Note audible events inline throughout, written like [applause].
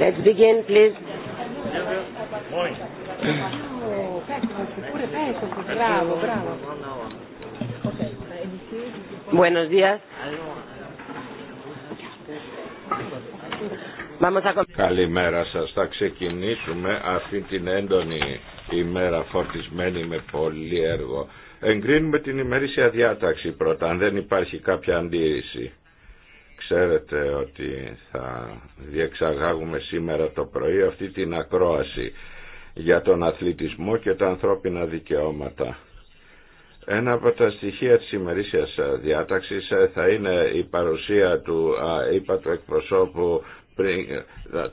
Let's begin, please. Buenos días. Καλημέρα σας. Θα ξεκινήσουμε αυτή την έντονη ημέρα φορτισμένη με πολύ έργο. Εγκρίνουμε την ημερήσια διάταξη πρώτα, αν δεν υπάρχει κάποια αντίρρηση. Ξέρετε ότι θα διεξαγάγουμε σήμερα το πρωί αυτή την ακρόαση για τον αθλητισμό και τα ανθρώπινα δικαιώματα. Ένα από τα στοιχεία της σημερίσιας διάταξης θα είναι η παρουσία του είπα του εκπροσώπου πριν, ε,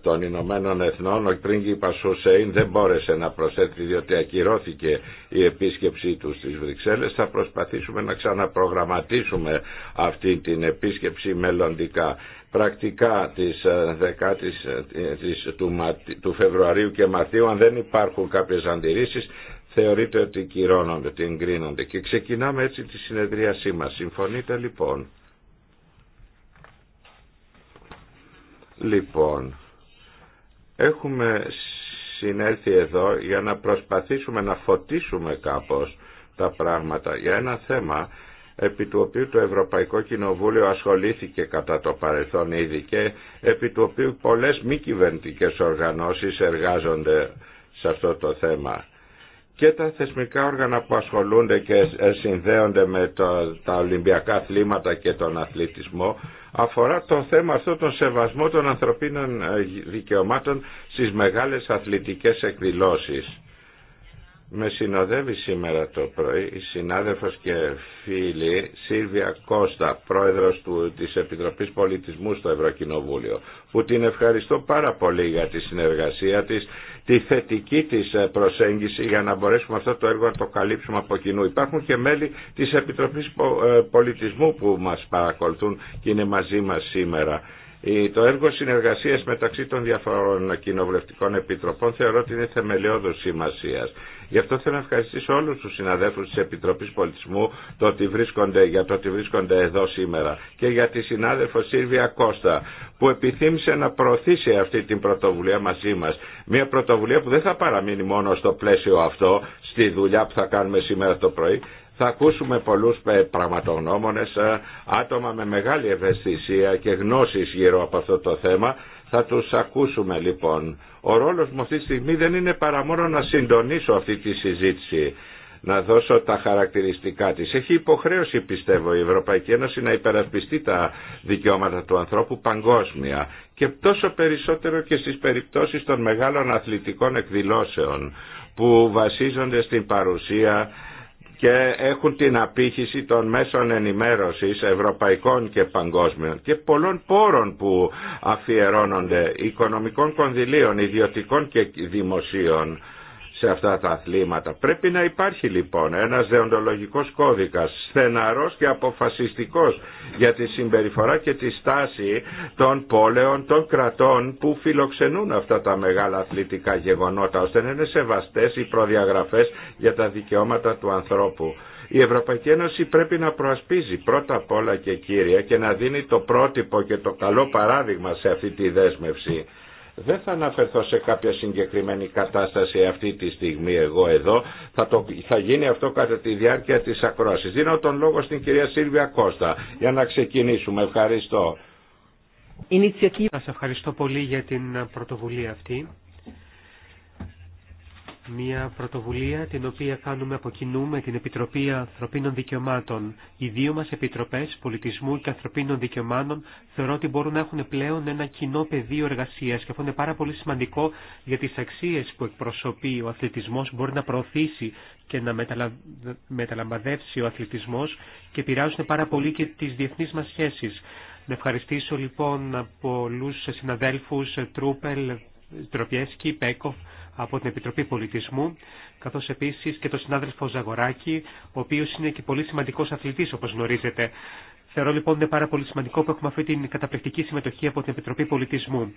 των Ηνωμένων Εθνών, ο πρίγκιπας Σουσέιν, δεν μπόρεσε να προσθέτει διότι ακυρώθηκε η επίσκεψή του στις Βρυξέλλες. Θα προσπαθήσουμε να ξαναπρογραμματίσουμε αυτή την επίσκεψη μελλοντικά. Πρακτικά της 10 ε, ε, του, του Φεβρουαρίου και Μαρτίου, αν δεν υπάρχουν κάποιες αντιρρήσεις, θεωρείται ότι κυρώνονται, την κρίνονται. Και ξεκινάμε έτσι τη συνεδρίασή μας. Συμφωνείτε λοιπόν. Λοιπόν, έχουμε συνέλθει εδώ για να προσπαθήσουμε να φωτίσουμε κάπως τα πράγματα για ένα θέμα επί του οποίου το Ευρωπαϊκό Κοινοβούλιο ασχολήθηκε κατά το παρελθόν ήδη και επί του οποίου πολλές μη κυβερνητικέ οργανώσεις εργάζονται σε αυτό το θέμα. Και τα θεσμικά όργανα που ασχολούνται και συνδέονται με το, τα Ολυμπιακά αθλήματα και τον αθλητισμό αφορά το θέμα αυτό τον σεβασμό των ανθρωπίνων ε, δικαιωμάτων στις μεγάλες αθλητικές εκδηλώσεις. Με συνοδεύει σήμερα το πρωί η συνάδελφος και φίλη Σίλβια Κώστα, πρόεδρος του, της Επιτροπής Πολιτισμού στο Ευρωκοινοβούλιο, που την ευχαριστώ πάρα πολύ για τη συνεργασία της τη θετική της ε, προσέγγιση για να μπορέσουμε αυτό το έργο να το καλύψουμε από κοινού. Υπάρχουν και μέλη της Επιτροπής ε, Πολιτισμού που μας παρακολουθούν και είναι μαζί μας σήμερα. Το έργο συνεργασίας μεταξύ των διαφορών κοινοβουλευτικών επιτροπών θεωρώ ότι είναι θεμελιώδος σημασία. Γι' αυτό θέλω να ευχαριστήσω όλου του συναδέλφου τη Επιτροπή Πολιτισμού το ότι για το ότι βρίσκονται εδώ σήμερα και για τη συνάδελφο Σίλβια Κώστα που επιθύμησε να προωθήσει αυτή την πρωτοβουλία μαζί μα, Μια πρωτοβουλία που δεν θα παραμείνει μόνο στο πλαίσιο αυτό, στη δουλειά που θα κάνουμε σήμερα το πρωί, θα ακούσουμε πολλούς πραγματογνώμονες, ε, άτομα με μεγάλη ευαισθησία και γνώσεις γύρω από αυτό το θέμα. Θα τους ακούσουμε λοιπόν. Ο ρόλος μου αυτή τη στιγμή δεν είναι παρά μόνο να συντονίσω αυτή τη συζήτηση να δώσω τα χαρακτηριστικά της. Έχει υποχρέωση πιστεύω η Ευρωπαϊκή Ένωση να υπερασπιστεί τα δικαιώματα του ανθρώπου παγκόσμια και τόσο περισσότερο και στις περιπτώσεις των μεγάλων αθλητικών εκδηλώσεων που βασίζονται στην παρουσία και έχουν την απήχηση των μέσων ενημέρωσης ευρωπαϊκών και παγκόσμιων και πολλών πόρων που αφιερώνονται οικονομικών κονδυλίων, ιδιωτικών και δημοσίων σε αυτά τα αθλήματα. Πρέπει να υπάρχει λοιπόν ένας δεοντολογικός κώδικας στεναρός και αποφασιστικός για τη συμπεριφορά και τη στάση των πόλεων, των κρατών που φιλοξενούν αυτά τα μεγάλα αθλητικά γεγονότα ώστε να είναι σεβαστές οι προδιαγραφές για τα δικαιώματα του ανθρώπου. Η Ευρωπαϊκή Ένωση πρέπει να προασπίζει πρώτα απ' όλα και κύρια και να δίνει το πρότυπο και το καλό παράδειγμα σε αυτή τη δέσμευση. Δεν θα αναφερθώ σε κάποια συγκεκριμένη κατάσταση αυτή τη στιγμή εγώ εδώ. Θα, το, θα γίνει αυτό κατά τη διάρκεια της ακρόασης. Δίνω τον λόγο στην κυρία Σίλβια Κώστα για να ξεκινήσουμε. Ευχαριστώ. Σας ευχαριστώ πολύ για την πρωτοβουλία αυτή μια πρωτοβουλία την οποία κάνουμε από κοινού με την Επιτροπή Ανθρωπίνων Δικαιωμάτων. Οι δύο μας επιτροπές πολιτισμού και ανθρωπίνων δικαιωμάτων θεωρώ ότι μπορούν να έχουν πλέον ένα κοινό πεδίο εργασίας και αυτό είναι πάρα πολύ σημαντικό για τις αξίες που εκπροσωπεί ο αθλητισμός μπορεί να προωθήσει και να μεταλαμπαδεύσει ο αθλητισμός και πειράζουν πάρα πολύ και τις διεθνείς μας σχέσεις. Να ευχαριστήσω λοιπόν πολλούς συναδέλφους Τρούπελ, Τροπιέσκι, Πέκοφ, από την Επιτροπή Πολιτισμού, καθώς επίσης και τον συνάδελφο Ζαγοράκη, ο οποίος είναι και πολύ σημαντικός αθλητής όπως γνωρίζετε. Θεωρώ λοιπόν είναι πάρα πολύ σημαντικό που έχουμε αυτή την καταπληκτική συμμετοχή από την Επιτροπή Πολιτισμού.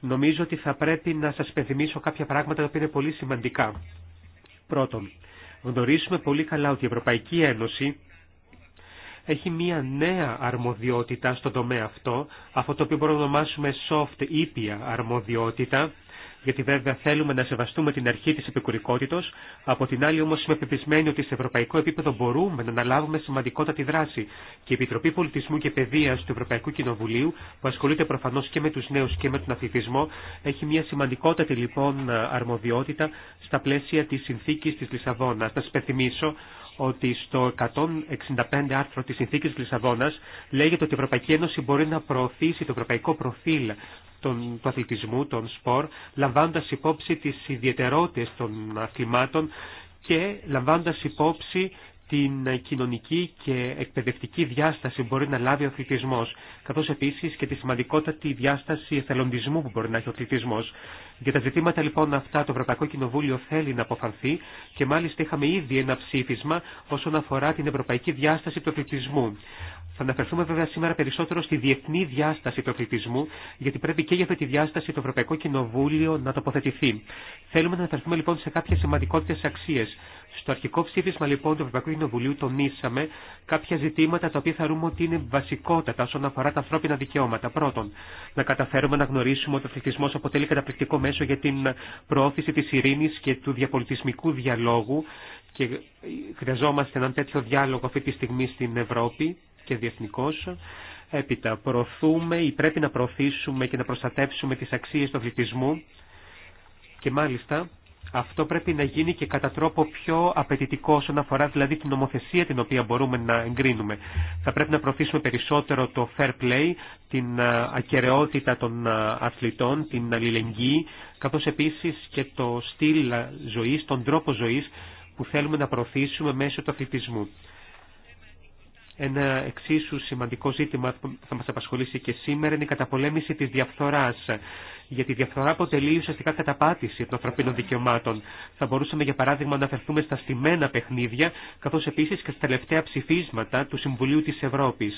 Νομίζω ότι θα πρέπει να σας πενθυμίσω κάποια πράγματα τα οποία είναι πολύ σημαντικά. Πρώτον, γνωρίζουμε πολύ καλά ότι η Ευρωπαϊκή Ένωση έχει μία νέα αρμοδιότητα στον τομέα αυτό, αυτό το οποίο μπορούμε να ονομάσουμε soft ήπια αρμοδιότητα, γιατί βέβαια θέλουμε να σεβαστούμε την αρχή της επικουρικότητος, από την άλλη όμως είμαι πεπισμένη ότι σε ευρωπαϊκό επίπεδο μπορούμε να αναλάβουμε σημαντικότατη δράση και η Επιτροπή Πολιτισμού και Παιδείας του Ευρωπαϊκού Κοινοβουλίου, που ασχολείται προφανώς και με τους νέους και με τον αθλητισμό, έχει μια σημαντικότατη λοιπόν αρμοδιότητα στα πλαίσια της συνθήκης της Λισαβόνας. Να σας ότι στο 165 άρθρο της Συνθήκης Λισαβόνας λέγεται ότι η Ευρωπαϊκή Ένωση μπορεί να προωθήσει το ευρωπαϊκό προφίλ του αθλητισμού, των σπορ, λαμβάνοντας υπόψη τις ιδιαιτερότητες των αθλημάτων και λαμβάνοντας υπόψη την κοινωνική και εκπαιδευτική διάσταση που μπορεί να λάβει ο αθλητισμό, καθώ επίση και τη σημαντικότατη διάσταση εθελοντισμού που μπορεί να έχει ο αθλητισμό. Για τα ζητήματα λοιπόν αυτά το Ευρωπαϊκό Κοινοβούλιο θέλει να αποφανθεί και μάλιστα είχαμε ήδη ένα ψήφισμα όσον αφορά την ευρωπαϊκή διάσταση του αθλητισμού. Θα αναφερθούμε βέβαια σήμερα περισσότερο στη διεθνή διάσταση του αθλητισμού, γιατί πρέπει και για αυτή τη διάσταση το Ευρωπαϊκό Κοινοβούλιο να τοποθετηθεί. Θέλουμε να αναφερθούμε λοιπόν σε κάποιε σημαντικότητε αξίε. Στο αρχικό ψήφισμα λοιπόν του Ευρωπαϊκού Κοινοβουλίου τονίσαμε κάποια ζητήματα τα οποία θα θεωρούμε ότι είναι βασικότατα όσον αφορά τα ανθρώπινα δικαιώματα. Πρώτον, να καταφέρουμε να γνωρίσουμε ότι ο αθλητισμό αποτελεί καταπληκτικό μέσο για την προώθηση τη ειρήνη και του διαπολιτισμικού διαλόγου και χρειαζόμαστε έναν τέτοιο διάλογο αυτή τη στιγμή στην Ευρώπη και διεθνικός Έπειτα προωθούμε ή πρέπει να προωθήσουμε και να προστατεύσουμε τις αξίες του αθλητισμού και μάλιστα αυτό πρέπει να γίνει και κατά τρόπο πιο απαιτητικό όσον αφορά δηλαδή την νομοθεσία την οποία μπορούμε να εγκρίνουμε. Θα πρέπει να προωθήσουμε περισσότερο το fair play, την ακαιρεότητα των αθλητών, την αλληλεγγύη, καθώς επίσης και το στυλ ζωή, τον τρόπο ζωής που θέλουμε να προωθήσουμε μέσω του αθλητισμού. Ένα εξίσου σημαντικό ζήτημα που θα μας απασχολήσει και σήμερα είναι η καταπολέμηση της διαφθοράς γιατί η διαφθορά αποτελεί ουσιαστικά καταπάτηση των ανθρωπίνων δικαιωμάτων. Θα μπορούσαμε, για παράδειγμα, να αναφερθούμε στα στημένα παιχνίδια, καθώ επίση και στα τελευταία ψηφίσματα του Συμβουλίου τη Ευρώπη.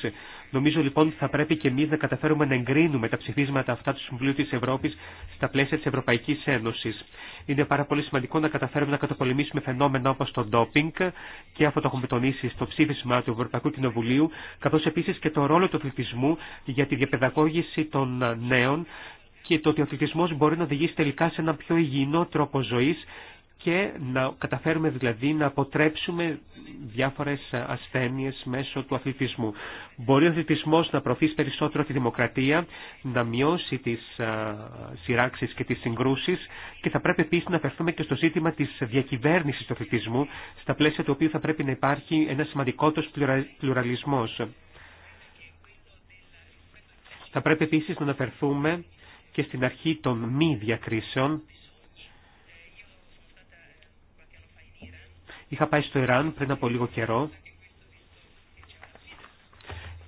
Νομίζω λοιπόν θα πρέπει και εμεί να καταφέρουμε να εγκρίνουμε τα ψηφίσματα αυτά του Συμβουλίου τη Ευρώπη στα πλαίσια τη Ευρωπαϊκή Ένωση. Είναι πάρα πολύ σημαντικό να καταφέρουμε να καταπολεμήσουμε φαινόμενα όπω το ντόπινγκ και αυτό το έχουμε τονίσει στο ψήφισμα του Ευρωπαϊκού Κοινοβουλίου, καθώ επίση και το ρόλο του αθλητισμού για τη διαπαιδαγώγηση των νέων και το ότι ο αθλητισμός μπορεί να οδηγήσει τελικά σε ένα πιο υγιεινό τρόπο ζωής και να καταφέρουμε δηλαδή να αποτρέψουμε διάφορες ασθένειες μέσω του αθλητισμού. Μπορεί ο αθλητισμός να προωθήσει περισσότερο τη δημοκρατία, να μειώσει τις σειράξεις και τις συγκρούσεις και θα πρέπει επίσης να αφαιρθούμε και στο ζήτημα της διακυβέρνησης του αθλητισμού, στα πλαίσια του οποίου θα πρέπει να υπάρχει ένα σημαντικότερος πλουραλισμός. Θα πρέπει επίσης να αναφερθούμε και στην αρχή των μη διακρίσεων. Είχα πάει στο Ιράν πριν από λίγο καιρό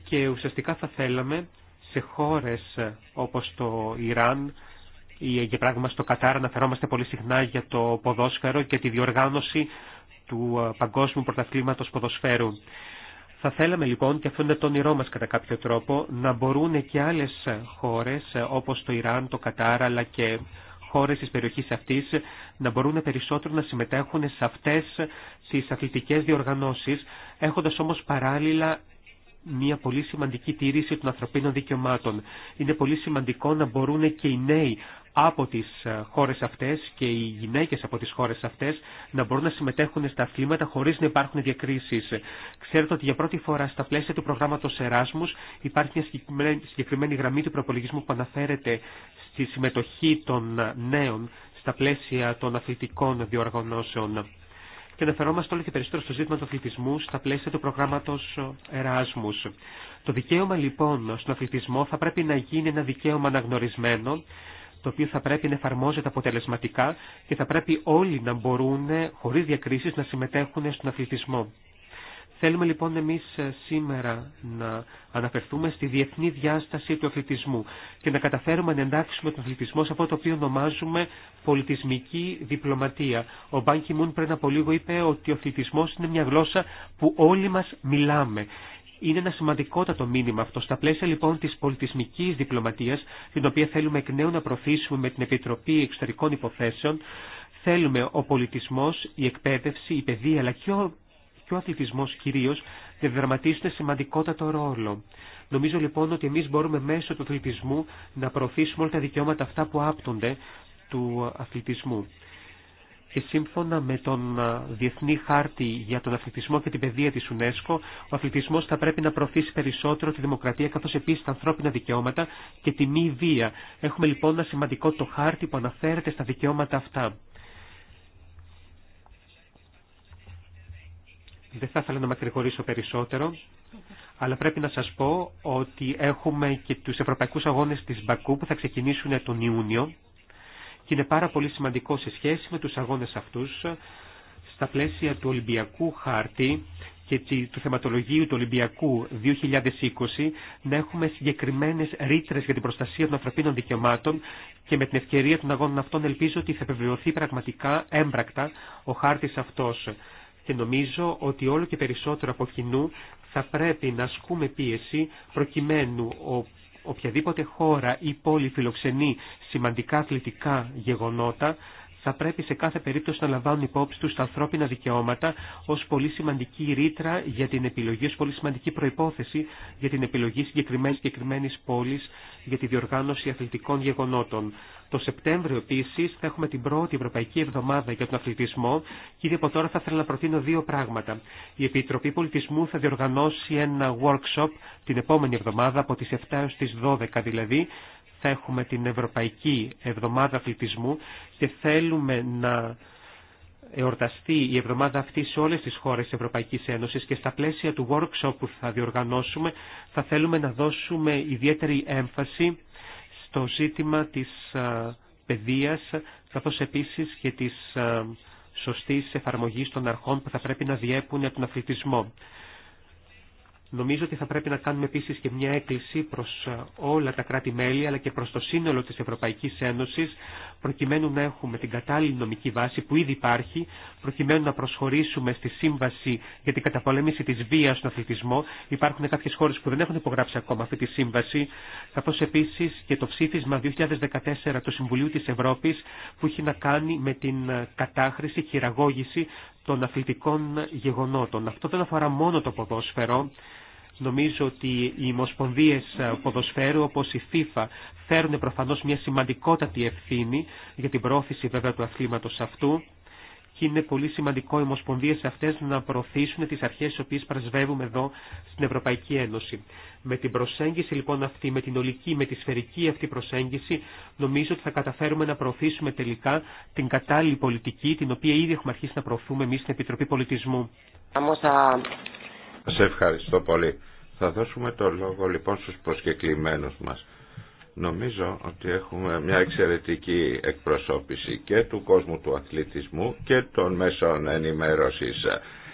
και ουσιαστικά θα θέλαμε σε χώρες όπως το Ιράν ή για πράγμα στο Κατάρ αναφερόμαστε πολύ συχνά για το ποδόσφαιρο και τη διοργάνωση του ε, Παγκόσμιου Πρωταθλήματος Ποδοσφαίρου. Θα θέλαμε λοιπόν, και αυτό είναι το όνειρό μας κατά κάποιο τρόπο, να μπορούν και άλλες χώρες όπως το Ιράν, το Κατάρ αλλά και χώρες της περιοχής αυτής να μπορούν περισσότερο να συμμετέχουν σε αυτές τις αθλητικές διοργανώσεις έχοντας όμως παράλληλα μια πολύ σημαντική τήρηση των ανθρωπίνων δικαιωμάτων. Είναι πολύ σημαντικό να μπορούν και οι νέοι από τις ε, χώρες αυτές και οι γυναίκες από τις χώρες αυτές να μπορούν να συμμετέχουν στα αθλήματα χωρίς να υπάρχουν διακρίσεις. Ξέρετε ότι για πρώτη φορά στα πλαίσια του προγράμματος Εράσμους υπάρχει μια συγκεκριμένη γραμμή του προπολογισμού που αναφέρεται στη συμμετοχή των νέων στα πλαίσια των αθλητικών διοργανώσεων και αναφερόμαστε όλο και περισσότερο στο ζήτημα του αθλητισμού στα πλαίσια του προγράμματο Εράσμου. Το δικαίωμα λοιπόν στον αθλητισμό θα πρέπει να γίνει ένα δικαίωμα αναγνωρισμένο, το οποίο θα πρέπει να εφαρμόζεται αποτελεσματικά και θα πρέπει όλοι να μπορούν χωρί διακρίσει να συμμετέχουν στον αθλητισμό. Θέλουμε λοιπόν εμείς ε, σήμερα να αναφερθούμε στη διεθνή διάσταση του αθλητισμού και να καταφέρουμε να εντάξουμε τον αθλητισμό σε αυτό το οποίο ονομάζουμε πολιτισμική διπλωματία. Ο Μπάνκι Μουν πριν από λίγο είπε ότι ο αθλητισμός είναι μια γλώσσα που όλοι μας μιλάμε. Είναι ένα σημαντικότατο μήνυμα αυτό στα πλαίσια λοιπόν της πολιτισμικής διπλωματίας, την οποία θέλουμε εκ νέου να προωθήσουμε με την Επιτροπή Εξωτερικών Υποθέσεων, Θέλουμε ο πολιτισμός, η εκπαίδευση, η παιδεία αλλά και ο και ο αθλητισμός κυρίως διαδραματίζεται σημαντικότατο ρόλο. Νομίζω λοιπόν ότι εμείς μπορούμε μέσω του αθλητισμού να προωθήσουμε όλα τα δικαιώματα αυτά που άπτονται του αθλητισμού. Και σύμφωνα με τον Διεθνή Χάρτη για τον Αθλητισμό και την Παιδεία της UNESCO, ο αθλητισμός θα πρέπει να προωθήσει περισσότερο τη δημοκρατία καθώς επίσης τα ανθρώπινα δικαιώματα και τη μη βία. Έχουμε λοιπόν ένα σημαντικό το χάρτη που αναφέρεται στα δικαιώματα αυτά. Δεν θα ήθελα να μακρηγορήσω περισσότερο, αλλά πρέπει να σας πω ότι έχουμε και τους Ευρωπαϊκούς Αγώνες της Μπακού που θα ξεκινήσουν τον Ιούνιο και είναι πάρα πολύ σημαντικό σε σχέση με τους αγώνες αυτούς στα πλαίσια του Ολυμπιακού Χάρτη και του θεματολογίου του Ολυμπιακού 2020 να έχουμε συγκεκριμένε ρήτρε για την προστασία των ανθρωπίνων δικαιωμάτων και με την ευκαιρία των αγώνων αυτών ελπίζω ότι θα επιβεβαιωθεί πραγματικά έμπρακτα ο χάρτη αυτό και νομίζω ότι όλο και περισσότερο από κοινού θα πρέπει να ασκούμε πίεση προκειμένου ο οποιαδήποτε χώρα ή πόλη φιλοξενεί σημαντικά αθλητικά γεγονότα θα πρέπει σε κάθε περίπτωση να λαμβάνουν υπόψη τους τα ανθρώπινα δικαιώματα ως πολύ σημαντική ρήτρα για την επιλογή, ως πολύ σημαντική προϋπόθεση για την επιλογή συγκεκριμένης, συγκεκριμένης πόλης για τη διοργάνωση αθλητικών γεγονότων. Το Σεπτέμβριο επίση θα έχουμε την πρώτη Ευρωπαϊκή Εβδομάδα για τον Αθλητισμό και ήδη από τώρα θα ήθελα να προτείνω δύο πράγματα. Η Επιτροπή Πολιτισμού θα διοργανώσει ένα workshop την επόμενη εβδομάδα από τι 7 έω τι 12 δηλαδή. Θα έχουμε την Ευρωπαϊκή Εβδομάδα Αθλητισμού και θέλουμε να εορταστεί η εβδομάδα αυτή σε όλες τις χώρες της Ευρωπαϊκής Ένωσης και στα πλαίσια του workshop που θα διοργανώσουμε θα θέλουμε να δώσουμε ιδιαίτερη έμφαση στο ζήτημα της ε, παιδείας καθώς επίσης και της ε, σωστής εφαρμογής των αρχών που θα πρέπει να διέπουν από τον αθλητισμό. Νομίζω ότι θα πρέπει να κάνουμε επίσης και μια έκκληση προς ε, όλα τα κράτη-μέλη αλλά και προς το σύνολο της Ευρωπαϊκής Ένωσης προκειμένου να έχουμε την κατάλληλη νομική βάση που ήδη υπάρχει προκειμένου να προσχωρήσουμε στη Σύμβαση για την καταπολέμηση της βίας στον αθλητισμό. Υπάρχουν κάποιες χώρες που δεν έχουν υπογράψει ακόμα αυτή τη σύμβαση καθώς επίσης και το ψήφισμα 2014 του Συμβουλίου της Ευρώπης που έχει να κάνει με την ε, κατάχρηση, χειραγώγηση των αθλητικών γεγονότων. Αυτό δεν αφορά μόνο το ποδόσφαιρο. Νομίζω ότι οι ομοσπονδίε ε, ποδοσφαίρου όπως η FIFA φέρουν προφανώς μια σημαντικότατη ευθύνη για την πρόθεση βέβαια του αθλήματος αυτού και είναι πολύ σημαντικό οι ομοσπονδίε αυτέ να προωθήσουν τι αρχέ τι οποίε πρεσβεύουμε εδώ στην Ευρωπαϊκή Ένωση. Με την προσέγγιση λοιπόν αυτή, με την ολική, με τη σφαιρική αυτή προσέγγιση, νομίζω ότι θα καταφέρουμε να προωθήσουμε τελικά την κατάλληλη πολιτική, την οποία ήδη έχουμε αρχίσει να προωθούμε εμεί στην Επιτροπή Πολιτισμού. Σε ευχαριστώ πολύ. Θα δώσουμε το λόγο λοιπόν στου προσκεκλημένους μα. Νομίζω ότι έχουμε μια εξαιρετική εκπροσώπηση και του κόσμου του αθλητισμού και των μέσων ενημέρωσης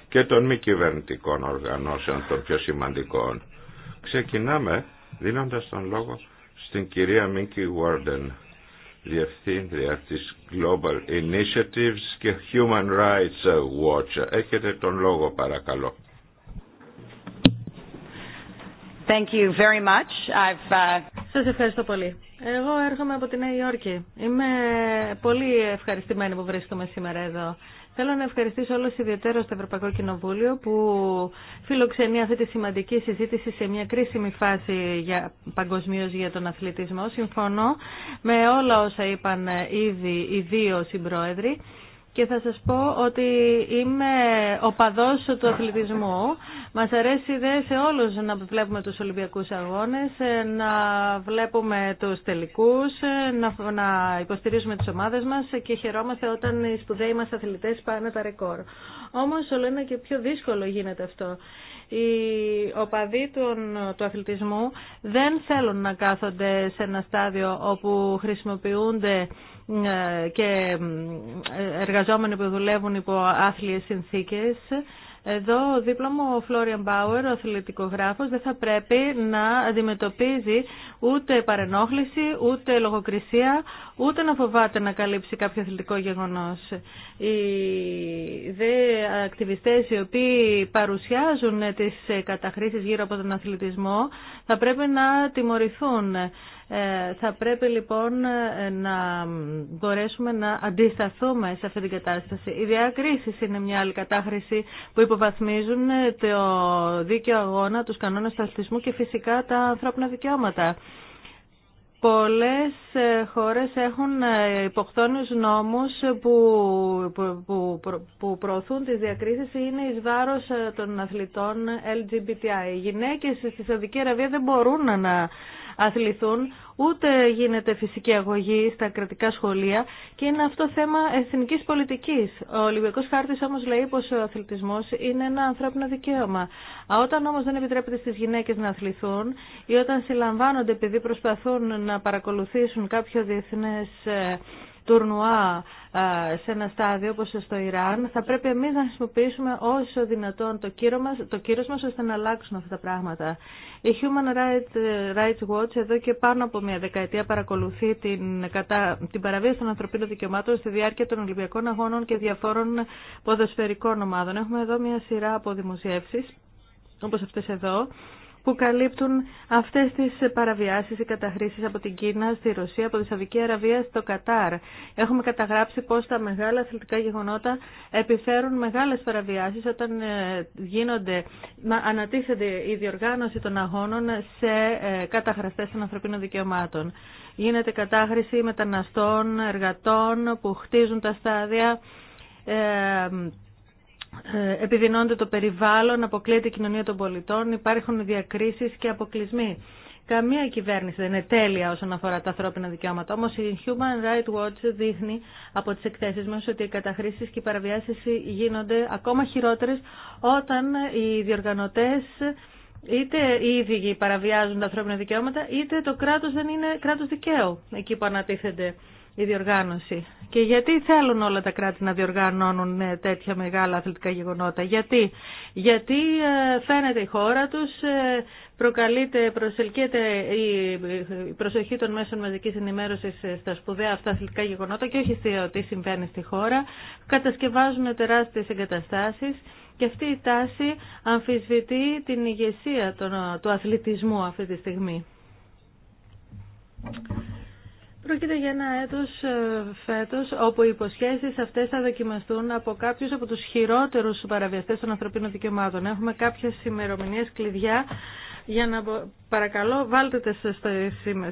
και των μη κυβερνητικών οργανώσεων των πιο σημαντικών. Ξεκινάμε δίνοντας τον λόγο στην κυρία Μίκη Βόρντεν, Διευθύντρια της Global Initiatives και Human Rights Watch. Έχετε τον λόγο παρακαλώ. Thank you very much. Uh, σας ευχαριστώ πολύ. Εγώ έρχομαι από τη Νέα Υόρκη. Είμαι πολύ ευχαριστημένη που βρίσκομαι σήμερα εδώ. Θέλω να ευχαριστήσω όλου ιδιαίτερα στο Ευρωπαϊκό Κοινοβούλιο που φιλοξενεί αυτή τη σημαντική συζήτηση σε μια κρίσιμη φάση για, παγκοσμίως για τον αθλητισμό. Συμφωνώ με όλα όσα είπαν ήδη οι δύο συμπρόεδροι και θα σας πω ότι είμαι οπαδός του αθλητισμού. Μας αρέσει δε σε όλους να βλέπουμε τους Ολυμπιακούς Αγώνες, να βλέπουμε τους τελικούς, να υποστηρίζουμε τις ομάδες μας και χαιρόμαστε όταν οι σπουδαίοι μας αθλητές πάνε τα ρεκόρ. Όμως όλο και πιο δύσκολο γίνεται αυτό. Οι οπαδοί του αθλητισμού δεν θέλουν να κάθονται σε ένα στάδιο όπου χρησιμοποιούνται ε, και εργαζόμενοι που δουλεύουν υπό άθλιες συνθήκες. Εδώ ο δίπλα μου ο Φλόριαν Μπάουερ, ο αθλητικογράφος, δεν θα πρέπει να αντιμετωπίζει ούτε παρενόχληση, ούτε λογοκρισία, ούτε να φοβάται να καλύψει κάποιο αθλητικό γεγονός. Οι δε ακτιβιστές οι οποίοι παρουσιάζουν τις καταχρήσεις γύρω από τον αθλητισμό θα πρέπει να τιμωρηθούν. Ε, θα πρέπει λοιπόν ε, να μπορέσουμε να αντισταθούμε σε αυτή την κατάσταση. Οι διακρίσει είναι μια άλλη κατάχρηση που υποβαθμίζουν ε, το δίκαιο αγώνα, τους κανόνες του αθλητισμού και φυσικά τα ανθρώπινα δικαιώματα. Πολλές χώρες έχουν υποχθόνους νόμους που, που, που προωθούν τις διακρίσεις ή είναι εις βάρος των αθλητών LGBTI. Οι γυναίκες στη Σαουδική Αραβία δεν μπορούν να αθληθούν, ούτε γίνεται φυσική αγωγή στα κρατικά σχολεία και είναι αυτό θέμα εθνικής πολιτικής. Ο Ολυμπιακός Χάρτης όμως λέει πως ο αθλητισμός είναι ένα ανθρώπινο δικαίωμα. Όταν όμως δεν επιτρέπεται στις γυναίκες να αθληθούν ή όταν συλλαμβάνονται επειδή προσπαθούν να παρακολουθήσουν κάποιο διεθνές ε, τουρνουά σε ένα στάδιο όπως στο Ιράν, θα πρέπει εμείς να χρησιμοποιήσουμε όσο δυνατόν το κύρος μας, το κύρος μας ώστε να αλλάξουν αυτά τα πράγματα. Η Human Rights Watch εδώ και πάνω από μια δεκαετία παρακολουθεί την, κατά, την παραβίαση των ανθρωπίνων δικαιωμάτων στη διάρκεια των Ολυμπιακών Αγώνων και διαφόρων ποδοσφαιρικών ομάδων. Έχουμε εδώ μια σειρά από δημοσιεύσεις, όπως αυτές εδώ, που καλύπτουν αυτές τις παραβιάσεις ή καταχρήσεις από την Κίνα στη Ρωσία, από τη Σαββική Αραβία στο Κατάρ. Έχουμε καταγράψει πώς τα μεγάλα αθλητικά γεγονότα επιφέρουν μεγάλες παραβιάσεις όταν ε, γίνονται, ανατίθεται η διοργάνωση των αγώνων σε ε, καταχραστές των ανθρωπίνων σαουδικη Γίνεται κατάχρηση μεταναστών, εργατών που χτίζουν τα στάδια, ε, ε, επιδεινώνεται το περιβάλλον, αποκλείεται η κοινωνία των πολιτών, υπάρχουν διακρίσεις και αποκλεισμοί. Καμία κυβέρνηση δεν είναι τέλεια όσον αφορά τα ανθρώπινα δικαιώματα. Όμω η Human Rights Watch δείχνει από τι εκθέσει μα ότι οι καταχρήσει και οι παραβιάσει γίνονται ακόμα χειρότερε όταν οι διοργανωτέ είτε οι ίδιοι παραβιάζουν τα ανθρώπινα δικαιώματα, είτε το κράτο δεν είναι κράτο δικαίου εκεί που ανατίθεται η διοργάνωση. Και γιατί θέλουν όλα τα κράτη να διοργανώνουν ε, τέτοια μεγάλα αθλητικά γεγονότα. Γιατί, γιατί ε, φαίνεται η χώρα τους, ε, προκαλείται, προσελκύεται η προσοχή των μέσων μαζικής ενημέρωσης στα σπουδαία αυτά αθλητικά γεγονότα και όχι στο τι συμβαίνει στη χώρα. Κατασκευάζουν τεράστιες εγκαταστάσεις και αυτή η τάση αμφισβητεί την ηγεσία του αθλητισμού αυτή τη στιγμή. Πρόκειται για ένα έτος ε, φέτος όπου οι υποσχέσει αυτές θα δοκιμαστούν από κάποιου από τους χειρότερους παραβιαστές των ανθρωπίνων δικαιωμάτων. Έχουμε κάποιες ημερομηνίε κλειδιά για να παρακαλώ βάλτε τα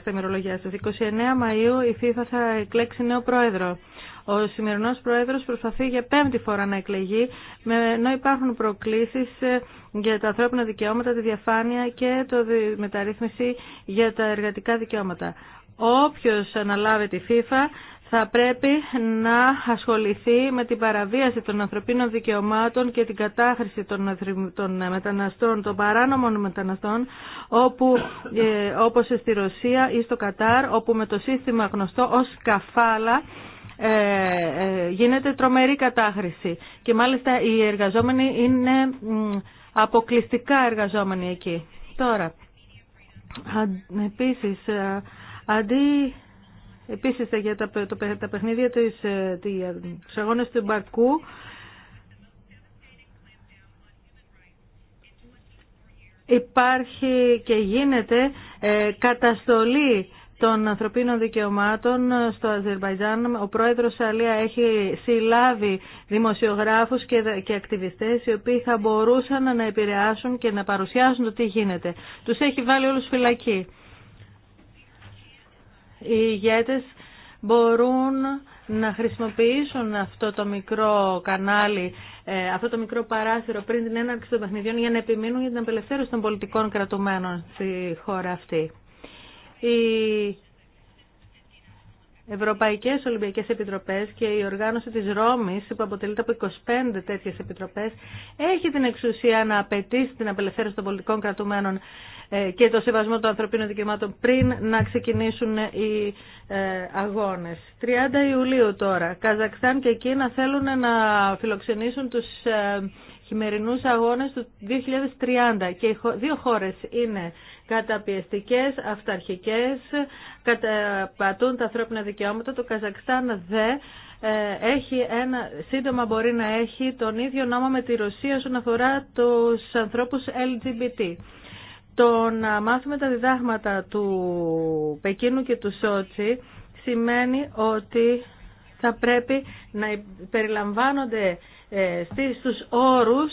στα ημερολογιά σας. 29 Μαΐου η FIFA θα εκλέξει νέο πρόεδρο. Ο σημερινό πρόεδρο προσπαθεί για πέμπτη φορά να εκλεγεί, ενώ υπάρχουν προκλήσει ε, για τα ανθρώπινα δικαιώματα, τη διαφάνεια και το μεταρρύθμιση για τα εργατικά δικαιώματα. Όποιος αναλάβει τη FIFA θα πρέπει να ασχοληθεί με την παραβίαση των ανθρωπίνων δικαιωμάτων και την κατάχρηση των μεταναστών, των παράνομων μεταναστών, όπου, ε, όπως στη Ρωσία ή στο Κατάρ, όπου με το σύστημα γνωστό ως καφάλα ε, ε, γίνεται τρομερή κατάχρηση. Και μάλιστα οι εργαζόμενοι είναι αποκλειστικά εργαζόμενοι εκεί. Τώρα, επίσης Αντί επίσης για τα, το, τα παιχνίδια της, ε, της ε, του Μπακού, υπάρχει και γίνεται ε, καταστολή των ανθρωπίνων δικαιωμάτων στο Αζερβαϊτζάν. Ο πρόεδρος Αλία έχει συλλάβει δημοσιογράφους και, και ακτιβιστές οι οποίοι θα μπορούσαν να επηρεάσουν και να παρουσιάσουν το τι γίνεται. Τους έχει βάλει όλους φυλακή οι ηγέτες μπορούν να χρησιμοποιήσουν αυτό το μικρό κανάλι, ε, αυτό το μικρό παράθυρο πριν την έναρξη των παιχνιδιών για να επιμείνουν για την απελευθέρωση των πολιτικών κρατουμένων στη χώρα αυτή. Οι Ευρωπαϊκές Ολυμπιακές Επιτροπές και η οργάνωση της Ρώμης που αποτελείται από 25 τέτοιες επιτροπές έχει την εξουσία να απαιτήσει την απελευθέρωση των πολιτικών κρατουμένων ε, και το σεβασμό των ανθρωπίνων δικαιωμάτων πριν να ξεκινήσουν οι ε, αγώνες. 30 Ιουλίου τώρα. Καζακστάν και Κίνα θέλουν να φιλοξενήσουν τους ε, χειμερινούς αγώνες του 2030 και οι δύο χώρες είναι καταπιεστικές, αυταρχικές, πατούν τα ανθρώπινα δικαιώματα. Το Καζακστάν δε έχει ένα, σύντομα μπορεί να έχει τον ίδιο νόμο με τη Ρωσία όσον αφορά τους ανθρώπους LGBT το να μάθουμε τα διδάγματα του Πεκίνου και του Σότσι σημαίνει ότι θα πρέπει να περιλαμβάνονται ε, στους όρους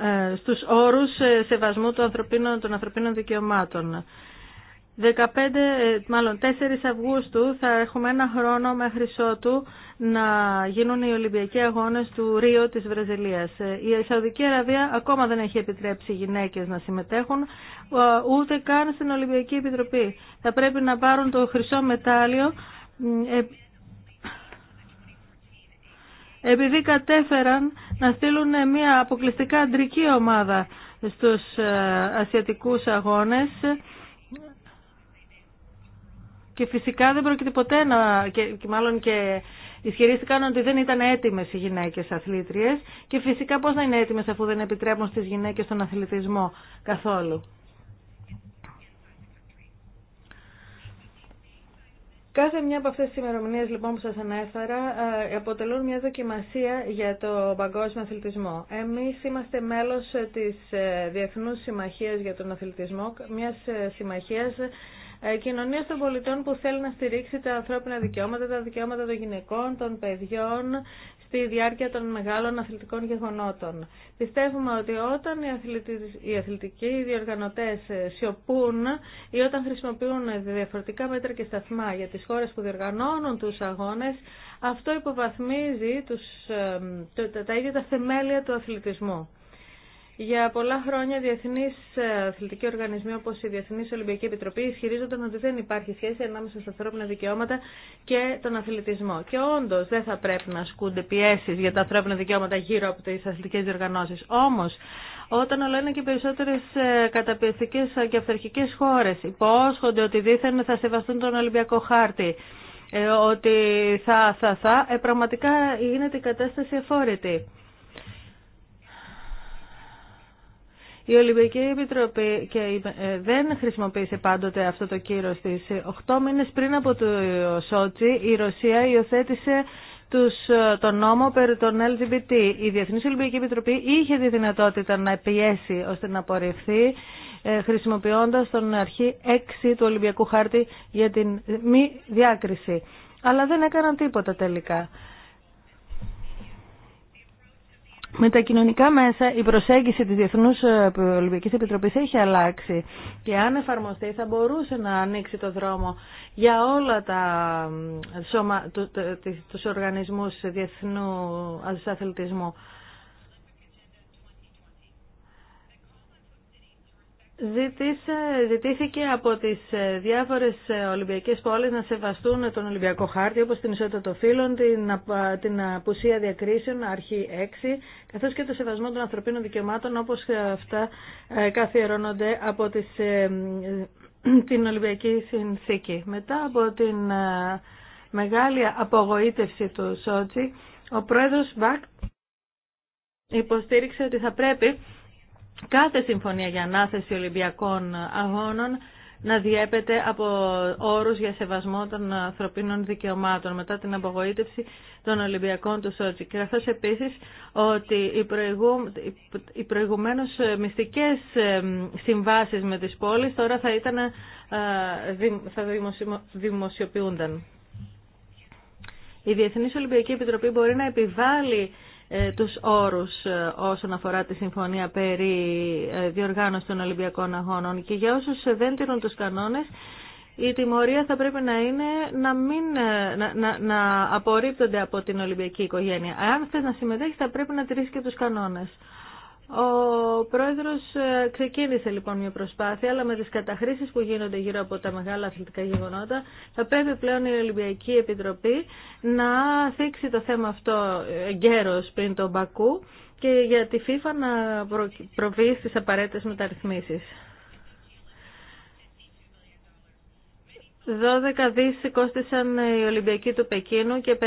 ε, στους όρους ε, σεβασμού των ανθρωπίνων, των ανθρωπίνων δικαιωμάτων. 15, ε, μάλλον 4 Αυγούστου θα έχουμε ένα χρόνο μέχρι Σότου να γίνουν οι Ολυμπιακοί Αγώνες του Ρίο της Βραζιλίας. Ε, η Σαουδική Αραβία ακόμα δεν έχει επιτρέψει γυναίκες να συμμετέχουν, ε, ούτε καν στην Ολυμπιακή Επιτροπή. Θα πρέπει να πάρουν το χρυσό μετάλλιο επειδή κατέφεραν να στείλουν μια αποκλειστικά αντρική ομάδα στους ασιατικούς αγώνες και φυσικά δεν πρόκειται ποτέ να... Και, και μάλλον και ισχυρίστηκαν ότι δεν ήταν έτοιμες οι γυναίκες αθλήτριες. Και φυσικά πώς να είναι έτοιμες αφού δεν επιτρέπουν στις γυναίκες τον αθλητισμό καθόλου. Κάθε μια από αυτές τις ημερομηνίε λοιπόν που σας ανέφερα ε, αποτελούν μια δοκιμασία για το παγκόσμιο αθλητισμό. Εμείς είμαστε μέλος ε, της ε, Διεθνούς Συμμαχίας για τον Αθλητισμό, μιας συμμαχίας ε, κοινωνία των πολιτών που θέλει να στηρίξει τα ανθρώπινα δικαιώματα, τα δικαιώματα των γυναικών, των παιδιών, στη διάρκεια των μεγάλων αθλητικών γεγονότων. Πιστεύουμε ότι όταν οι αθλητικοί οι διοργανωτές ε, σιωπούν ή όταν χρησιμοποιούν διαφορετικά μέτρα και σταθμά για τις χώρες που διοργανώνουν τους αγώνες, αυτό υποβαθμίζει τους, ε, τα ίδια τα θεμέλια του αθλητισμού. Για πολλά χρόνια διεθνεί ε, αθλητικοί οργανισμοί όπω η Διεθνή Ολυμπιακή Επιτροπή ισχυρίζονταν ότι δεν υπάρχει σχέση ανάμεσα στα ανθρώπινα δικαιώματα και τον αθλητισμό. Και όντω δεν θα πρέπει να ασκούνται πιέσει για τα ανθρώπινα δικαιώματα γύρω από τι αθλητικέ διοργανώσει. Όμω, όταν όλο ένα και περισσότερε καταπιεστικέ και αυθαρχικέ χώρε υπόσχονται ότι δήθεν θα σεβαστούν τον Ολυμπιακό Χάρτη, ε, ότι θα, θα, θα, ε, πραγματικά γίνεται η κατάσταση εφόρητη. Η Ολυμπιακή Επιτροπή και ε, δεν χρησιμοποίησε πάντοτε αυτό το κύρος της. Οχτώ μήνες πριν από το Σότσι η Ρωσία υιοθέτησε τους, ε, τον νόμο περί των LGBT. Η Διεθνής Ολυμπιακή Επιτροπή είχε τη δυνατότητα να πιέσει ώστε να απορριφθεί ε, χρησιμοποιώντας τον αρχή 6 του Ολυμπιακού Χάρτη για την μη διάκριση. Αλλά δεν έκαναν τίποτα τελικά. Με τα κοινωνικά μέσα η προσέγγιση της Διεθνούς ε, Ολυμπιακής Επιτροπής έχει αλλάξει και αν εφαρμοστεί θα μπορούσε να ανοίξει το δρόμο για όλα τα σώμα, τους οργανισμούς διεθνού αθλητισμού. Ζήτησε, ζητήθηκε από τις ε, διάφορες ε, Ολυμπιακές πόλεις να σεβαστούν τον Ολυμπιακό χάρτη όπως την ισότητα των φύλων, την, την απουσία διακρίσεων, αρχή 6, καθώς και το σεβασμό των ανθρωπίνων δικαιωμάτων όπως αυτά ε, καθιερώνονται από τις, την Ολυμπιακή Συνθήκη. Μετά από την μεγάλη απογοήτευση του Σότσι, ο πρόεδρος Μπακ υποστήριξε ότι θα πρέπει κάθε συμφωνία για ανάθεση Ολυμπιακών Αγώνων να διέπεται από όρους για σεβασμό των ανθρωπίνων δικαιωμάτων μετά την απογοήτευση των Ολυμπιακών του Σότσι. Και καθώς επίσης ότι οι, προηγου... οι προηγουμένως μυστικές συμβάσεις με τις πόλεις τώρα θα, ήταν, θα δημοσιοποιούνταν. Η Διεθνής Ολυμπιακή Επιτροπή μπορεί να επιβάλλει ε, τους όρους ε, όσον αφορά τη συμφωνία περί ε, διοργάνωσης των Ολυμπιακών Αγώνων και για όσους δεν τηρούν τους κανόνες η τιμωρία θα πρέπει να είναι να, μην, να, να, να απορρίπτονται από την Ολυμπιακή οικογένεια. Αν θες να συμμετέχει θα πρέπει να τηρήσεις και τους κανόνες. Ο πρόεδρος ε, ξεκίνησε λοιπόν μια προσπάθεια, αλλά με τις καταχρήσεις που γίνονται γύρω από τα μεγάλα αθλητικά γεγονότα, θα πρέπει πλέον η Ολυμπιακή Επιτροπή να θίξει το θέμα αυτό γέρο πριν τον Μπακού και για τη FIFA να προβεί στις απαραίτητες μεταρρυθμίσεις. 12 δις κόστησαν οι Ολυμπιακοί του Πεκίνου και 57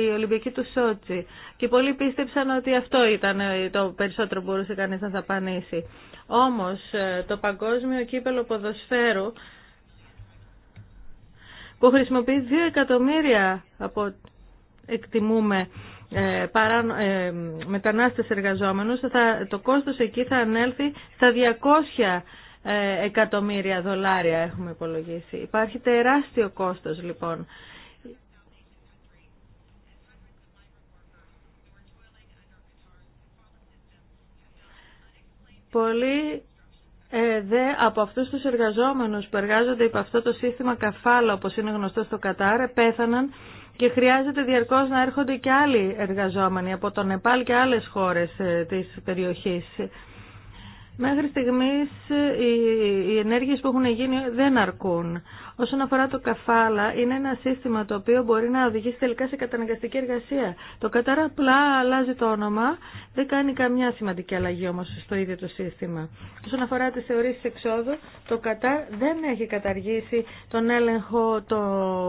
οι Ολυμπιακοί του Σότσι. Και πολλοί πίστεψαν ότι αυτό ήταν ε, το περισσότερο που μπορούσε κανείς να δαπανίσει. Όμως ε, το παγκόσμιο κύπελο ποδοσφαίρου που χρησιμοποιεί 2 εκατομμύρια από εκτιμούμε ε, ε, μετανάστες εργαζόμενους, θα, το κόστος εκεί θα ανέλθει στα 200 ε, εκατομμύρια δολάρια έχουμε υπολογίσει. Υπάρχει τεράστιο κόστος λοιπόν. Πολλοί ε, δε από αυτούς τους εργαζόμενους που εργάζονται υπό αυτό το σύστημα καφάλα όπως είναι γνωστό στο Κατάρ πέθαναν και χρειάζεται διαρκώς να έρχονται και άλλοι εργαζόμενοι από τον Νεπάλ και άλλες χώρες ε, της περιοχής. Μέχρι στιγμή οι ενέργειε που έχουν γίνει δεν αρκούν. Όσον αφορά το καφάλα, είναι ένα σύστημα το οποίο μπορεί να οδηγήσει τελικά σε καταναγκαστική εργασία. Το κατάρα απλά αλλάζει το όνομα, δεν κάνει καμιά σημαντική αλλαγή όμω στο ίδιο το σύστημα. Όσον αφορά τις θεωρήσει εξόδου, το κατά δεν έχει καταργήσει τον έλεγχο το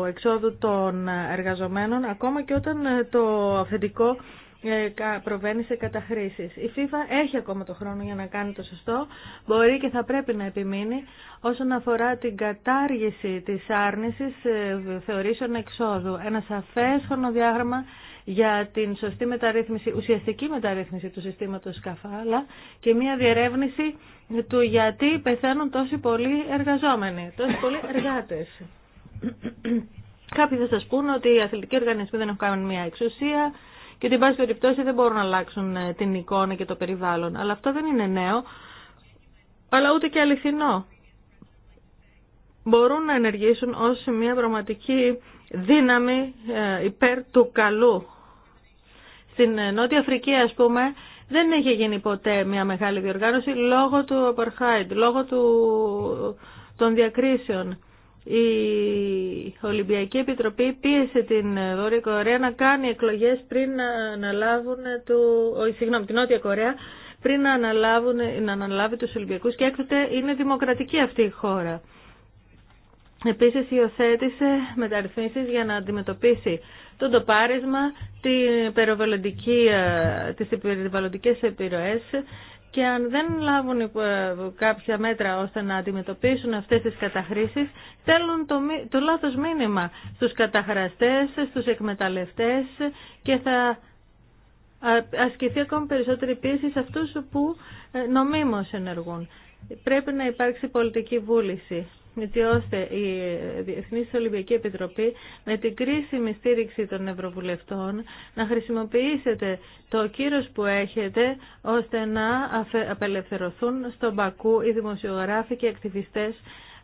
εξόδου των εργαζομένων, ακόμα και όταν το αυθεντικό ε, προβαίνει σε καταχρήσεις. Η FIFA έχει ακόμα το χρόνο για να κάνει το σωστό, μπορεί και θα πρέπει να επιμείνει όσον αφορά την κατάργηση της άρνησης ε, θεωρήσεων εξόδου. Ένα σαφές χρονοδιάγραμμα για την σωστή μεταρρύθμιση, ουσιαστική μεταρρύθμιση του συστήματος καφάλα και μια διερεύνηση του γιατί πεθαίνουν τόσοι πολλοί εργαζόμενοι, τόσοι πολλοί εργάτες. Κάποιοι θα σας πούνε ότι οι αθλητικοί οργανισμοί δεν έχουν κάνει μια εξουσία, και την πάση περιπτώσει δεν μπορούν να αλλάξουν ε, την εικόνα και το περιβάλλον. Αλλά αυτό δεν είναι νέο, αλλά ούτε και αληθινό. Μπορούν να ενεργήσουν ως μια πραγματική δύναμη ε, υπέρ του καλού. Στην ε, Νότια Αφρική, ας πούμε, δεν έχει γίνει ποτέ μια μεγάλη διοργάνωση λόγω του apartheid, λόγω του, των διακρίσεων η Ολυμπιακή Επιτροπή πίεσε την Βόρεια Κορέα να κάνει εκλογές πριν να αναλάβουν του, συγγνώμη, την Νότια Κορέα πριν να, αναλάβουν, να αναλάβει τους Ολυμπιακούς και έκτοτε είναι δημοκρατική αυτή η χώρα. Επίσης υιοθέτησε μεταρρυθμίσεις για να αντιμετωπίσει το ντοπάρισμα, την περιβαλλοντικέ ε, τις επιρροές και αν δεν λάβουν κάποια μέτρα ώστε να αντιμετωπίσουν αυτές τις καταχρήσεις, θέλουν το, το λάθος μήνυμα στους καταχραστές, στους εκμεταλλευτές και θα ασκηθεί ακόμη περισσότερη πίεση σε αυτούς που ε, νομίμως ενεργούν. Πρέπει να υπάρξει πολιτική βούληση έτσι ώστε η Διεθνή Ολυμπιακή Επιτροπή με την κρίσιμη στήριξη των Ευρωβουλευτών να χρησιμοποιήσετε το κύρος που έχετε ώστε να απελευθερωθούν στον Πακού οι δημοσιογράφοι και οι ακτιβιστές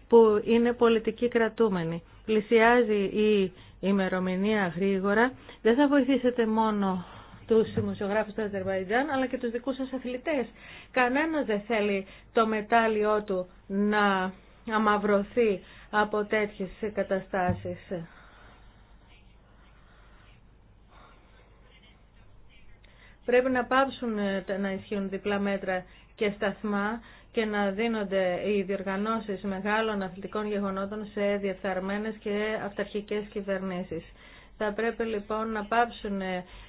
που είναι πολιτικοί κρατούμενοι. Πλησιάζει η ημερομηνία γρήγορα. Δεν θα βοηθήσετε μόνο τους δημοσιογράφους του Αζερβαϊτζάν, αλλά και τους δικούς σας αθλητές. Κανένας δεν θέλει το μετάλλιό του να αμαυρωθεί από τέτοιες καταστάσεις. Πρέπει να πάψουν να ισχύουν διπλά μέτρα και σταθμά και να δίνονται οι διοργανώσεις μεγάλων αθλητικών γεγονότων σε διεφθαρμένες και αυταρχικές κυβερνήσεις. Θα πρέπει λοιπόν να, πάψουν,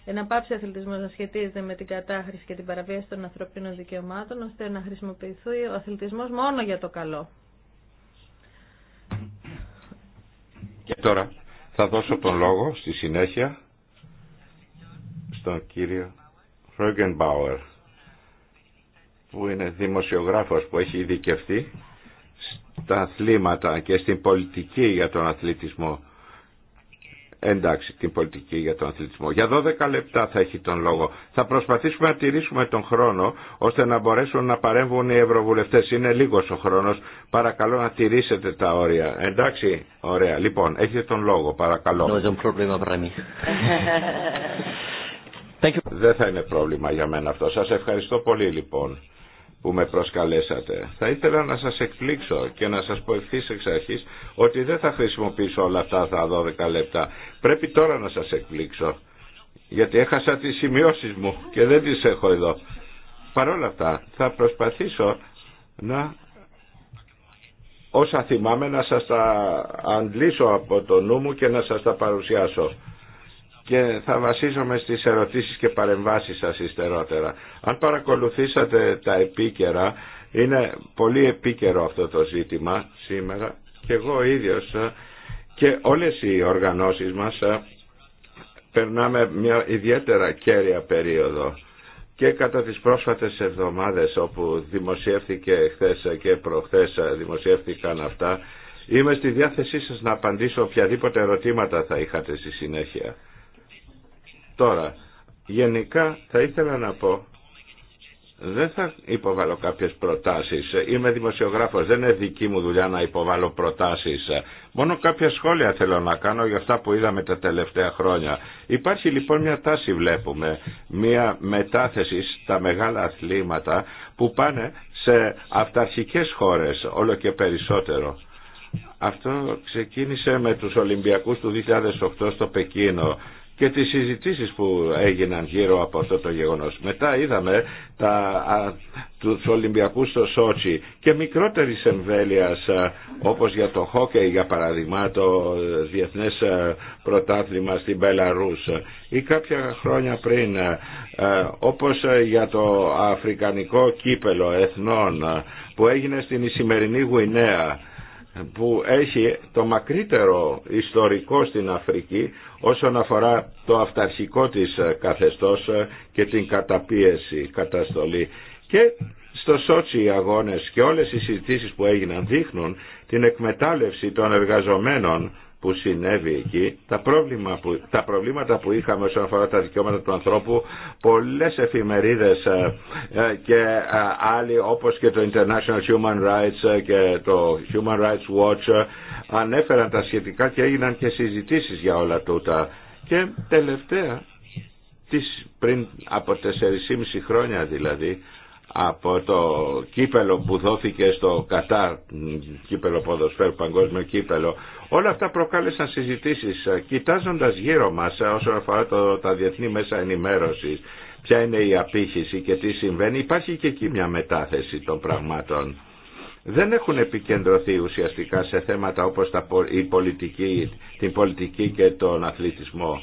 να πάψει ο αθλητισμός να σχετίζεται με την κατάχρηση και την παραβίαση των ανθρωπίνων δικαιωμάτων, ώστε να χρησιμοποιηθεί ο αθλητισμός μόνο για το καλό. Και τώρα θα δώσω τον λόγο στη συνέχεια στον κύριο Μπάουερ που είναι δημοσιογράφος που έχει ειδικευτεί στα αθλήματα και στην πολιτική για τον αθλητισμό εντάξει την πολιτική για τον αθλητισμό. Για 12 λεπτά θα έχει τον λόγο. Θα προσπαθήσουμε να τηρήσουμε τον χρόνο ώστε να μπορέσουν να παρέμβουν οι ευρωβουλευτέ. Είναι λίγος ο χρόνος. Παρακαλώ να τηρήσετε τα όρια. Εντάξει, ωραία. Λοιπόν, έχετε τον λόγο, παρακαλώ. [laughs] Δεν θα είναι πρόβλημα για μένα αυτό. Σα ευχαριστώ πολύ λοιπόν που με προσκαλέσατε. Θα ήθελα να σας εκπλήξω και να σας πω ευθύς εξ αρχής ότι δεν θα χρησιμοποιήσω όλα αυτά τα 12 λεπτά. Πρέπει τώρα να σας εκπλήξω γιατί έχασα τις σημειώσεις μου και δεν τις έχω εδώ. Παρ' όλα αυτά θα προσπαθήσω να όσα θυμάμαι να σας τα αντλήσω από το νου μου και να σας τα παρουσιάσω και θα βασίζομαι στις ερωτήσεις και παρεμβάσεις σας υστερότερα. Αν παρακολουθήσατε τα επίκαιρα, είναι πολύ επίκαιρο αυτό το ζήτημα σήμερα και εγώ ίδιος ε, και όλες οι οργανώσεις μας ε, περνάμε μια ιδιαίτερα κέρια περίοδο και κατά τις πρόσφατες εβδομάδες όπου δημοσιεύθηκε χθες και προχθές δημοσιεύθηκαν αυτά είμαι στη διάθεσή σας να απαντήσω οποιαδήποτε ερωτήματα θα είχατε στη συνέχεια. Τώρα, γενικά θα ήθελα να πω δεν θα υποβάλω κάποιες προτάσεις. Είμαι δημοσιογράφος, δεν είναι δική μου δουλειά να υποβάλω προτάσεις. Μόνο κάποια σχόλια θέλω να κάνω για αυτά που είδαμε τα τελευταία χρόνια. Υπάρχει λοιπόν μια τάση βλέπουμε, μια μετάθεση στα μεγάλα αθλήματα που πάνε σε αυταρχικές χώρες όλο και περισσότερο. Αυτό ξεκίνησε με τους Ολυμπιακούς του 2008 στο Πεκίνο και τις συζητήσεις που έγιναν γύρω από αυτό το γεγονός. Μετά είδαμε τα, α, τους Ολυμπιακούς στο Σότσι και μικρότερης εμβέλειας όπως για το χόκεϊ για παράδειγμα το διεθνές α, πρωτάθλημα στην Μπελαρούς ή κάποια χρόνια πριν όπως για το αφρικανικό κύπελο εθνών που έγινε στην Ισημερινή Γουινέα που έχει το μακρύτερο ιστορικό στην Αφρική όσον αφορά το αυταρχικό της ε, καθεστώς ε, και την καταπίεση, καταστολή. Και στο Σότσι οι αγώνες και όλες οι συζητήσεις που έγιναν δείχνουν την εκμετάλλευση των εργαζομένων που συνέβη εκεί, τα, τα προβλήματα που είχαμε όσον αφορά τα δικαιώματα του ανθρώπου, πολλές εφημερίδες ε, ε, και ε, άλλοι όπως και το International Human Rights και το Human Rights Watch ανέφεραν τα σχετικά και έγιναν και συζητήσεις για όλα τούτα. Και τελευταία, πριν από 4,5 χρόνια δηλαδή, από το κύπελο που δόθηκε στο Κατάρ, κύπελο ποδοσφαίρου, παγκόσμιο κύπελο, Όλα αυτά προκάλεσαν συζητήσεις. Ε, κοιτάζοντας γύρω μας ε, όσον αφορά τα διεθνή μέσα ενημέρωσης, ποια είναι η απήχηση και τι συμβαίνει, υπάρχει και εκεί μια μετάθεση των πραγμάτων. Δεν έχουν επικεντρωθεί ουσιαστικά σε θέματα όπως τα, η την πολιτική και τον αθλητισμό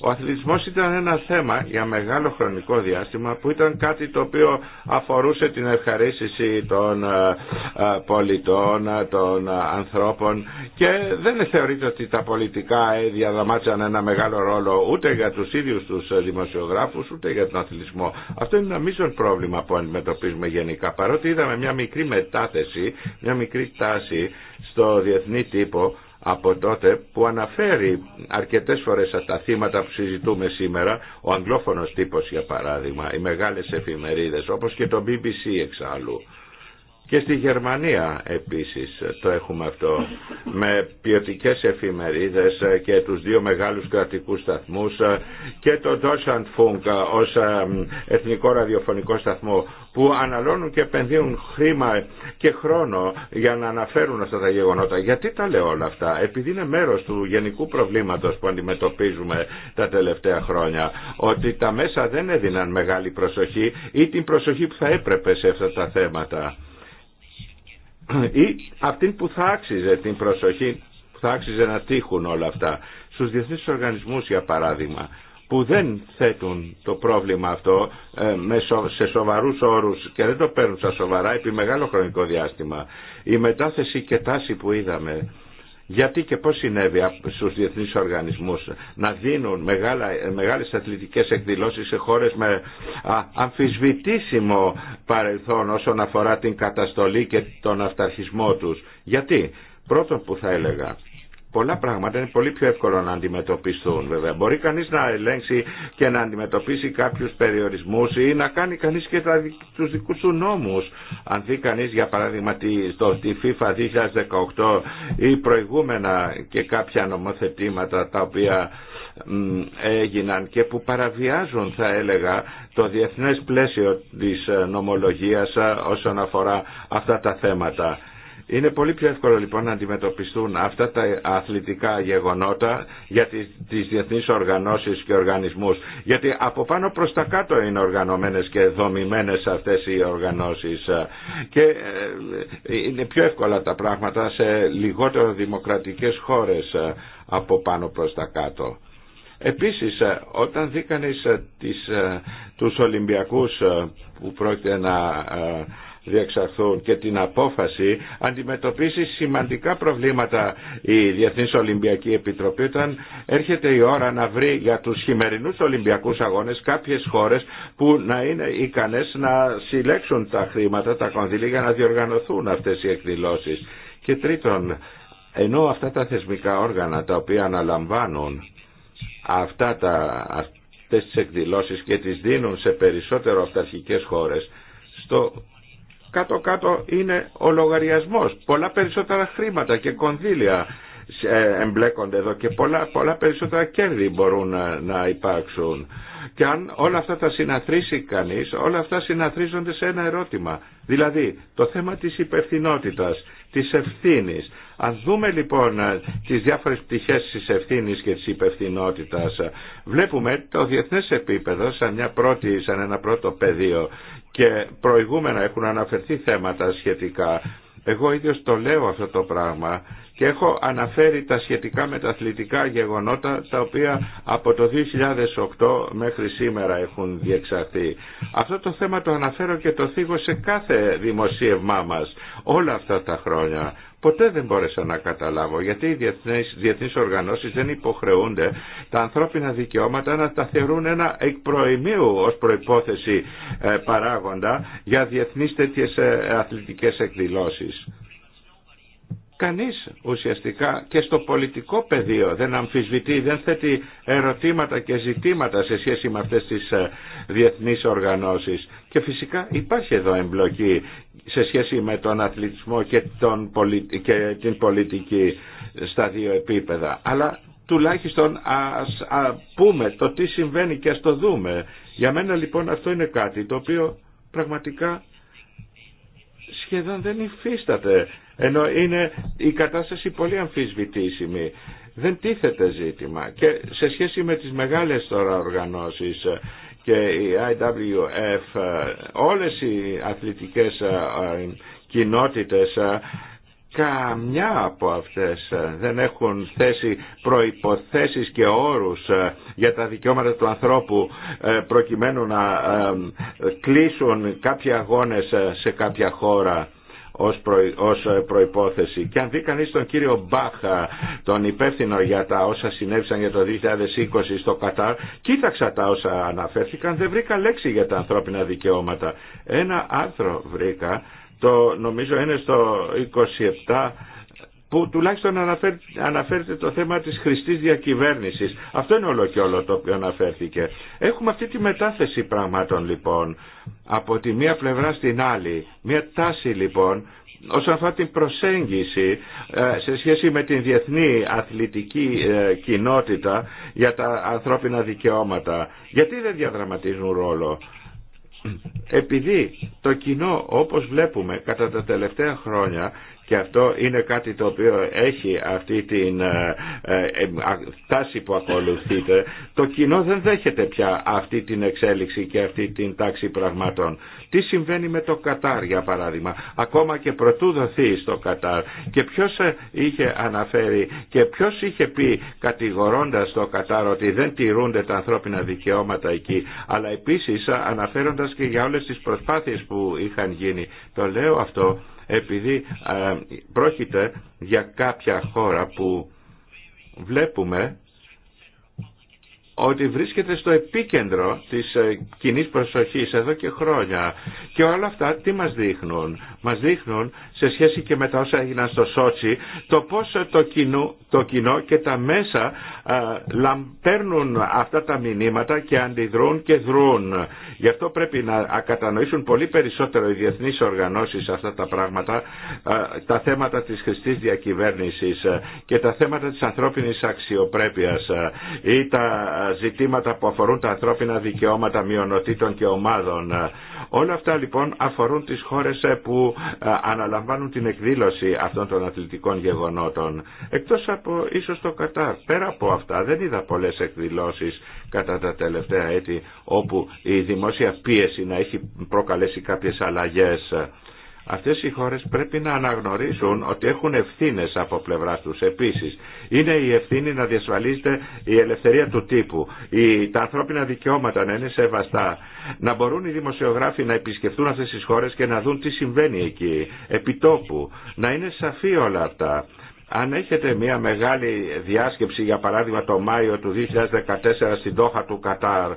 ο αθλητισμός ήταν ένα θέμα για μεγάλο χρονικό διάστημα που ήταν κάτι το οποίο αφορούσε την ευχαρίστηση των ε, ε, πολιτών, των ε, ανθρώπων και δεν θεωρείται ότι τα πολιτικά διαδραμάτισαν ένα μεγάλο ρόλο ούτε για τους ίδιους τους δημοσιογράφους ούτε για τον αθλητισμό. Αυτό είναι ένα μείζον πρόβλημα που αντιμετωπίζουμε γενικά. Παρότι είδαμε μια μικρή μετάθεση, μια μικρή τάση στο διεθνή τύπο από τότε που αναφέρει αρκετές φορές τα θύματα που συζητούμε σήμερα, ο αγγλόφωνος τύπος για παράδειγμα, οι μεγάλες εφημερίδες όπως και το BBC εξάλλου και στη Γερμανία επίσης το έχουμε αυτό με ποιοτικέ εφημερίδες και τους δύο μεγάλους κρατικούς σταθμούς και το Deutschlandfunk ως εθνικό ραδιοφωνικό σταθμό που αναλώνουν και επενδύουν χρήμα και χρόνο για να αναφέρουν αυτά τα γεγονότα. Γιατί τα λέω όλα αυτά. Επειδή είναι μέρος του γενικού προβλήματος που αντιμετωπίζουμε τα τελευταία χρόνια. Ότι τα μέσα δεν έδιναν μεγάλη προσοχή ή την προσοχή που θα έπρεπε σε αυτά τα θέματα ή αυτή που θα άξιζε την προσοχή, που θα άξιζε να τύχουν όλα αυτά. Στους διεθνείς οργανισμούς για παράδειγμα, που δεν θέτουν το πρόβλημα αυτό ε, σε σοβαρούς όρους και δεν το παίρνουν στα σοβαρά επί μεγάλο χρονικό διάστημα. Η μετάθεση και τάση που είδαμε γιατί και πώς συνέβη στους διεθνείς οργανισμούς να δίνουν μεγάλα, μεγάλες αθλητικές εκδηλώσεις σε χώρες με αμφισβητήσιμο παρελθόν όσον αφορά την καταστολή και τον αυταρχισμό τους. Γιατί, πρώτον που θα έλεγα, πολλά πράγματα είναι πολύ πιο εύκολο να αντιμετωπιστούν βέβαια. Μπορεί κανείς να ελέγξει και να αντιμετωπίσει κάποιους περιορισμούς ή να κάνει κανείς και του τους δικούς του νόμους. Αν δει κανείς για παράδειγμα τη FIFA 2018 ή προηγούμενα και κάποια νομοθετήματα τα οποία έγιναν και που παραβιάζουν θα έλεγα το διεθνές πλαίσιο της ε, νομολογίας ε, όσον αφορά αυτά τα θέματα. Είναι πολύ πιο εύκολο λοιπόν να αντιμετωπιστούν αυτά τα αθλητικά γεγονότα για τις, τις διεθνείς οργανώσεις και οργανισμούς. Γιατί από πάνω προς τα κάτω είναι οργανωμένες και δομημένες αυτές οι οργανώσεις. Και ε, είναι πιο εύκολα τα πράγματα σε λιγότερο δημοκρατικές χώρες ε, από πάνω προς τα κάτω. Επίσης, ε, όταν δει τις, τους Ολυμπιακούς που πρόκειται να διεξαχθούν και την απόφαση αντιμετωπίσει σημαντικά προβλήματα η Διεθνής Ολυμπιακή Επιτροπή όταν έρχεται η ώρα να βρει για τους χειμερινούς Ολυμπιακούς Αγώνες κάποιες χώρες που να είναι ικανές να συλλέξουν τα χρήματα, τα κονδυλία για να διοργανωθούν αυτές οι εκδηλώσεις. Και τρίτον, ενώ αυτά τα θεσμικά όργανα τα οποία αναλαμβάνουν αυτά τα, αυτές τις εκδηλώσεις και τις δίνουν σε περισσότερο αυταρχικές χώρες, στο κάτω-κάτω είναι ο λογαριασμός. Πολλά περισσότερα χρήματα και κονδύλια ε, εμπλέκονται εδώ και πολλά, πολλά περισσότερα κέρδη μπορούν να, ε, να υπάρξουν. Και αν όλα αυτά τα συναθρήσει κανείς, όλα αυτά συναθρίζονται σε ένα ερώτημα. Δηλαδή, το θέμα της υπευθυνότητας, της ευθύνης. Αν δούμε λοιπόν ε, τις διάφορες πτυχές της ευθύνης και της υπευθυνότητας, βλέπουμε το διεθνές επίπεδο σαν, μια πρώτη, σαν ένα πρώτο πεδίο και προηγούμενα έχουν αναφερθεί θέματα σχετικά. Εγώ ίδιος το λέω αυτό το πράγμα και έχω αναφέρει τα σχετικά με γεγονότα τα οποία από το 2008 μέχρι σήμερα έχουν διεξαχθεί. Αυτό το θέμα το αναφέρω και το θίγω σε κάθε δημοσίευμά μας όλα αυτά τα χρόνια. Ποτέ δεν μπόρεσα να καταλάβω γιατί οι διεθνείς, διεθνείς οργανώσεις δεν υποχρεούνται τα ανθρώπινα δικαιώματα να τα θεωρούν ένα εκ προημίου ως προϋπόθεση ε, παράγοντα για διεθνείς τέτοιες ε, αθλητικές εκδηλώσεις. Κανείς ουσιαστικά και στο πολιτικό πεδίο δεν αμφισβητεί, δεν θέτει ερωτήματα και ζητήματα σε σχέση με αυτές τις ε, διεθνείς οργανώσεις. Και φυσικά υπάρχει εδώ εμπλοκή σε σχέση με τον αθλητισμό και, τον την πολιτική στα δύο επίπεδα. Αλλά τουλάχιστον ας πούμε το τι συμβαίνει και ας το δούμε. Για μένα λοιπόν αυτό είναι κάτι το οποίο πραγματικά σχεδόν δεν υφίσταται. Ενώ είναι η κατάσταση πολύ αμφισβητήσιμη. Δεν τίθεται ζήτημα. Και σε σχέση με τις μεγάλες τώρα οργανώσεις και η IWF, ε, όλες οι αθλητικές ε, ε, κοινότητες, καμιά από αυτές δεν έχουν θέσει προϋποθέσεις και όρους για τα δικαιώματα του ανθρώπου προκειμένου να κλείσουν κάποιοι αγώνες σε κάποια χώρα ως, ε, προϋπόθεση. Και αν δει κανείς τον κύριο Μπάχα, τον υπεύθυνο για τα όσα συνέβησαν για το 2020 στο Κατάρ, κοίταξα τα όσα αναφέρθηκαν, δεν βρήκα λέξη για τα ανθρώπινα δικαιώματα. Ένα άρθρο βρήκα, το νομίζω είναι στο 27 που τουλάχιστον αναφέρεται το θέμα της χρηστής διακυβέρνησης. Αυτό είναι όλο και όλο το οποίο αναφέρθηκε. Έχουμε αυτή τη μετάθεση πραγμάτων λοιπόν από τη μία πλευρά στην άλλη. Μία τάση λοιπόν όσον αφορά την προσέγγιση ε, σε σχέση με την διεθνή αθλητική ε, κοινότητα για τα ανθρώπινα δικαιώματα. Γιατί δεν διαδραματίζουν ρόλο. Επειδή το κοινό όπως βλέπουμε κατά τα τελευταία χρόνια και αυτό είναι κάτι το οποίο έχει αυτή την ε, ε, τάση που ακολουθείτε. Το κοινό δεν δέχεται πια αυτή την εξέλιξη και αυτή την τάξη πραγμάτων. Τι συμβαίνει με το Κατάρ για παράδειγμα. Ακόμα και προτού δοθεί στο Κατάρ. Και ποιος ε, είχε αναφέρει και ποιος είχε πει κατηγορώντας το Κατάρ ότι δεν τηρούνται τα ανθρώπινα δικαιώματα εκεί. Αλλά επίσης αναφέροντας και για όλες τις προσπάθειες που είχαν γίνει. Το λέω αυτό επειδή ε, πρόκειται για κάποια χώρα που βλέπουμε ότι βρίσκεται στο επίκεντρο της ε, κοινή προσοχής εδώ και χρόνια. Και όλα αυτά τι μας δείχνουν. Μας δείχνουν σε σχέση και με τα όσα έγιναν στο Σότσι το πώς το κοινό, το κοινό και τα μέσα ε, παίρνουν αυτά τα μηνύματα και αντιδρούν και δρούν. Γι' αυτό πρέπει να κατανοήσουν πολύ περισσότερο οι διεθνείς οργανώσεις αυτά τα πράγματα, ε, τα θέματα της χρηστής διακυβέρνησης και τα θέματα της ανθρώπινης αξιοπρέπειας ή τα ζητήματα που αφορούν τα ανθρώπινα δικαιώματα μειονοτήτων και ομάδων. Όλα αυτά λοιπόν αφορούν τις χώρες ε, που ε, αναλαμβάνουν την εκδήλωση αυτών των αθλητικών γεγονότων. Εκτός από ίσως το Κατάρ, πέρα από αυτά δεν είδα πολλές εκδηλώσεις κατά τα τελευταία έτη όπου η δημόσια πίεση να έχει προκαλέσει κάποιες αλλαγές. Αυτές οι χώρες πρέπει να αναγνωρίσουν ότι έχουν ευθύνες από πλευρά τους. Επίσης, είναι η ευθύνη να διασφαλίζεται η ελευθερία του τύπου, η, τα ανθρώπινα δικαιώματα να είναι σεβαστά, να μπορούν οι δημοσιογράφοι να επισκεφτούν αυτές τις χώρες και να δουν τι συμβαίνει εκεί, επιτόπου, να είναι σαφή όλα αυτά. Αν έχετε μια μεγάλη διάσκεψη, για παράδειγμα το Μάιο του 2014 στην Τόχα του Κατάρ,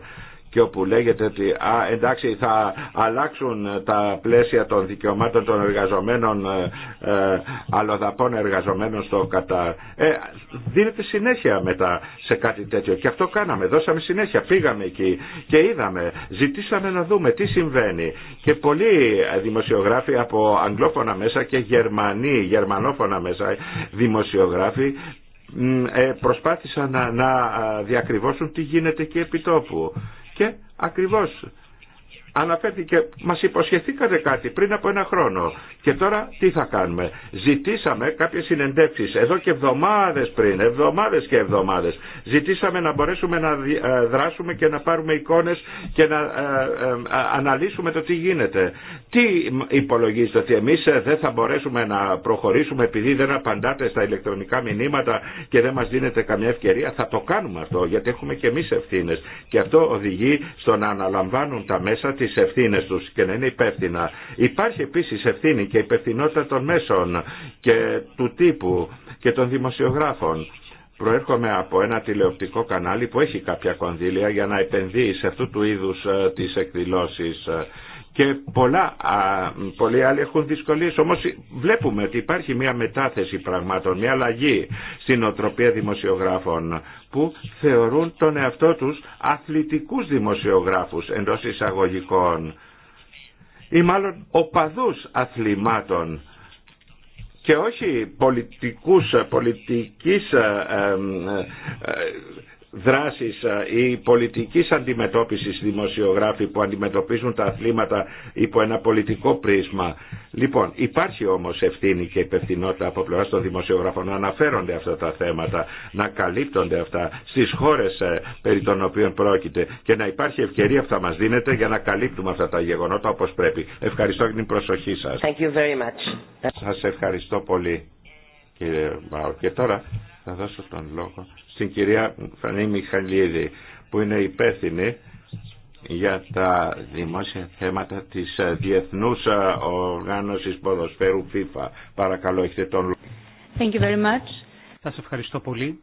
και όπου λέγεται ότι α, εντάξει θα αλλάξουν τα πλαίσια των δικαιωμάτων των εργαζομένων ε, ε αλλοδαπών εργαζομένων στο κατά... Ε, δίνεται συνέχεια μετά σε κάτι τέτοιο και αυτό κάναμε, δώσαμε συνέχεια, πήγαμε εκεί και είδαμε, ζητήσαμε να δούμε τι συμβαίνει και πολλοί δημοσιογράφοι από αγγλόφωνα μέσα και Γερμανοί, γερμανόφωνα μέσα δημοσιογράφοι ε, προσπάθησαν να, να διακριβώσουν τι γίνεται και επί τόπου και ακριβώς αναφέρθηκε, μας υποσχεθήκατε κάτι πριν από ένα χρόνο και τώρα τι θα κάνουμε. Ζητήσαμε κάποιες συνεντεύξεις εδώ και εβδομάδες πριν, εβδομάδε και εβδομάδε, Ζητήσαμε να μπορέσουμε να ε, δράσουμε και να πάρουμε εικόνες και να ε, ε, αναλύσουμε το τι γίνεται. Τι υπολογίζετε ότι εμείς δεν θα μπορέσουμε να προχωρήσουμε επειδή δεν απαντάτε στα ηλεκτρονικά μηνύματα και δεν μας δίνετε καμιά ευκαιρία. Θα το κάνουμε αυτό γιατί έχουμε και εμείς ευθύνες και αυτό οδηγεί στο να αναλαμβάνουν τα μέσα τις ευθύνες τους και να είναι υπεύθυνα. Υπάρχει επίσης ευθύνη και υπευθυνότητα των μέσων και του τύπου και των δημοσιογράφων. Προέρχομαι από ένα τηλεοπτικό κανάλι που έχει κάποια κονδύλια για να επενδύει σε αυτού του είδους ε, τις εκδηλώσεις και πολλά, α, πολλοί άλλοι έχουν δυσκολίες. Όμως βλέπουμε ότι υπάρχει μια μετάθεση πραγμάτων, μια αλλαγή στην οτροπία δημοσιογράφων που θεωρούν τον εαυτό τους αθλητικούς δημοσιογράφους εντός εισαγωγικών ή μάλλον οπαδούς αθλημάτων και όχι πολιτικούς, πολιτικής ε, ε, ε, δράσεις ε, ή πολιτικής αντιμετώπισης δημοσιογράφοι που αντιμετωπίζουν τα αθλήματα υπό ένα πολιτικό πρίσμα. Λοιπόν, υπάρχει όμως ευθύνη και υπευθυνότητα από πλευρά των δημοσιογράφων να αναφέρονται αυτά τα θέματα, να καλύπτονται αυτά στις χώρες ε, περί των οποίων πρόκειται και να υπάρχει ευκαιρία που θα μας δίνεται για να καλύπτουμε αυτά τα γεγονότα όπως πρέπει. Ευχαριστώ για την προσοχή σας. Thank Σας ευχαριστώ πολύ κύριε Μάου. Και τώρα θα δώσω τον λόγο στην κυρία Φανή Μιχαλίδη που είναι υπεύθυνη για τα δημόσια θέματα της ε, Διεθνούς ε, Οργάνωσης Ποδοσφαίρου FIFA. Παρακαλώ, έχετε τον λόγο. Thank you very much. Σας ευχαριστώ πολύ.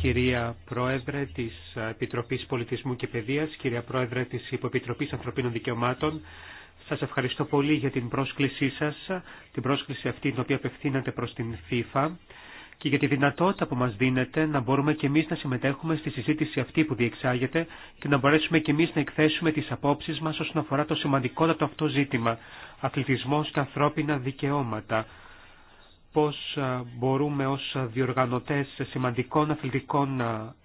Κυρία Πρόεδρε της ε, Επιτροπής Πολιτισμού και Παιδείας, κυρία Πρόεδρε της Υποεπιτροπής Ανθρωπίνων Δικαιωμάτων, σας ευχαριστώ πολύ για την πρόσκλησή σας, την πρόσκληση αυτή την οποία απευθύνατε προς την FIFA και για τη δυνατότητα που μας δίνεται να μπορούμε και εμείς να συμμετέχουμε στη συζήτηση αυτή που διεξάγεται και να μπορέσουμε και εμείς να εκθέσουμε τις απόψεις μας όσον αφορά το σημαντικότατο αυτό ζήτημα, αθλητισμός και ανθρώπινα δικαιώματα. Πώς μπορούμε ως διοργανωτές σημαντικών αθλητικών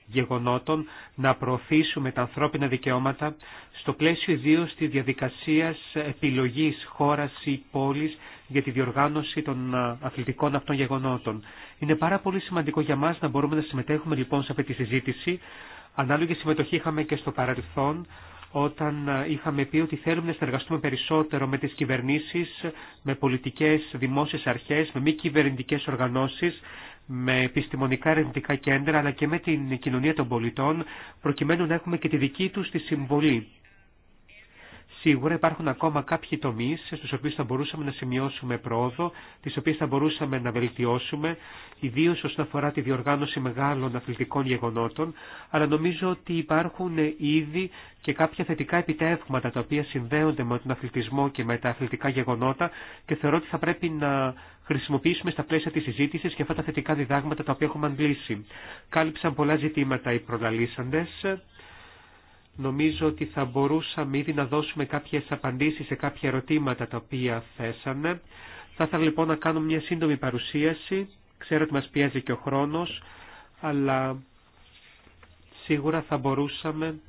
γεγονότων να προωθήσουμε τα ανθρώπινα δικαιώματα στο πλαίσιο ιδίω τη διαδικασία επιλογή χώρα ή πόλη για τη διοργάνωση των αθλητικών αυτών γεγονότων. Είναι πάρα πολύ σημαντικό για μα να μπορούμε να συμμετέχουμε λοιπόν σε αυτή τη συζήτηση. Ανάλογη συμμετοχή είχαμε και στο παρελθόν όταν είχαμε πει ότι θέλουμε να συνεργαστούμε περισσότερο με τις κυβερνήσεις, με πολιτικές δημόσιες αρχές, με μη κυβερνητικές οργανώσεις, με επιστημονικά ερευνητικά κέντρα αλλά και με την κοινωνία των πολιτών προκειμένου να έχουμε και τη δική τους τη συμβολή. Σίγουρα υπάρχουν ακόμα κάποιοι τομεί στους οποίους θα μπορούσαμε να σημειώσουμε πρόοδο, τις οποίες θα μπορούσαμε να βελτιώσουμε, ιδίω όσον αφορά τη διοργάνωση μεγάλων αθλητικών γεγονότων, αλλά νομίζω ότι υπάρχουν ήδη και κάποια θετικά επιτεύγματα τα οποία συνδέονται με τον αθλητισμό και με τα αθλητικά γεγονότα και θεωρώ ότι θα πρέπει να χρησιμοποιήσουμε στα πλαίσια τη συζήτηση και αυτά τα θετικά διδάγματα τα οποία έχουμε αντλήσει. Κάλυψαν πολλά ζητήματα οι προλαλήσαντε. Νομίζω ότι θα μπορούσαμε ήδη να δώσουμε κάποιε απαντήσει σε κάποια ερωτήματα τα οποία θέσανε. Θα ήθελα λοιπόν να κάνω μια σύντομη παρουσίαση. Ξέρω ότι μα πιέζει και ο χρόνο, αλλά σίγουρα θα μπορούσαμε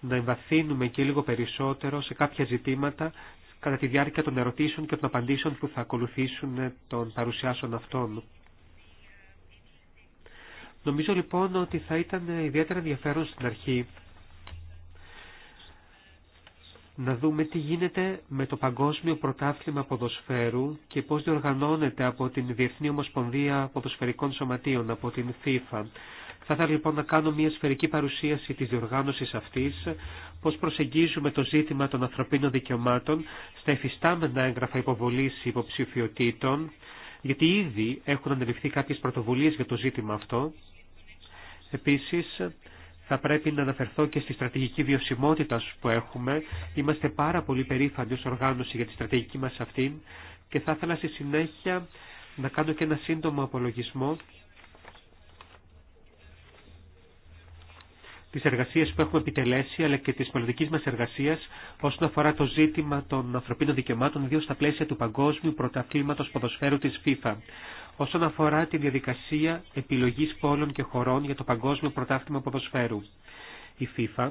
να εμβαθύνουμε και λίγο περισσότερο σε κάποια ζητήματα κατά τη διάρκεια των ερωτήσεων και των απαντήσεων που θα ακολουθήσουν των παρουσιάσεων αυτών. Νομίζω λοιπόν ότι θα ήταν ιδιαίτερα ενδιαφέρον στην αρχή να δούμε τι γίνεται με το Παγκόσμιο Πρωτάθλημα Ποδοσφαίρου και πώς διοργανώνεται από την Διεθνή Ομοσπονδία Ποδοσφαιρικών Σωματείων, από την FIFA. Θα ήθελα λοιπόν να κάνω μια σφαιρική παρουσίαση της διοργάνωσης αυτής, πώς προσεγγίζουμε το ζήτημα των ανθρωπίνων δικαιωμάτων στα εφιστάμενα έγγραφα υποβολής υποψηφιωτήτων, γιατί ήδη έχουν ανεληφθεί κάποιες πρωτοβουλίες για το ζήτημα αυτό. Επίσης, θα πρέπει να αναφερθώ και στη στρατηγική βιωσιμότητα που έχουμε. Είμαστε πάρα πολύ περήφανοι ως οργάνωση για τη στρατηγική μας αυτή και θα ήθελα στη συνέχεια να κάνω και ένα σύντομο απολογισμό τις εργασίες που έχουμε επιτελέσει αλλά και τη πολιτική μα εργασία όσον αφορά το ζήτημα των ανθρωπίνων δικαιωμάτων ιδίω στα πλαίσια του παγκόσμιου Πρωτάθληματο ποδοσφαίρου τη FIFA όσον αφορά τη διαδικασία επιλογή πόλων και χωρών για το παγκόσμιο πρωτάθλημα ποδοσφαίρου. Η FIFA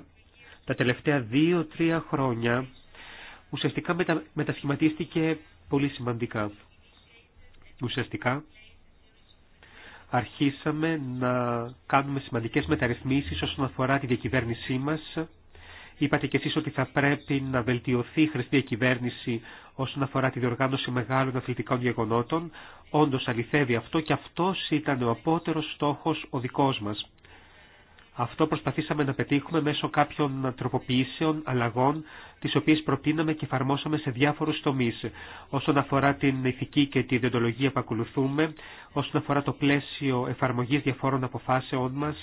τα τελευταία δύο-τρία χρόνια ουσιαστικά μετα... μετασχηματίστηκε πολύ σημαντικά. Ουσιαστικά αρχίσαμε να κάνουμε σημαντικές μεταρρυθμίσεις όσον αφορά τη διακυβέρνησή μας. Είπατε κι εσείς ότι θα πρέπει να βελτιωθεί η χρηστή διακυβέρνηση όσον αφορά τη διοργάνωση μεγάλων αθλητικών γεγονότων. Όντως αληθεύει αυτό και αυτός ήταν ο απότερος στόχος ο δικός μας. Αυτό προσπαθήσαμε να πετύχουμε μέσω κάποιων τροποποιήσεων, αλλαγών, τις οποίες προτείναμε και εφαρμόσαμε σε διάφορους τομείς. Όσον αφορά την ηθική και τη διοντολογία που ακολουθούμε, όσον αφορά το πλαίσιο εφαρμογής διαφόρων αποφάσεών μας,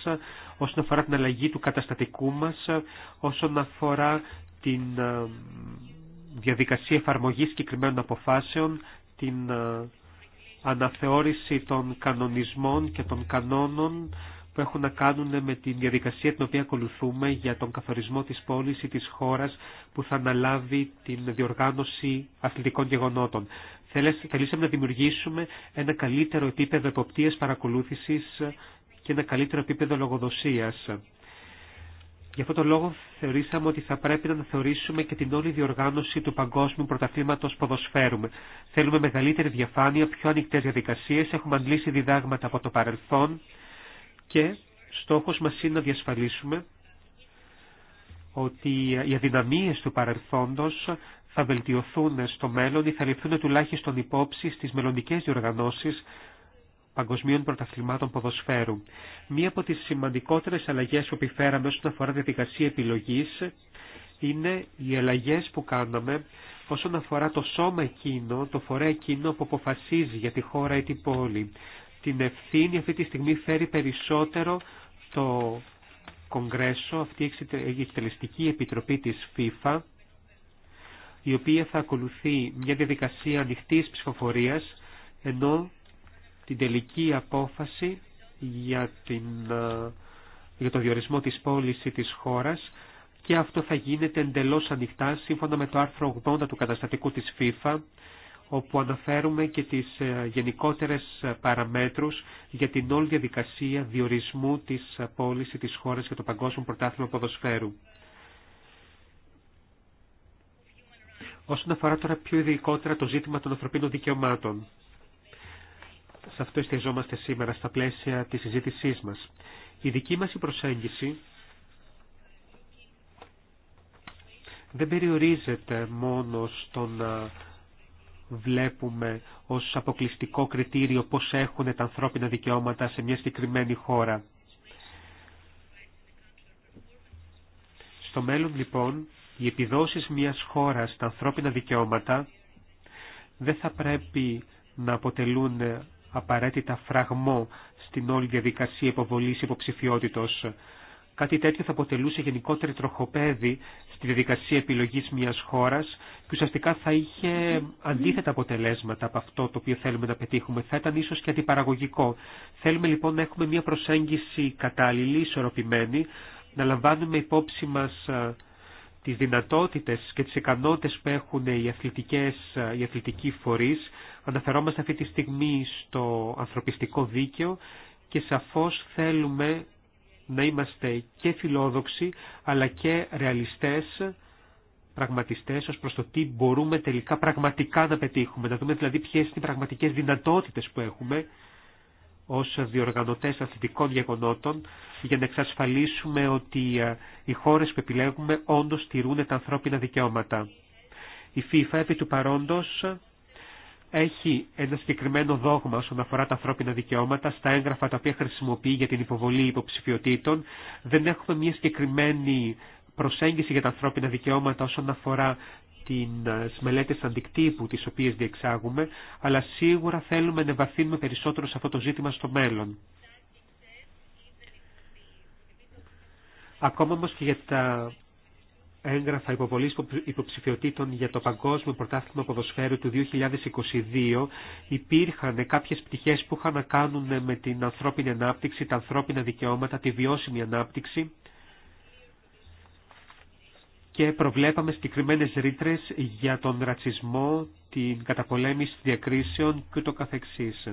όσον αφορά την αλλαγή του καταστατικού μας, όσον αφορά την ε, διαδικασία εφαρμογής συγκεκριμένων αποφάσεων, την ε, αναθεώρηση των κανονισμών και των κανόνων, που έχουν να κάνουν με την διαδικασία την οποία ακολουθούμε για τον καθορισμό της πόλης ή της χώρας που θα αναλάβει την διοργάνωση αθλητικών γεγονότων. Θελήσαμε να δημιουργήσουμε ένα καλύτερο επίπεδο εποπτείας παρακολούθησης και ένα καλύτερο επίπεδο λογοδοσίας. Γι' αυτό τον λόγο θεωρήσαμε ότι θα πρέπει να θεωρήσουμε και την όλη διοργάνωση του Παγκόσμιου Πρωταθλήματο ποδοσφαίρου. Θέλουμε μεγαλύτερη διαφάνεια, πιο ανοιχτέ διαδικασίε, έχουμε αντλήσει διδάγματα από το παρελθόν και στόχος μας είναι να διασφαλίσουμε ότι οι αδυναμίες του παρελθόντος θα βελτιωθούν στο μέλλον ή θα ληφθούν τουλάχιστον υπόψη στις μελλοντικέ διοργανώσεις παγκοσμίων πρωταθλημάτων ποδοσφαίρου. Μία από τις σημαντικότερες αλλαγές που επιφέραμε όσον αφορά τη δικασία επιλογής είναι οι αλλαγέ που κάναμε όσον αφορά το σώμα εκείνο, το φορέα εκείνο που αποφασίζει για τη χώρα ή την πόλη την ευθύνη αυτή τη στιγμή φέρει περισσότερο το Κογκρέσο, αυτή η εκτελεστική επιτροπή της FIFA, η οποία θα ακολουθεί μια διαδικασία ανοιχτής ψηφοφορίας, ενώ την τελική απόφαση για, την, ε, για το διορισμό της πώληση της χώρας και αυτό θα γίνεται εντελώς ανοιχτά σύμφωνα με το άρθρο 80 του καταστατικού της FIFA όπου αναφέρουμε και τις ε, γενικότερες ε, παραμέτρους για την όλη διαδικασία διορισμού της ε, πόλης ή της χώρας για το Παγκόσμιο Πρωτάθλημα Ποδοσφαίρου. Όσον αφορά τώρα πιο ειδικότερα το ζήτημα των ανθρωπίνων δικαιωμάτων, σε αυτό εστιαζόμαστε σήμερα στα πλαίσια της συζήτησής μας. Η δική μας η προσέγγιση δεν περιορίζεται μόνο στον βλέπουμε ως αποκλειστικό κριτήριο πώς έχουν τα ανθρώπινα δικαιώματα σε μια συγκεκριμένη χώρα. Στο μέλλον λοιπόν, οι επιδόσεις μιας χώρας στα ανθρώπινα δικαιώματα δεν θα πρέπει να αποτελούν απαραίτητα φραγμό στην όλη διαδικασία υποβολής υποψηφιότητος. Κάτι τέτοιο θα αποτελούσε γενικότερη τροχοπέδη στη διαδικασία επιλογής μιας χώρας και ουσιαστικά θα είχε αντίθετα αποτελέσματα από αυτό το οποίο θέλουμε να πετύχουμε. Θα ήταν ίσως και αντιπαραγωγικό. Θέλουμε λοιπόν να έχουμε μια προσέγγιση κατάλληλη, ισορροπημένη, να λαμβάνουμε υπόψη μας ε, τις δυνατότητες και τις ικανότητες που έχουν οι, αθλητικές, ε, οι αθλητικοί φορείς. Αναφερόμαστε αυτή τη στιγμή στο ανθρωπιστικό δίκαιο και σαφώς θέλουμε να είμαστε και φιλόδοξοι αλλά και ρεαλιστές, πραγματιστές ως προς το τι μπορούμε τελικά πραγματικά να πετύχουμε. Να δούμε δηλαδή ποιες είναι οι πραγματικές δυνατότητες που έχουμε ως διοργανωτές αθλητικών γεγονότων για να εξασφαλίσουμε ότι ε, οι χώρες που επιλέγουμε όντως τηρούν τα ανθρώπινα δικαιώματα. Η FIFA επί του παρόντος έχει ένα συγκεκριμένο δόγμα όσον αφορά τα ανθρώπινα δικαιώματα στα έγγραφα τα οποία χρησιμοποιεί για την υποβολή υποψηφιωτήτων. Δεν έχουμε μια συγκεκριμένη προσέγγιση για τα ανθρώπινα δικαιώματα όσον αφορά ε, τις μελέτες αντικτύπου τις οποίες διεξάγουμε, αλλά σίγουρα θέλουμε να βαθύνουμε περισσότερο σε αυτό το ζήτημα στο μέλλον. Ακόμα όμως και για τα έγγραφα υποβολής υποψηφιωτήτων για το Παγκόσμιο Πρωτάθλημα Ποδοσφαίρου του 2022 υπήρχαν κάποιες πτυχές που είχαν να κάνουν με την ανθρώπινη ανάπτυξη, τα ανθρώπινα δικαιώματα, τη βιώσιμη ανάπτυξη και προβλέπαμε συγκεκριμένε ρήτρε για τον ρατσισμό, την καταπολέμηση διακρίσεων και το καθεξής.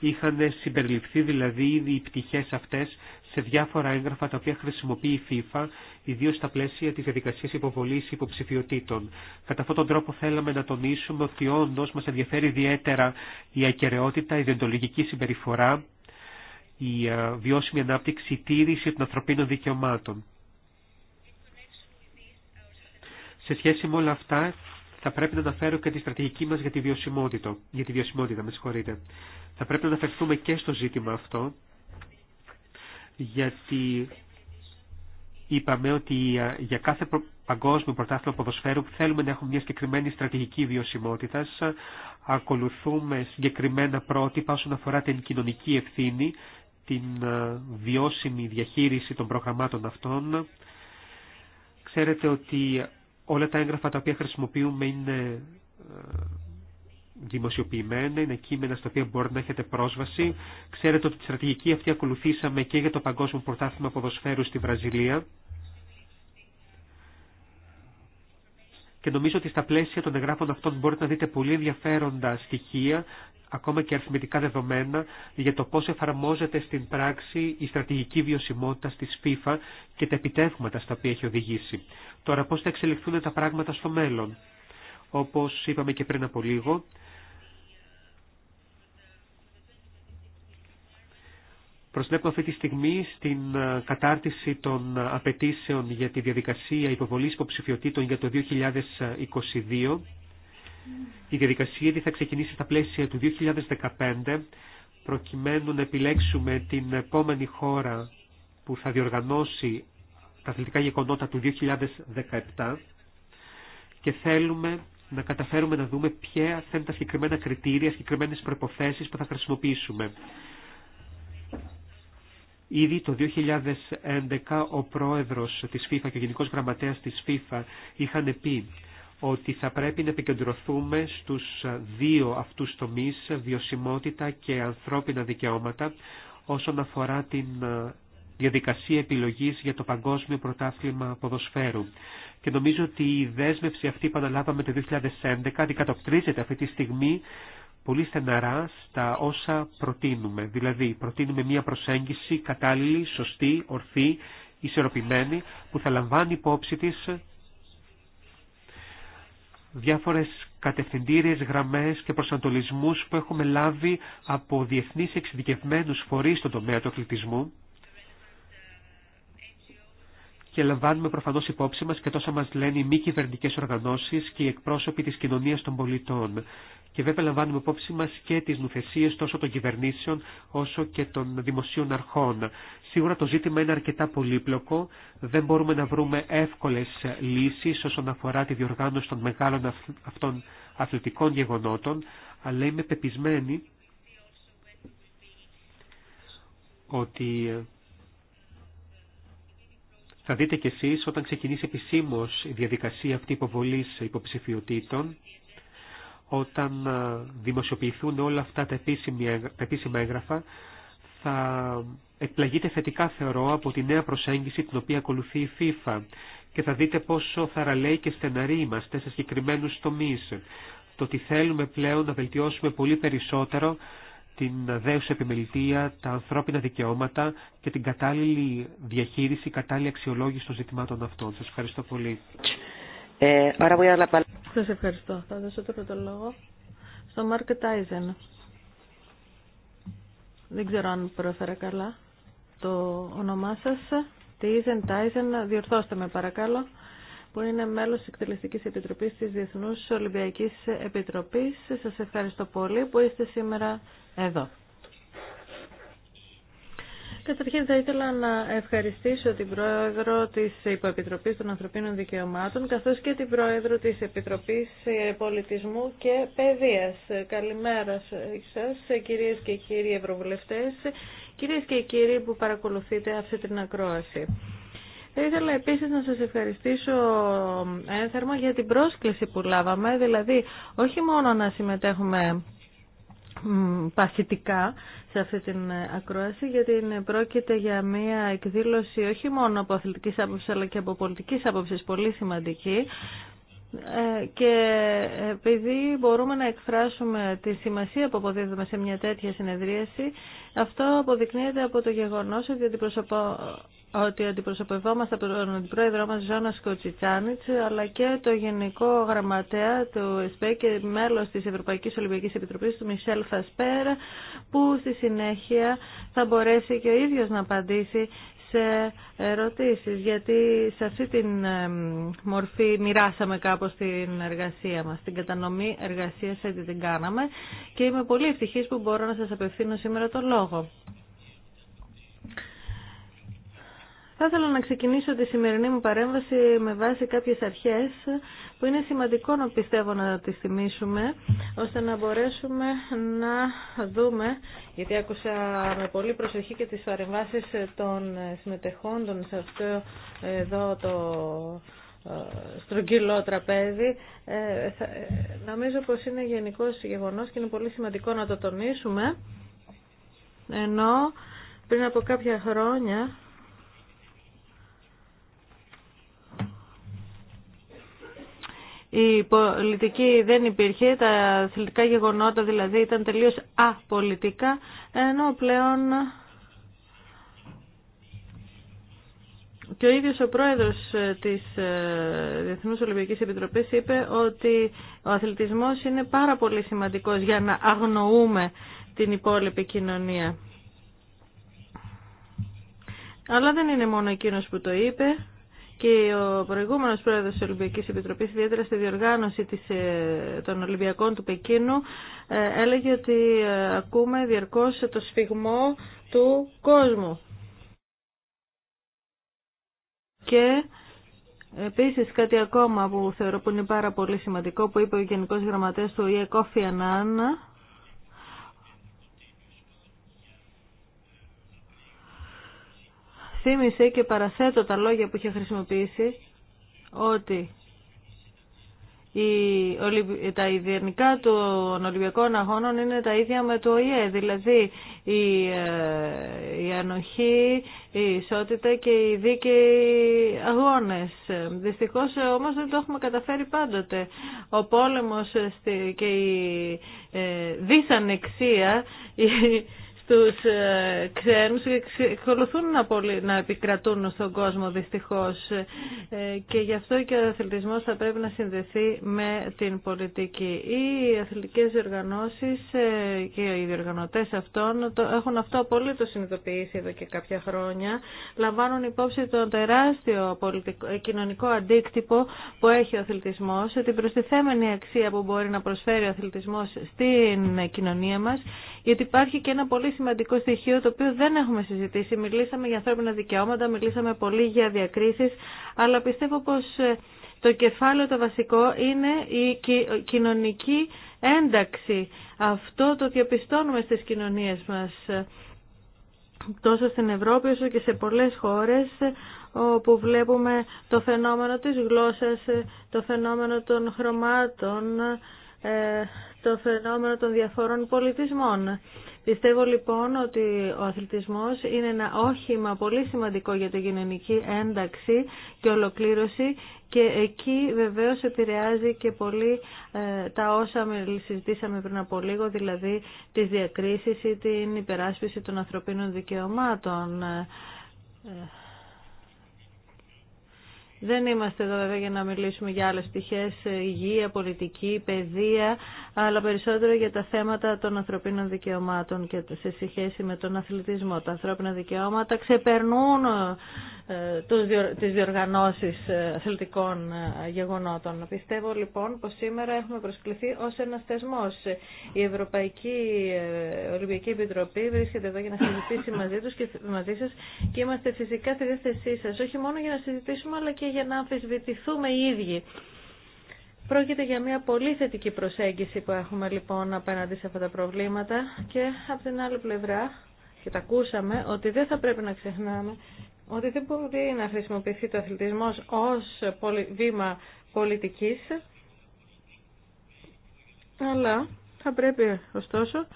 Είχαν συμπεριληφθεί δηλαδή οι πτυχές αυτές σε διάφορα έγγραφα τα οποία χρησιμοποιεί η FIFA, ιδίω στα πλαίσια τη διαδικασία υποβολή υποψηφιωτήτων. Κατά αυτόν τον τρόπο θέλαμε να τονίσουμε ότι όντω μα ενδιαφέρει ιδιαίτερα η ακαιρεότητα, η δεντολογική συμπεριφορά, η ε, βιώσιμη ανάπτυξη, η τήρηση των ανθρωπίνων δικαιωμάτων. Σε σχέση με όλα αυτά, θα πρέπει να αναφέρω και τη στρατηγική μας για τη βιωσιμότητα. Για τη βιωσιμότητα με Θα πρέπει να αναφερθούμε και στο ζήτημα αυτό γιατί είπαμε ότι ε, για κάθε παγκόσμιο πρωτάθλημα ποδοσφαίρου που θέλουμε να έχουμε μια συγκεκριμένη στρατηγική βιωσιμότητα, ε, ακολουθούμε συγκεκριμένα πρότυπα όσον αφορά την κοινωνική ευθύνη, την ε, βιώσιμη διαχείριση των προγραμμάτων αυτών. Ξέρετε ότι όλα τα έγγραφα τα οποία χρησιμοποιούμε είναι δημοσιοποιημένα, είναι κείμενα στα οποία μπορείτε να έχετε πρόσβαση. Ξέρετε ότι τη στρατηγική αυτή ακολουθήσαμε και για το Παγκόσμιο Πρωτάθλημα Ποδοσφαίρου στη Βραζιλία. Και νομίζω ότι στα πλαίσια των εγγράφων αυτών μπορείτε να δείτε πολύ ενδιαφέροντα στοιχεία, ακόμα και αριθμητικά δεδομένα, για το πώς εφαρμόζεται στην πράξη η στρατηγική βιωσιμότητα της FIFA και τα επιτεύγματα στα οποία έχει οδηγήσει. Τώρα πώς θα εξελιχθούν τα πράγματα στο μέλλον όπως είπαμε και πριν από λίγο. Προσβλέπουμε αυτή τη στιγμή στην ε, κατάρτιση των ε, απαιτήσεων για τη διαδικασία υποβολής υποψηφιωτήτων για το 2022. Η διαδικασία θα ξεκινήσει στα πλαίσια του 2015, προκειμένου να επιλέξουμε την επόμενη χώρα που θα διοργανώσει τα αθλητικά γεγονότα του 2017 και θέλουμε να καταφέρουμε να δούμε ποια θα είναι τα συγκεκριμένα κριτήρια, συγκεκριμένε προϋποθέσεις που θα χρησιμοποιήσουμε. Ήδη το 2011 ο πρόεδρος της FIFA και ο γενικός γραμματέας της FIFA είχαν πει ότι θα πρέπει να επικεντρωθούμε στους δύο αυτούς τομείς, βιωσιμότητα και ανθρώπινα δικαιώματα, όσον αφορά την διαδικασία επιλογής για το Παγκόσμιο Πρωτάθλημα Ποδοσφαίρου και νομίζω ότι η δέσμευση αυτή που αναλάβαμε το 2011 αντικατοπτρίζεται αυτή τη στιγμή πολύ στεναρά στα όσα προτείνουμε. Δηλαδή, προτείνουμε μια προσέγγιση κατάλληλη, σωστή, ορθή, ισορροπημένη, που θα λαμβάνει υπόψη της διάφορες κατευθυντήριες γραμμές και προσανατολισμούς που έχουμε λάβει από διεθνείς εξειδικευμένους φορείς στον τομέα του αθλητισμού και λαμβάνουμε προφανώ υπόψη μα και τόσα μα λένε οι μη κυβερνητικέ οργανώσει και οι εκπρόσωποι τη κοινωνία των πολιτών. Και βέβαια λαμβάνουμε υπόψη μα και τι νουθεσίε τόσο των κυβερνήσεων όσο και των δημοσίων αρχών. Σίγουρα το ζήτημα είναι αρκετά πολύπλοκο. Δεν μπορούμε να βρούμε εύκολε λύσει όσον αφορά τη διοργάνωση των μεγάλων αυτών αθλητικών γεγονότων, αλλά είμαι πεπισμένη ότι θα δείτε κι εσείς όταν ξεκινήσει επισήμως η διαδικασία αυτή υποβολής υποψηφιωτήτων, όταν δημοσιοποιηθούν όλα αυτά τα επίσημα έγγραφα, θα εκπλαγείτε θετικά θεωρώ από τη νέα προσέγγιση την οποία ακολουθεί η FIFA και θα δείτε πόσο θαραλέοι και στεναροί είμαστε σε συγκεκριμένους τομείς. Το ότι θέλουμε πλέον να βελτιώσουμε πολύ περισσότερο την δέουσα επιμελητία, τα ανθρώπινα δικαιώματα και την κατάλληλη διαχείριση, κατάλληλη αξιολόγηση των ζητημάτων αυτών. Σας ευχαριστώ πολύ. Ε, σας ευχαριστώ. Θα δώσω το πρώτο λόγο στο Μάρκ Τάιζεν. Δεν ξέρω αν πρόφερα καλά το όνομά σας. Τάιζεν, Τάιζεν, διορθώστε με παρακαλώ που είναι μέλος της Εκτελεστικής Επιτροπής της Διεθνούς Ολυμπιακής Επιτροπής. Σας ευχαριστώ πολύ που είστε σήμερα εδώ. Καταρχήν θα ήθελα να ευχαριστήσω την Πρόεδρο της Υποεπιτροπής των Ανθρωπίνων Δικαιωμάτων καθώς και την Πρόεδρο της Επιτροπής Πολιτισμού και Παιδείας. Καλημέρα σας κυρίες και κύριοι Ευρωβουλευτές, κυρίες και κύριοι που παρακολουθείτε αυτή την ακρόαση. Θα ήθελα επίσης να σας ευχαριστήσω ένθερμα ε, για την πρόσκληση που λάβαμε, δηλαδή όχι μόνο να συμμετέχουμε παθητικά σε αυτή την ε, ακρόαση γιατί πρόκειται για μια εκδήλωση όχι μόνο από αθλητικής άποψης αλλά και από πολιτικής άποψης πολύ σημαντική ε, και επειδή μπορούμε να εκφράσουμε τη σημασία που αποδίδουμε σε μια τέτοια συνεδρίαση αυτό αποδεικνύεται από το γεγονός ότι αντιπροσωπώ ότι αντιπροσωπευόμαστε από τον αντιπρόεδρό μας Ζώνα Σκοτσιτσάνιτς αλλά και το Γενικό Γραμματέα του ΕΣΠΕ και μέλος της Ευρωπαϊκής Ολυμπιακής Επιτροπής του Μισελ Φασπέρα που στη συνέχεια θα μπορέσει και ο ίδιος να απαντήσει σε ερωτήσεις γιατί σε αυτή τη μορφή μοιράσαμε κάπως την εργασία μας, την κατανομή εργασίας έτσι την κάναμε και είμαι πολύ ευτυχής που μπορώ να σας απευθύνω σήμερα το λόγο. Θα ήθελα να ξεκινήσω τη σημερινή μου παρέμβαση με βάση κάποιες αρχές που είναι σημαντικό να πιστεύω να τις θυμίσουμε ώστε να μπορέσουμε να δούμε, γιατί άκουσα με πολύ προσοχή και τις παρεμβάσεις των συμμετεχόντων σε αυτό εδώ το ε, στρογγυλό τραπέζι. Ε, ε, νομίζω πως είναι γενικός γεγονός και είναι πολύ σημαντικό να το τονίσουμε, ενώ πριν από κάποια χρόνια η πολιτική δεν υπήρχε, τα αθλητικά γεγονότα δηλαδή ήταν τελείως απολιτικά, ενώ πλέον και ο ίδιος ο πρόεδρος της ε, Διεθνούς Ολυμπιακής Επιτροπής είπε ότι ο αθλητισμός είναι πάρα πολύ σημαντικός για να αγνοούμε την υπόλοιπη κοινωνία. Αλλά δεν είναι μόνο εκείνος που το είπε και ο προηγούμενος πρόεδρος της Ολυμπιακής Επιτροπής, ιδιαίτερα στη διοργάνωση της, ε, των Ολυμπιακών του Πεκίνου, ε, έλεγε ότι ε, ακούμε διαρκώς το σφιγμό του κόσμου. Και Επίσης κάτι ακόμα που θεωρώ που είναι πάρα πολύ σημαντικό που είπε ο Γενικός Γραμματέας του ΙΕ θύμισε και παραθέτω τα λόγια που είχε χρησιμοποιήσει ότι οι, τα ιδιωτικά των Ολυμπιακών Αγώνων είναι τα ίδια με το ΟΗΕ, δηλαδή ε, η, ανοχή, η ισότητα και οι δίκαιοι αγώνες. Δυστυχώς όμως δεν το έχουμε καταφέρει πάντοτε. Ο πόλεμος ε, και η ε, δυσανεξία, η, ε, ξένους και εξακολουθούν να, επικρατούν στον κόσμο δυστυχώς ε, και γι' αυτό και ο αθλητισμός θα πρέπει να συνδεθεί με την πολιτική. Οι αθλητικές οργανώσεις ε, και οι διοργανωτές αυτών έχουν αυτό απολύτω συνειδητοποιήσει εδώ και κάποια χρόνια. Λαμβάνουν υπόψη τον τεράστιο πολιτικό, κοινωνικό αντίκτυπο που έχει ο αθλητισμός, την προστιθέμενη αξία που μπορεί να προσφέρει ο αθλητισμός στην κοινωνία μας, γιατί υπάρχει και ένα πολύ σημαντικό στοιχείο το οποίο δεν έχουμε συζητήσει. Μιλήσαμε για ανθρώπινα δικαιώματα, μιλήσαμε πολύ για διακρίσεις, αλλά πιστεύω πως ε, το κεφάλαιο το βασικό είναι η ε, κοινωνική ένταξη. Αυτό το διαπιστώνουμε στις κοινωνίες μας ε, τόσο στην Ευρώπη όσο και σε πολλές χώρες όπου βλέπουμε το φαινόμενο της γλώσσας, το φαινόμενο των χρωμάτων, το φαινόμενο των διαφόρων πολιτισμών. Πιστεύω λοιπόν ότι ο αθλητισμός είναι ένα όχημα πολύ σημαντικό για την κοινωνική ένταξη και ολοκλήρωση και εκεί βεβαίως επηρεάζει και πολύ ε, τα όσα συζητήσαμε πριν από λίγο, δηλαδή τις διακρίσεις ή την υπεράσπιση των ανθρωπίνων δικαιωμάτων. Ε, ε, δεν είμαστε εδώ βέβαια για να μιλήσουμε για άλλες πτυχές, ε, υγεία, πολιτική, παιδεία, αλλά περισσότερο για τα θέματα των ανθρωπίνων δικαιωμάτων και σε σχέση με τον αθλητισμό. Τα ανθρώπινα δικαιώματα ξεπερνούν ε, ε, τις διοργανώσεις ε, αθλητικών ε, γεγονότων. Πιστεύω λοιπόν πως σήμερα έχουμε προσκληθεί ως ένας θεσμός. Η Ευρωπαϊκή Ολυμπιακή Επιτροπή βρίσκεται εδώ για να συζητήσει μαζί τους και μαζί σας και είμαστε φυσικά στη διάθεσή σας, όχι μόνο για να συζητήσουμε αλλά και για να αμφισβητηθούμε οι ίδιοι. Πρόκειται για μια πολύ θετική προσέγγιση που έχουμε λοιπόν απέναντι σε αυτά τα προβλήματα και από την άλλη πλευρά και τα ακούσαμε ότι δεν θα πρέπει να ξεχνάμε ότι δεν μπορεί να χρησιμοποιηθεί το αθλητισμός ως βήμα πολιτικής, αλλά θα πρέπει ωστόσο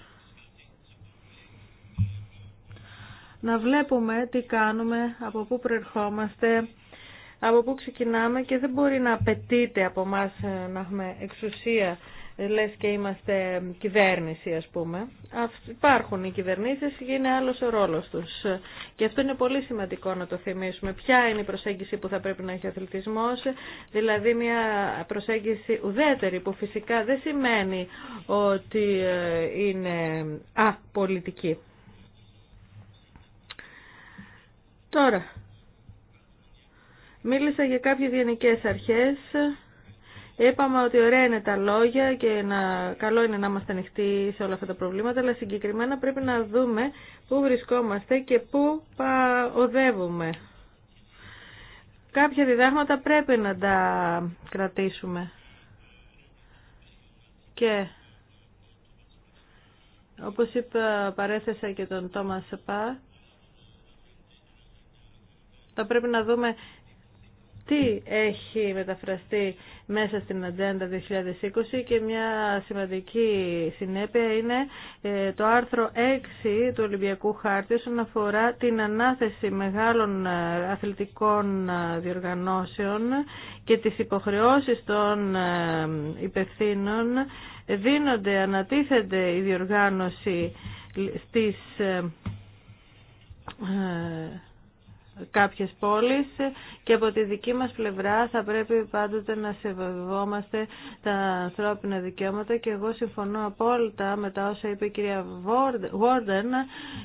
να βλέπουμε τι κάνουμε, από πού προερχόμαστε, από πού ξεκινάμε και δεν μπορεί να απαιτείται από μας να έχουμε εξουσία λες και είμαστε κυβέρνηση ας πούμε. Υπάρχουν οι κυβερνήσεις και είναι άλλος ο ρόλος τους. Και αυτό είναι πολύ σημαντικό να το θυμίσουμε. Ποια είναι η προσέγγιση που θα πρέπει να έχει ο αθλητισμός, δηλαδή μια προσέγγιση ουδέτερη που φυσικά δεν σημαίνει ότι ε, είναι α-πολιτική. Τώρα, μίλησα για κάποιες γενικέ αρχές Είπαμε ότι ωραία είναι τα λόγια και να, καλό είναι να είμαστε ανοιχτοί σε όλα αυτά τα προβλήματα, αλλά συγκεκριμένα πρέπει να δούμε πού βρισκόμαστε και πού οδεύουμε. Κάποια διδάγματα πρέπει να τα κρατήσουμε. Και όπως είπα, παρέθεσα και τον Τόμας Σεπά, θα πρέπει να δούμε τι έχει μεταφραστεί μέσα στην Ατζέντα 2020 και μια σημαντική συνέπεια είναι ε, το άρθρο 6 του Ολυμπιακού Χάρτη όσον αφορά την ανάθεση μεγάλων ε, αθλητικών ε, διοργανώσεων και τις υποχρεώσεις των υπευθύνων δίνονται, ανατίθεται η διοργάνωση στις κάποιες πόλεις και από τη δική μας πλευρά θα πρέπει πάντοτε να σεβεβόμαστε τα ανθρώπινα δικαιώματα και εγώ συμφωνώ απόλυτα με τα όσα είπε η κυρία Βόρντεν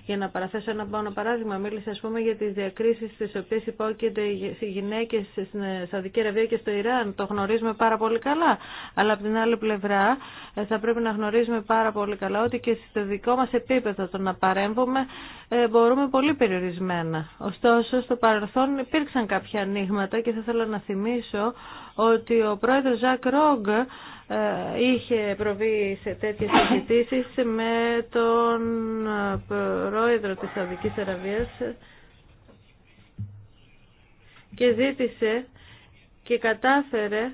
για να παραθέσω ένα μόνο παράδειγμα μίλησε ας πούμε για τις διακρίσεις στις οποίες υπόκειται οι γυναίκες στην ε, Σαουδική Αραβία και στο Ιράν το γνωρίζουμε πάρα πολύ καλά αλλά από την άλλη πλευρά ε, θα πρέπει να γνωρίζουμε πάρα πολύ καλά ότι και στο δικό μας επίπεδο το να παρέμβουμε ε, μπορούμε πολύ περιορισμένα ωστόσο στο παρελθόν υπήρξαν κάποια ανοίγματα και θα ήθελα να θυμίσω ότι ο πρόεδρος Ζακ Ρόγκ ε, είχε προβεί σε τέτοιες συζητήσει με τον ε, πρόεδρο της Σαουδικής Αραβίας και ζήτησε και κατάφερε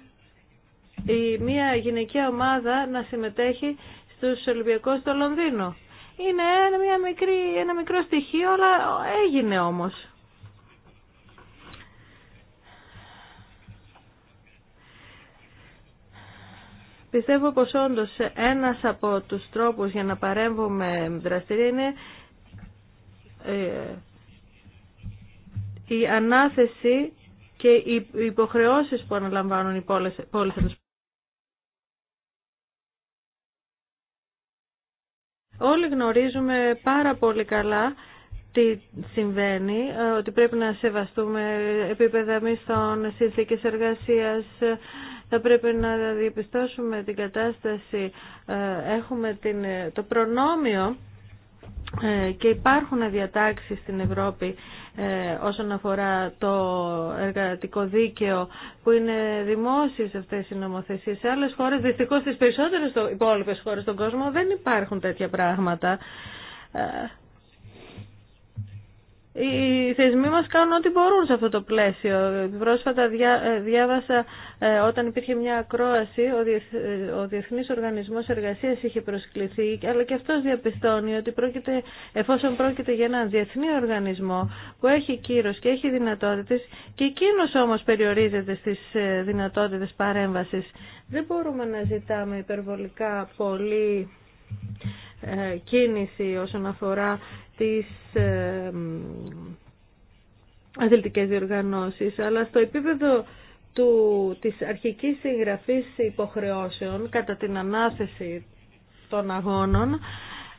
η μία γυναικεία ομάδα να συμμετέχει στους Ολυμπιακούς στο Λονδίνο. Είναι ένα, μια μικρή, ένα μικρό στοιχείο, αλλά έγινε όμως. Πιστεύω πως όντως ένας από τους τρόπους για να παρέμβουμε δραστηρία είναι ε, η ανάθεση και οι υποχρεώσεις που αναλαμβάνουν οι πόλεις, Όλοι γνωρίζουμε πάρα πολύ καλά τι συμβαίνει, ε, ότι πρέπει να σεβαστούμε επίπεδα μισθών, συνθήκες εργασίας, θα πρέπει να διαπιστώσουμε την κατάσταση, ε, έχουμε την, το προνόμιο ε, και υπάρχουν διατάξεις στην Ευρώπη ε, όσον αφορά το εργατικό δίκαιο που είναι δημόσιες αυτές οι νομοθεσίες. Σε άλλες χώρες, δυστυχώς στις περισσότερες υπόλοιπες χώρες στον κόσμο δεν υπάρχουν τέτοια πράγματα οι θεσμοί μας κάνουν ό,τι μπορούν σε αυτό το πλαίσιο. Πρόσφατα ε, διάβασα ε, όταν υπήρχε μια ακρόαση, ε, ο Διεθνής Οργανισμός Εργασίας είχε προσκληθεί, αλλά και αυτός διαπιστώνει ότι πρόκειται, εφόσον πρόκειται για έναν διεθνή οργανισμό που έχει κύρος και έχει δυνατότητες και εκείνο όμως περιορίζεται στις δυνατότητες παρέμβασης. Δεν μπορούμε να ζητάμε υπερβολικά πολύ κίνηση όσον αφορά τις ε, αθλητικές διοργανώσεις, αλλά στο επίπεδο του, της αρχικής συγγραφής υποχρεώσεων κατά την ανάθεση των αγώνων,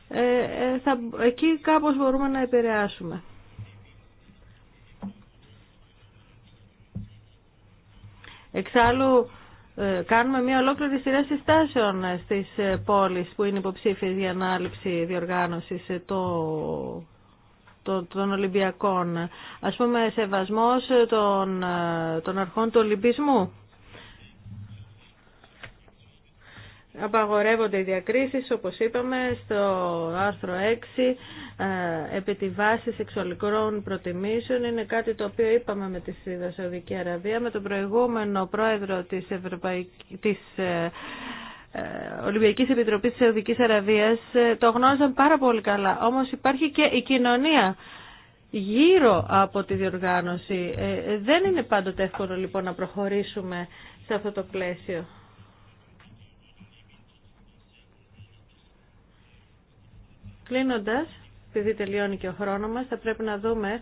ε, ε, θα, εκεί κάπως μπορούμε να επηρεάσουμε. Εξάλλου, ε, κάνουμε μια ολόκληρη σειρά συστάσεων ε, στις ε, πόλεις που είναι υποψήφιες για ανάληψη διοργάνωσης το των Ολυμπιακών, ας πούμε σεβασμός των, των αρχών του Ολυμπισμού. Απαγορεύονται οι διακρίσεις, όπως είπαμε, στο άρθρο 6, ε, επί τη βάση σεξουαλικών προτιμήσεων. Είναι κάτι το οποίο είπαμε με τη Σαουδική Αραβία, με τον προηγούμενο πρόεδρο της, Ευρωπαϊκ... της ε, ε, Ολυμπιακής Επιτροπής της Σαουδικής Αραβίας. Το γνώριζαν πάρα πολύ καλά, όμως υπάρχει και η κοινωνία γύρω από τη διοργάνωση. Δεν είναι πάντοτε εύκολο λοιπόν να προχωρήσουμε σε αυτό το πλαίσιο. Κλείνοντας, επειδή τελειώνει και ο χρόνο μας, θα πρέπει να δούμε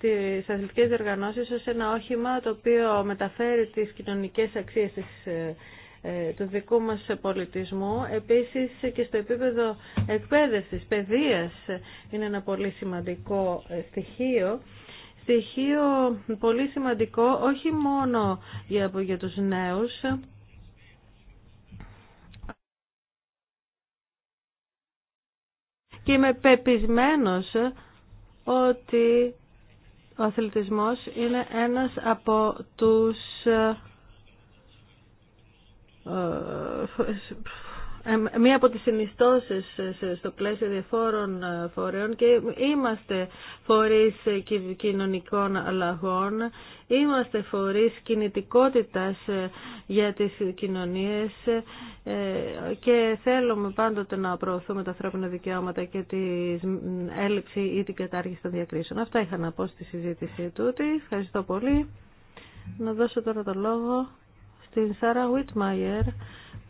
τις αθλητικές διοργανώσεις ως ένα όχημα το οποίο μεταφέρει τις κοινωνικές αξίες ε, ε, του δικού μας πολιτισμού. Επίσης και στο επίπεδο εκπαίδευσης, παιδείας είναι ένα πολύ σημαντικό ε, στοιχείο. Στοιχείο πολύ σημαντικό όχι μόνο για, για τους νέους, και είμαι πεπισμένος ότι ο αθλητισμός είναι ένας από τους ε, ε, μία από τις συνιστώσεις στο πλαίσιο διαφόρων ε, φορέων και είμαστε φορείς κοινωνικών αλλαγών, είμαστε φορείς κινητικότητας ε, για τις κοινωνίες ε, και θέλουμε πάντοτε να προωθούμε τα ανθρώπινα δικαιώματα και την έλλειψη ή την κατάργηση των διακρίσεων. Αυτά είχα να πω στη συζήτηση τούτη. Ευχαριστώ πολύ. Να δώσω τώρα το λόγο στην Σάρα Βιτμάιερ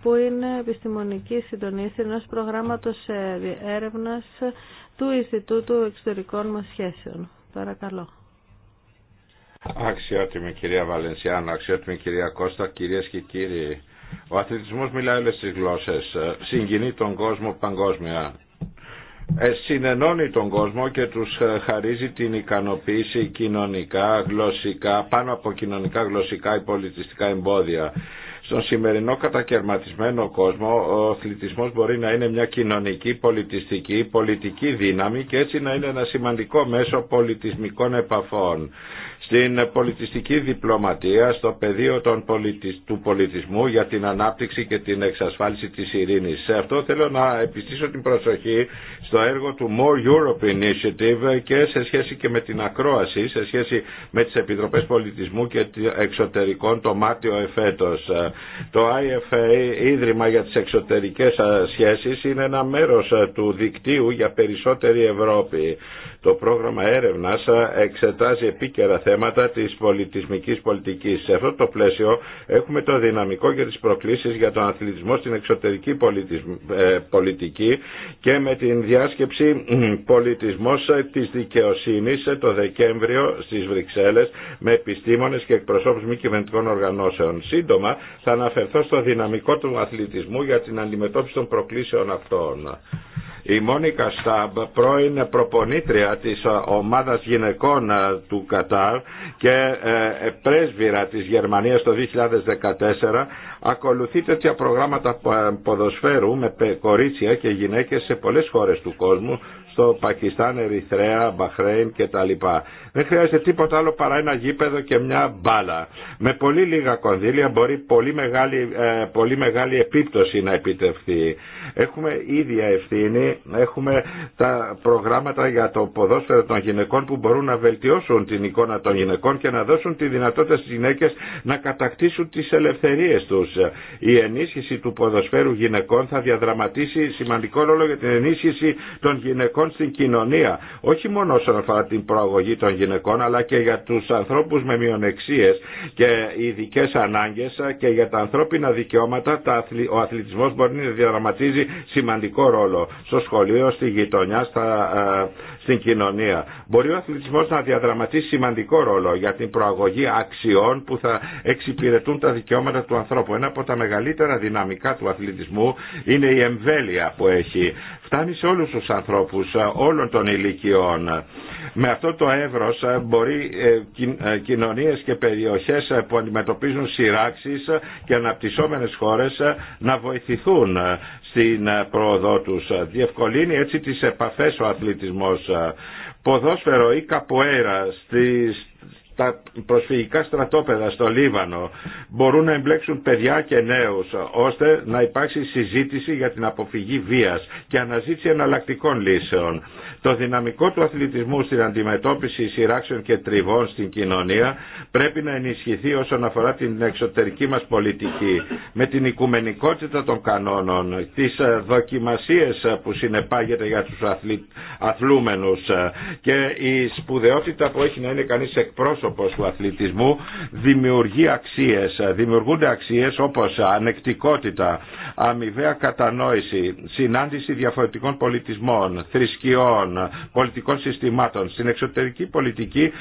που είναι επιστημονική συντονίστρια ενός προγράμματος ε, έρευνας του Ινστιτούτου Εξωτερικών μας Σχέσεων. Παρακαλώ. Αξιότιμη κυρία Βαλενσιάνο, αξιότιμη κυρία Κώστα, κυρίες και κύριοι. Ο αθλητισμός μιλάει όλες τις γλώσσες, ε, συγκινεί τον κόσμο παγκόσμια ε, συνενώνει τον κόσμο και τους χαρίζει την ικανοποίηση κοινωνικά, γλωσσικά, πάνω από κοινωνικά, γλωσσικά ή πολιτιστικά εμπόδια. Στον σημερινό κατακαιρματισμένο κόσμο ο αθλητισμός μπορεί να είναι μια κοινωνική, πολιτιστική, πολιτική δύναμη και έτσι να είναι ένα σημαντικό μέσο πολιτισμικών επαφών στην πολιτιστική διπλωματία στο πεδίο πολιτισ... του πολιτισμού για την ανάπτυξη και την εξασφάλιση της ειρήνης. Σε αυτό θέλω να επιστήσω την προσοχή στο έργο του More Europe Initiative και σε σχέση και με την ακρόαση, σε σχέση με τις Επιτροπές Πολιτισμού και Εξωτερικών το Μάτιο εφέτος. Το IFA, Ίδρυμα για τις Εξωτερικές Σχέσεις, είναι ένα μέρος του δικτύου για περισσότερη Ευρώπη. Το πρόγραμμα έρευνας εξετάζει επίκαιρα θέματα θέματα της πολιτισμικής πολιτικής. Σε αυτό το πλαίσιο έχουμε το δυναμικό για τις προκλήσεις για τον αθλητισμό στην εξωτερική ε, πολιτική και με την διάσκεψη πολιτισμός της δικαιοσύνης το Δεκέμβριο στις Βρυξέλλες με επιστήμονες και εκπροσώπους μη κυβερνητικών οργανώσεων. Σύντομα θα αναφερθώ στο δυναμικό του αθλητισμού για την αντιμετώπιση των προκλήσεων αυτών. Η Μόνικα Σταμπ, πρώην προπονήτρια της ε, ομάδας γυναικών ε, του Κατάρ και ε, πρέσβυρα της Γερμανίας το 2014, ακολουθεί τέτοια προγράμματα ποδοσφαίρου με κορίτσια και γυναίκες σε πολλές χώρες του κόσμου, στο Πακιστάν, Ερυθρέα, Μπαχρέιν κτλ. Δεν χρειάζεται τίποτα άλλο παρά ένα γήπεδο και μια μπάλα. Με πολύ λίγα κονδύλια μπορεί πολύ μεγάλη, ε, πολύ μεγάλη επίπτωση να επιτευχθεί. Έχουμε ίδια ευθύνη, έχουμε τα προγράμματα για το ποδόσφαιρο των γυναικών που μπορούν να βελτιώσουν την εικόνα των γυναικών και να δώσουν τη δυνατότητα στις γυναίκες να κατακτήσουν τις ελευθερίες τους. Η ενίσχυση του ποδοσφαίρου γυναικών θα διαδραματίσει σημαντικό ρόλο για την ενίσχυση των γυναικών στην κοινωνία. Όχι μόνο όσον αφορά την προαγωγή των γυναικών γυναικών αλλά και για τους ανθρώπους με μειονεξίες και ειδικέ ανάγκες και για τα ανθρώπινα δικαιώματα ο αθλητισμός μπορεί να διαδραματίζει σημαντικό ρόλο στο σχολείο, στη γειτονιά, στην κοινωνία. Μπορεί ο αθλητισμός να διαδραματίσει σημαντικό ρόλο για την προαγωγή αξιών που θα εξυπηρετούν τα δικαιώματα του ανθρώπου. Ένα από τα μεγαλύτερα δυναμικά του αθλητισμού είναι η εμβέλεια που έχει φτάνει σε όλους τους ανθρώπους ε, όλων των ηλικιών. Με αυτό το εύρος ε, μπορεί ε, κοινωνίες και περιοχές που αντιμετωπίζουν σειράξεις και αναπτυσσόμενες χώρες να βοηθηθούν στην πρόοδό τους. Διευκολύνει έτσι τις επαφές ο αθλητισμός ποδόσφαιρο ή καποέρα στις τα προσφυγικά στρατόπεδα στο Λίβανο μπορούν να εμπλέξουν παιδιά και νέους ώστε να υπάρξει συζήτηση για την αποφυγή βίας και αναζήτηση εναλλακτικών λύσεων. Το δυναμικό του αθλητισμού στην αντιμετώπιση σειράξεων και τριβών στην κοινωνία πρέπει να ενισχυθεί όσον αφορά την εξωτερική μας πολιτική με την οικουμενικότητα των κανόνων, τις δοκιμασίες που συνεπάγεται για τους αθλούμενους και η σπουδαιότητα που έχει να είναι κανείς όπως του αθλητισμού δημιουργεί αξίες. Δημιουργούνται αξίες όπως ανεκτικότητα, αμοιβαία κατανόηση, συνάντηση διαφορετικών πολιτισμών, θρησκειών, πολιτικών συστημάτων. Στην εξωτερική πολιτική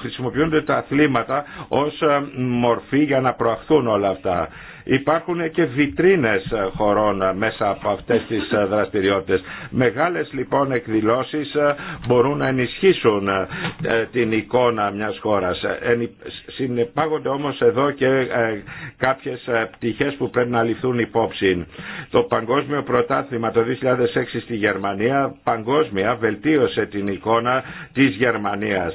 χρησιμοποιούνται τα αθλήματα ως μορφή για να προαχθούν όλα αυτά. Υπάρχουν και βιτρίνες χωρών μέσα από αυτές τις ε, δραστηριότητες. Μεγάλες λοιπόν εκδηλώσεις ε, μπορούν να ενισχύσουν ε, την εικόνα μιας χώρας. Συνεπάγονται όμως εδώ και κάποιες πτυχές που πρέπει να ληφθούν υπόψη. Το Παγκόσμιο Πρωτάθλημα το 2006 στη Γερμανία παγκόσμια βελτίωσε την εικόνα της Γερμανίας.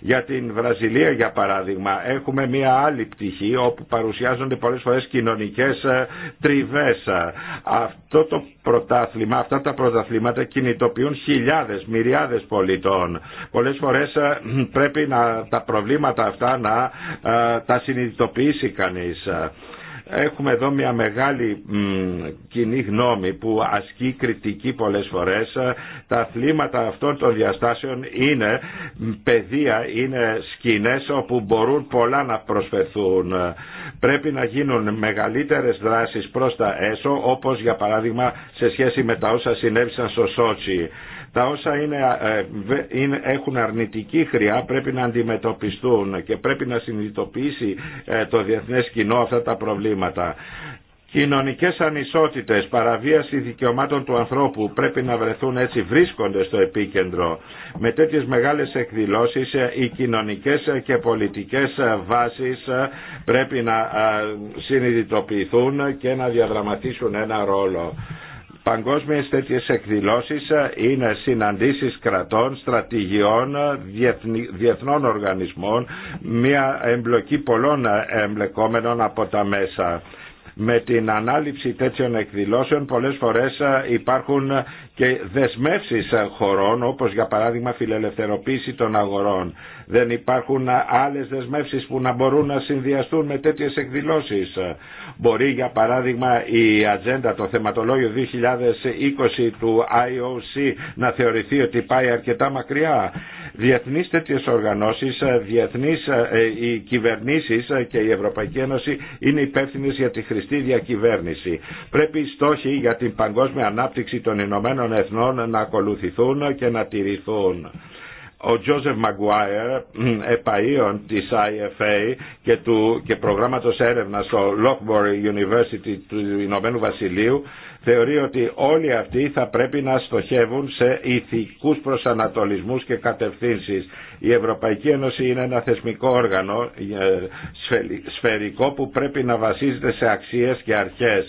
Για την Βραζιλία για παράδειγμα έχουμε μια άλλη πτυχή όπου παρουσιάζονται πολλές φορές κοινωνικές ε, τριβές. Ε, αυτό το πρωτάθλημα, αυτά τα πρωταθλήματα κινητοποιούν χιλιάδες, μυριάδες πολιτών. Πολλές φορές ε, πρέπει να, τα προβλήματα αυτά να τα συνειδητοποιήσει κανείς. Έχουμε εδώ μια μεγάλη κοινή γνώμη που ασκεί κριτική πολλές φορές. Τα θλήματα αυτών των διαστάσεων είναι παιδεία, είναι σκηνές όπου μπορούν πολλά να προσφερθούν. Πρέπει να γίνουν μεγαλύτερες δράσεις προς τα έσω όπως για παράδειγμα σε σχέση με τα όσα συνέβησαν στο Σότσι. Τα όσα είναι, ε, είναι, έχουν αρνητική χρειά πρέπει να αντιμετωπιστούν και πρέπει να συνειδητοποιήσει ε, το διεθνές κοινό αυτά τα προβλήματα. Κοινωνικές ανισότητες, παραβίαση δικαιωμάτων του ανθρώπου πρέπει να βρεθούν έτσι, βρίσκονται στο επίκεντρο. Με τέτοιες μεγάλες εκδηλώσεις ε, οι κοινωνικές και πολιτικές βάσεις πρέπει να συνειδητοποιηθούν και να διαδραματίσουν ένα ρόλο παγκόσμιες τέτοιες εκδηλώσεις είναι συναντήσεις κρατών, στρατηγιών, διεθνών οργανισμών, μια εμπλοκή πολλών εμπλεκόμενων από τα μέσα. Με την ανάληψη τέτοιων εκδηλώσεων πολλές φορές υπάρχουν και δεσμεύσεις χωρών όπως για παράδειγμα φιλελευθεροποίηση των αγορών. Δεν υπάρχουν άλλες δεσμεύσεις που να μπορούν να συνδυαστούν με τέτοιες εκδηλώσεις. Μπορεί για παράδειγμα η ατζέντα, το θεματολόγιο 2020 του IOC να θεωρηθεί ότι πάει αρκετά μακριά. Διεθνείς τέτοιες οργανώσεις, διεθνείς ε, οι κυβερνήσεις και η Ευρωπαϊκή Ένωση είναι υπεύθυνε για τη χρηστή διακυβέρνηση. Πρέπει οι στόχοι για την παγκόσμια ανάπτυξη των Ηνωμένων Εθνών να ακολουθηθούν και να τηρηθούν ο Τζόζεφ Μαγκουάιερ, επαΐων της IFA και, του, και προγράμματος έρευνας στο Lockbury University του Ηνωμένου Βασιλείου θεωρεί ότι όλοι αυτοί θα πρέπει να στοχεύουν σε ηθικούς προσανατολισμούς και κατευθύνσεις. Η Ευρωπαϊκή Ένωση είναι ένα θεσμικό όργανο ε, σφαιρικό που πρέπει να βασίζεται σε αξίες και αρχές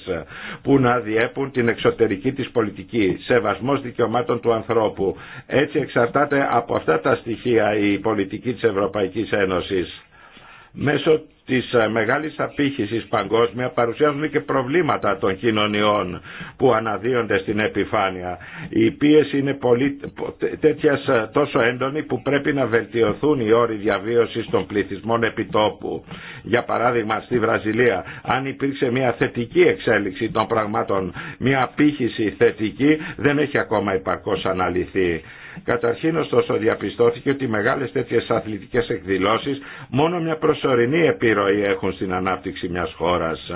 που να διέπουν την εξωτερική της πολιτική, σεβασμός δικαιωμάτων του ανθρώπου. Έτσι εξαρτάται από αυτά τα στοιχεία η πολιτική της Ευρωπαϊκής Ένωσης μέσω της ε, μεγάλης απήχησης παγκόσμια παρουσιάζουν και προβλήματα των κοινωνιών που αναδύονται στην επιφάνεια. Η πίεση είναι τέτοια ε, τόσο έντονη που πρέπει να βελτιωθούν οι όροι διαβίωσης των πληθυσμών επιτόπου. Για παράδειγμα στη Βραζιλία, αν υπήρξε μια θετική εξέλιξη των πραγμάτων, μια απήχηση θετική δεν έχει ακόμα υπαρκώς αναλυθεί. Καταρχήν ωστόσο διαπιστώθηκε ότι μεγάλες τέτοιες αθλητικές εκδηλώσεις μόνο μια προσωρινή επιρροή έχουν στην ανάπτυξη μιας χώρας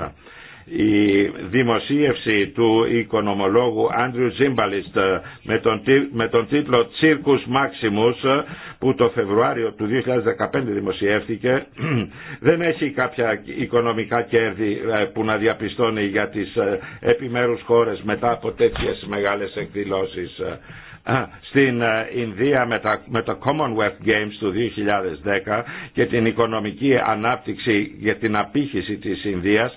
η δημοσίευση του οικονομολόγου Άντριου Τζίμπαλιστ με τον, με τον τίτλο Circus Maximus που το Φεβρουάριο του 2015 δημοσιεύθηκε [clears throat] δεν έχει κάποια οικονομικά κέρδη ε, που να διαπιστώνει για τις ε, επιμέρους χώρες μετά από τέτοιες μεγάλες εκδηλώσεις στην ε, Ινδία με, τα, με το Commonwealth Games του 2010 και την οικονομική ανάπτυξη για την απήχηση της Ινδίας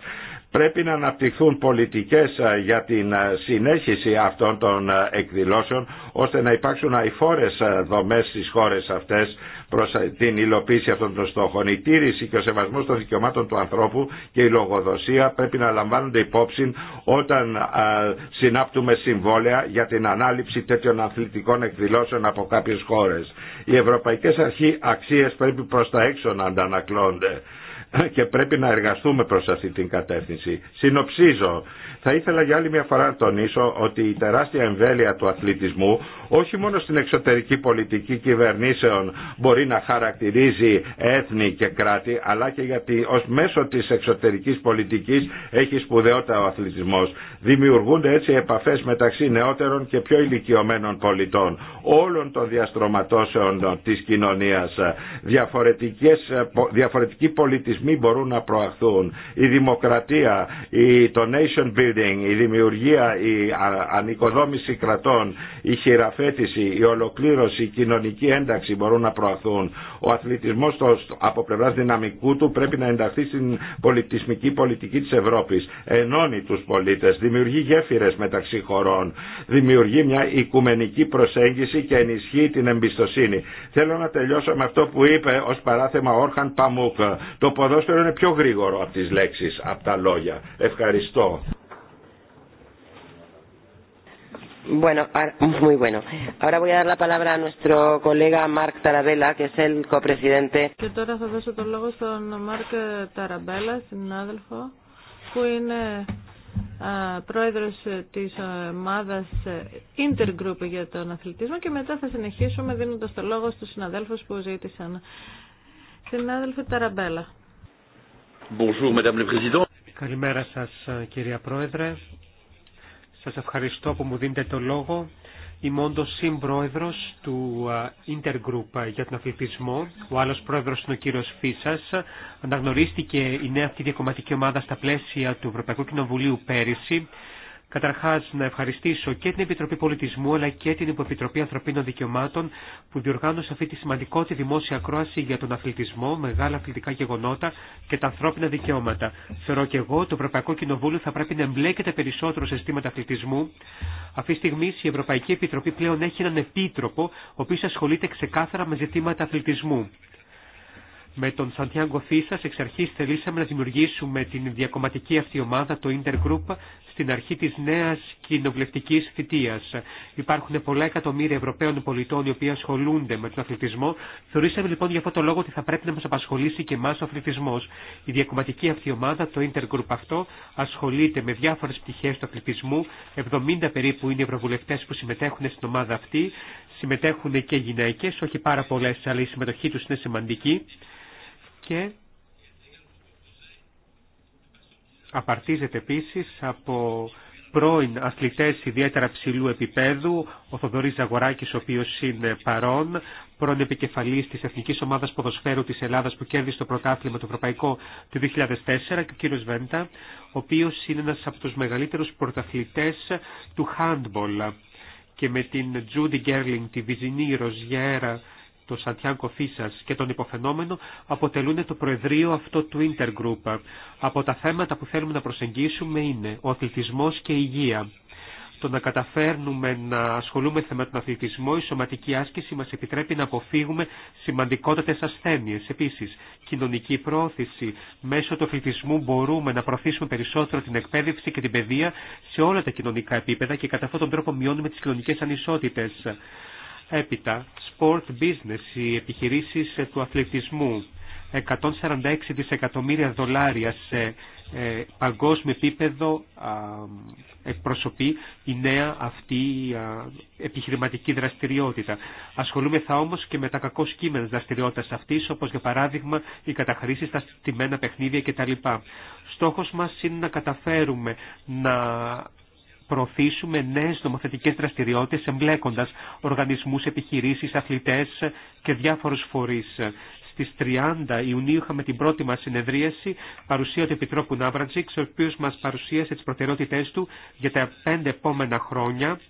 Πρέπει να αναπτυχθούν πολιτικές ε, για την ε, συνέχιση αυτών των ε, εκδηλώσεων ώστε να υπάρξουν αηφόρες δομές στις χώρες αυτές προς την υλοποίηση αυτών των στόχων. Η τήρηση και ο σεβασμός των δικαιωμάτων του ανθρώπου και η λογοδοσία πρέπει να λαμβάνονται υπόψη όταν συνάπτουμε συμβόλαια για την ανάληψη τέτοιων αθλητικών εκδηλώσεων από κάποιες χώρες. Οι ευρωπαϊκές αρχές αξίες πρέπει προς τα έξω να αντανακλώνται και πρέπει να εργαστούμε προς αυτή την κατεύθυνση. Συνοψίζω, θα ήθελα για άλλη μια φορά να τονίσω ότι η τεράστια εμβέλεια του αθλητισμού όχι μόνο στην εξωτερική πολιτική κυβερνήσεων μπορεί να χαρακτηρίζει έθνη και κράτη, αλλά και γιατί ως μέσο της εξωτερικής πολιτικής έχει σπουδαιότητα ο αθλητισμός. Δημιουργούνται έτσι επαφές μεταξύ νεότερων και πιο ηλικιωμένων πολιτών, όλων των διαστρωματώσεων της κοινωνίας. διαφορετικοί πολιτισμοί μπορούν να προαχθούν. Η δημοκρατία, η, το nation building, η δημιουργία, η ανοικοδόμηση κρατών, η η ολοκλήρωση, η κοινωνική ένταξη μπορούν να προαθούν. Ο αθλητισμός από πλευρά δυναμικού του πρέπει να ενταχθεί στην πολιτισμική πολιτική της Ευρώπης. Ενώνει τους πολίτες, δημιουργεί γέφυρες μεταξύ χωρών, δημιουργεί μια οικουμενική προσέγγιση και ενισχύει την εμπιστοσύνη. Θέλω να τελειώσω με αυτό που είπε ω παράθεμα Όρχαν Παμούκ. Το ποδόσφαιρο είναι πιο γρήγορο από τι λέξει από τα λόγια. Ευχαριστώ. Bueno, ah, muy bueno. Ahora voy a dar la palabra a nuestro colega Tarabella, que es el copresidente. Και τώρα θα δώσω το λόγο στον Μάρκ Ταραμπέλα, συνάδελφο, που είναι α, πρόεδρος της ομάδας Intergroup για τον αθλητισμό και μετά θα συνεχίσουμε δίνοντας το λόγο στους συναδέλφους που ζήτησαν. Συνάδελφε Ταραμπέλα. Καλημέρα σας, ε, κυρία Πρόεδρε, σας ευχαριστώ που μου δίνετε το λόγο. Είμαι όντω συμπρόεδρος του Intergroup για τον αθλητισμό. Ο άλλος πρόεδρος είναι ο κύριος Φίσας. Αναγνωρίστηκε η νέα αυτή διακομματική ομάδα στα πλαίσια του Ευρωπαϊκού Κοινοβουλίου πέρυσι Καταρχάς να ευχαριστήσω και την Επιτροπή Πολιτισμού αλλά και την Υποεπιτροπή Ανθρωπίνων Δικαιωμάτων που διοργάνωσε αυτή τη σημαντικότητα δημόσια κρόαση για τον αθλητισμό, μεγάλα αθλητικά γεγονότα και τα ανθρώπινα δικαιώματα. Θεωρώ και εγώ το Ευρωπαϊκό Κοινοβούλιο θα πρέπει να εμπλέκεται περισσότερο σε ζητήματα αθλητισμού. Αυτή τη στιγμή η Ευρωπαϊκή Επιτροπή πλέον έχει έναν επίτροπο ο οποίος ασχολείται ξεκάθαρα με ζητήματα αθλητισμού. Με τον Σαντιάγκο Φίσας εξ αρχής θελήσαμε να δημιουργήσουμε την διακομματική αυτή ομάδα, το Intergroup, στην αρχή τη νέας κοινοβουλευτική θητείας. Υπάρχουν πολλά εκατομμύρια Ευρωπαίων πολιτών οι οποίοι ασχολούνται με τον αθλητισμό. Θεωρήσαμε λοιπόν για αυτό το λόγο ότι θα πρέπει να μας απασχολήσει και εμάς ο αθλητισμός. Η διακομματική αυτή ομάδα, το Intergroup αυτό, ασχολείται με διάφορες πτυχές του αθλητισμού. 70 περίπου είναι οι ευρωβουλευτέ που συμμετέχουν στην ομάδα αυτή. Συμμετέχουν και γυναίκες, όχι πάρα πολλές, αλλά η συμμετοχή τους είναι σημαντική και απαρτίζεται επίσης από πρώην αθλητές ιδιαίτερα ψηλού επίπεδου, ο Θοδωρής Ζαγοράκης ο οποίος είναι παρόν, πρώην επικεφαλής της Εθνικής Ομάδας Ποδοσφαίρου της Ελλάδας που κέρδισε το πρωτάθλημα το Ευρωπαϊκό του 2004 και ο κύριο Βέντα, ο οποίος είναι ένας από τους μεγαλύτερους πρωταθλητές του handball και με την Τζούντι Γκέρλινγκ, τη Βυζινή Ροζιέρα το Σαντιάνκο Φίσα και τον υποφαινόμενο αποτελούν το Προεδρείο αυτό του Intergroup. Από τα θέματα που θέλουμε να προσεγγίσουμε είναι ο αθλητισμός και η υγεία. Το να καταφέρνουμε να ασχολούμαστε με τον αθλητισμό, η σωματική άσκηση μας επιτρέπει να αποφύγουμε σημαντικότατες ασθένειες. Επίσης, κοινωνική πρόθεση. Μέσω του αθλητισμού μπορούμε να προωθήσουμε περισσότερο την εκπαίδευση και την παιδεία σε όλα τα κοινωνικά επίπεδα και κατά αυτόν τον τρόπο μειώνουμε τις κοινωνικέ ανισότητε. Έπειτα, sport business, οι επιχειρήσεις ε, του αθλητισμού, 146 δισεκατομμύρια δολάρια σε ε, παγκόσμιο επίπεδο α, εκπροσωπεί η νέα αυτή επιχειρηματική δραστηριότητα. Ασχολούμεθα όμως και με τα κακό κείμενα δραστηριότητας αυτής, όπως για παράδειγμα οι καταχρήσεις στα στημένα παιχνίδια κτλ. Στόχος μας είναι να καταφέρουμε να προωθήσουμε νέες νομοθετικές δραστηριότητες εμπλέκοντας οργανισμούς, επιχειρήσεις, αθλητές και διάφορους φορείς. Στις 30 Ιουνίου είχαμε την πρώτη μα συνεδρίαση παρουσία του Επιτρόπου Ναύρατζικ, ο οποίος μας παρουσίασε τις προτεραιότητές του για τα πέντε επόμενα χρόνια.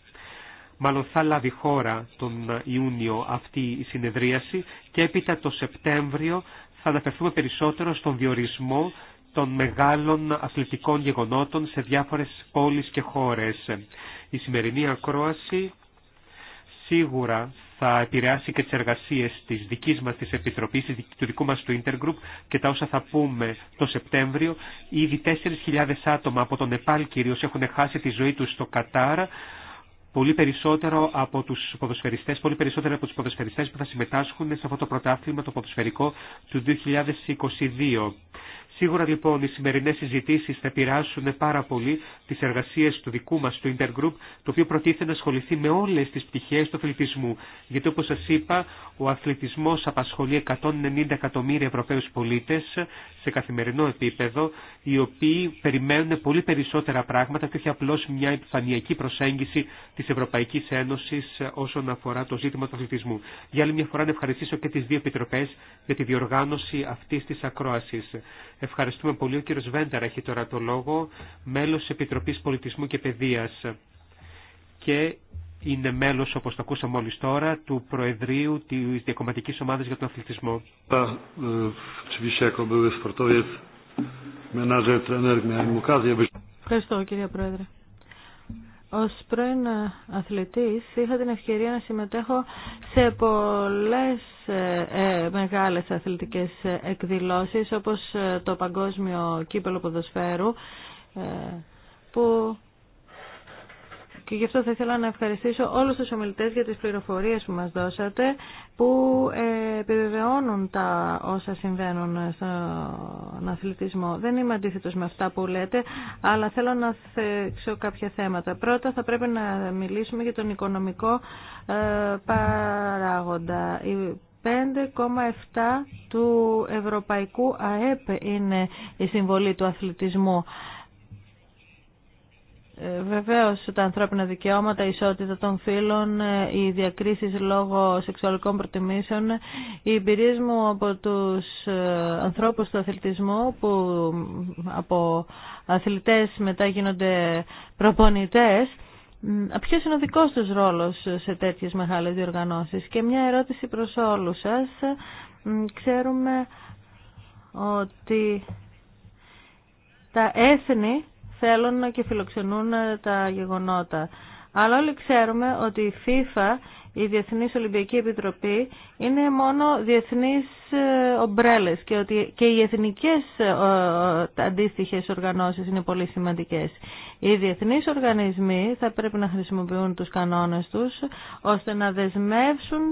Μάλλον θα λάβει χώρα τον Ιούνιο αυτή η συνεδρίαση και έπειτα το Σεπτέμβριο θα αναφερθούμε περισσότερο στον διορισμό των μεγάλων αθλητικών γεγονότων σε διάφορες πόλεις και χώρες. Η σημερινή ακρόαση σίγουρα θα επηρεάσει και τις εργασίες της δικής μας της Επιτροπής, του δικού μας του Intergroup και τα όσα θα πούμε το Σεπτέμβριο. Ήδη 4.000 άτομα από τον Νεπάλ κυρίως έχουν χάσει τη ζωή τους στο Κατάρα πολύ περισσότερο από τους ποδοσφαιριστές, πολύ περισσότερο από τους ποδοσφαιριστές που θα συμμετάσχουν σε αυτό το πρωτάθλημα το ποδοσφαιρικό του 2022. Σίγουρα λοιπόν οι σημερινέ συζητήσει θα επηρεάσουν πάρα πολύ τι εργασίε του δικού μα, του Intergroup, το οποίο προτίθεται να ασχοληθεί με όλε τι πτυχέ του αθλητισμού. Γιατί όπω σα είπα, ο αθλητισμό απασχολεί 190 εκατομμύρια Ευρωπαίου πολίτε σε καθημερινό επίπεδο, οι οποίοι περιμένουν πολύ περισσότερα πράγματα και όχι απλώ μια επιφανειακή προσέγγιση τη Ευρωπαϊκή Ένωση όσον αφορά το ζήτημα του αθλητισμού. Για άλλη μια φορά να ευχαριστήσω και τι δύο επιτροπέ για τη διοργάνωση αυτή τη ακρόαση. Ευχαριστούμε πολύ. Ο κύριο Βένταρα έχει τώρα το λόγο, μέλος Επιτροπής Πολιτισμού και Παιδείας και είναι μέλος, όπως το ακούσαμε μόλις τώρα, του Προεδρείου της Διακομματικής Ομάδας για τον Αθλητισμό. Ε, Ευχαριστώ κύριε Πρόεδρε. Ως πρώην ε, αθλητής είχα την ευκαιρία να συμμετέχω σε πολλές ε, ε μεγάλες αθλητικές ε, εκδηλώσεις όπως το Παγκόσμιο Κύπελο Ποδοσφαίρου που και γι' αυτό θα ήθελα να ευχαριστήσω όλους τους ομιλητές για τις πληροφορίες που μας δώσατε, που ε, επιβεβαιώνουν τα όσα συμβαίνουν στον αθλητισμό. Δεν είμαι αντίθετο με αυτά που λέτε, αλλά θέλω να θέξω κάποια θέματα. Πρώτα θα πρέπει να μιλήσουμε για τον οικονομικό ε, παράγοντα. 5,7 του ευρωπαϊκού ΑΕΠ είναι η συμβολή του αθλητισμού. Ε, βεβαίως τα ανθρώπινα δικαιώματα, η ισότητα των φύλων, ε, οι διακρίσεις λόγω σεξουαλικών προτιμήσεων, οι εμπειρίσμου μου από τους ε, ανθρώπους του αθλητισμού που από αθλητές μετά γίνονται προπονητές, Ποιο είναι ο δικό τους ρόλος σε τέτοιε μεγάλε διοργανώσει. και μια ερώτηση προ όλου σα. Ξέρουμε ότι τα έθνη θέλουν και φιλοξενούν ε, τα γεγονότα. Αλλά όλοι ξέρουμε ότι η FIFA, η Διεθνής Ολυμπιακή Επιτροπή, είναι μόνο διεθνείς ε, ομπρέλες και ότι και οι εθνικές ε, αντίστοιχες οργανώσεις είναι πολύ σημαντικές. Οι διεθνείς οργανισμοί θα πρέπει να χρησιμοποιούν τους κανόνες τους ώστε να δεσμεύσουν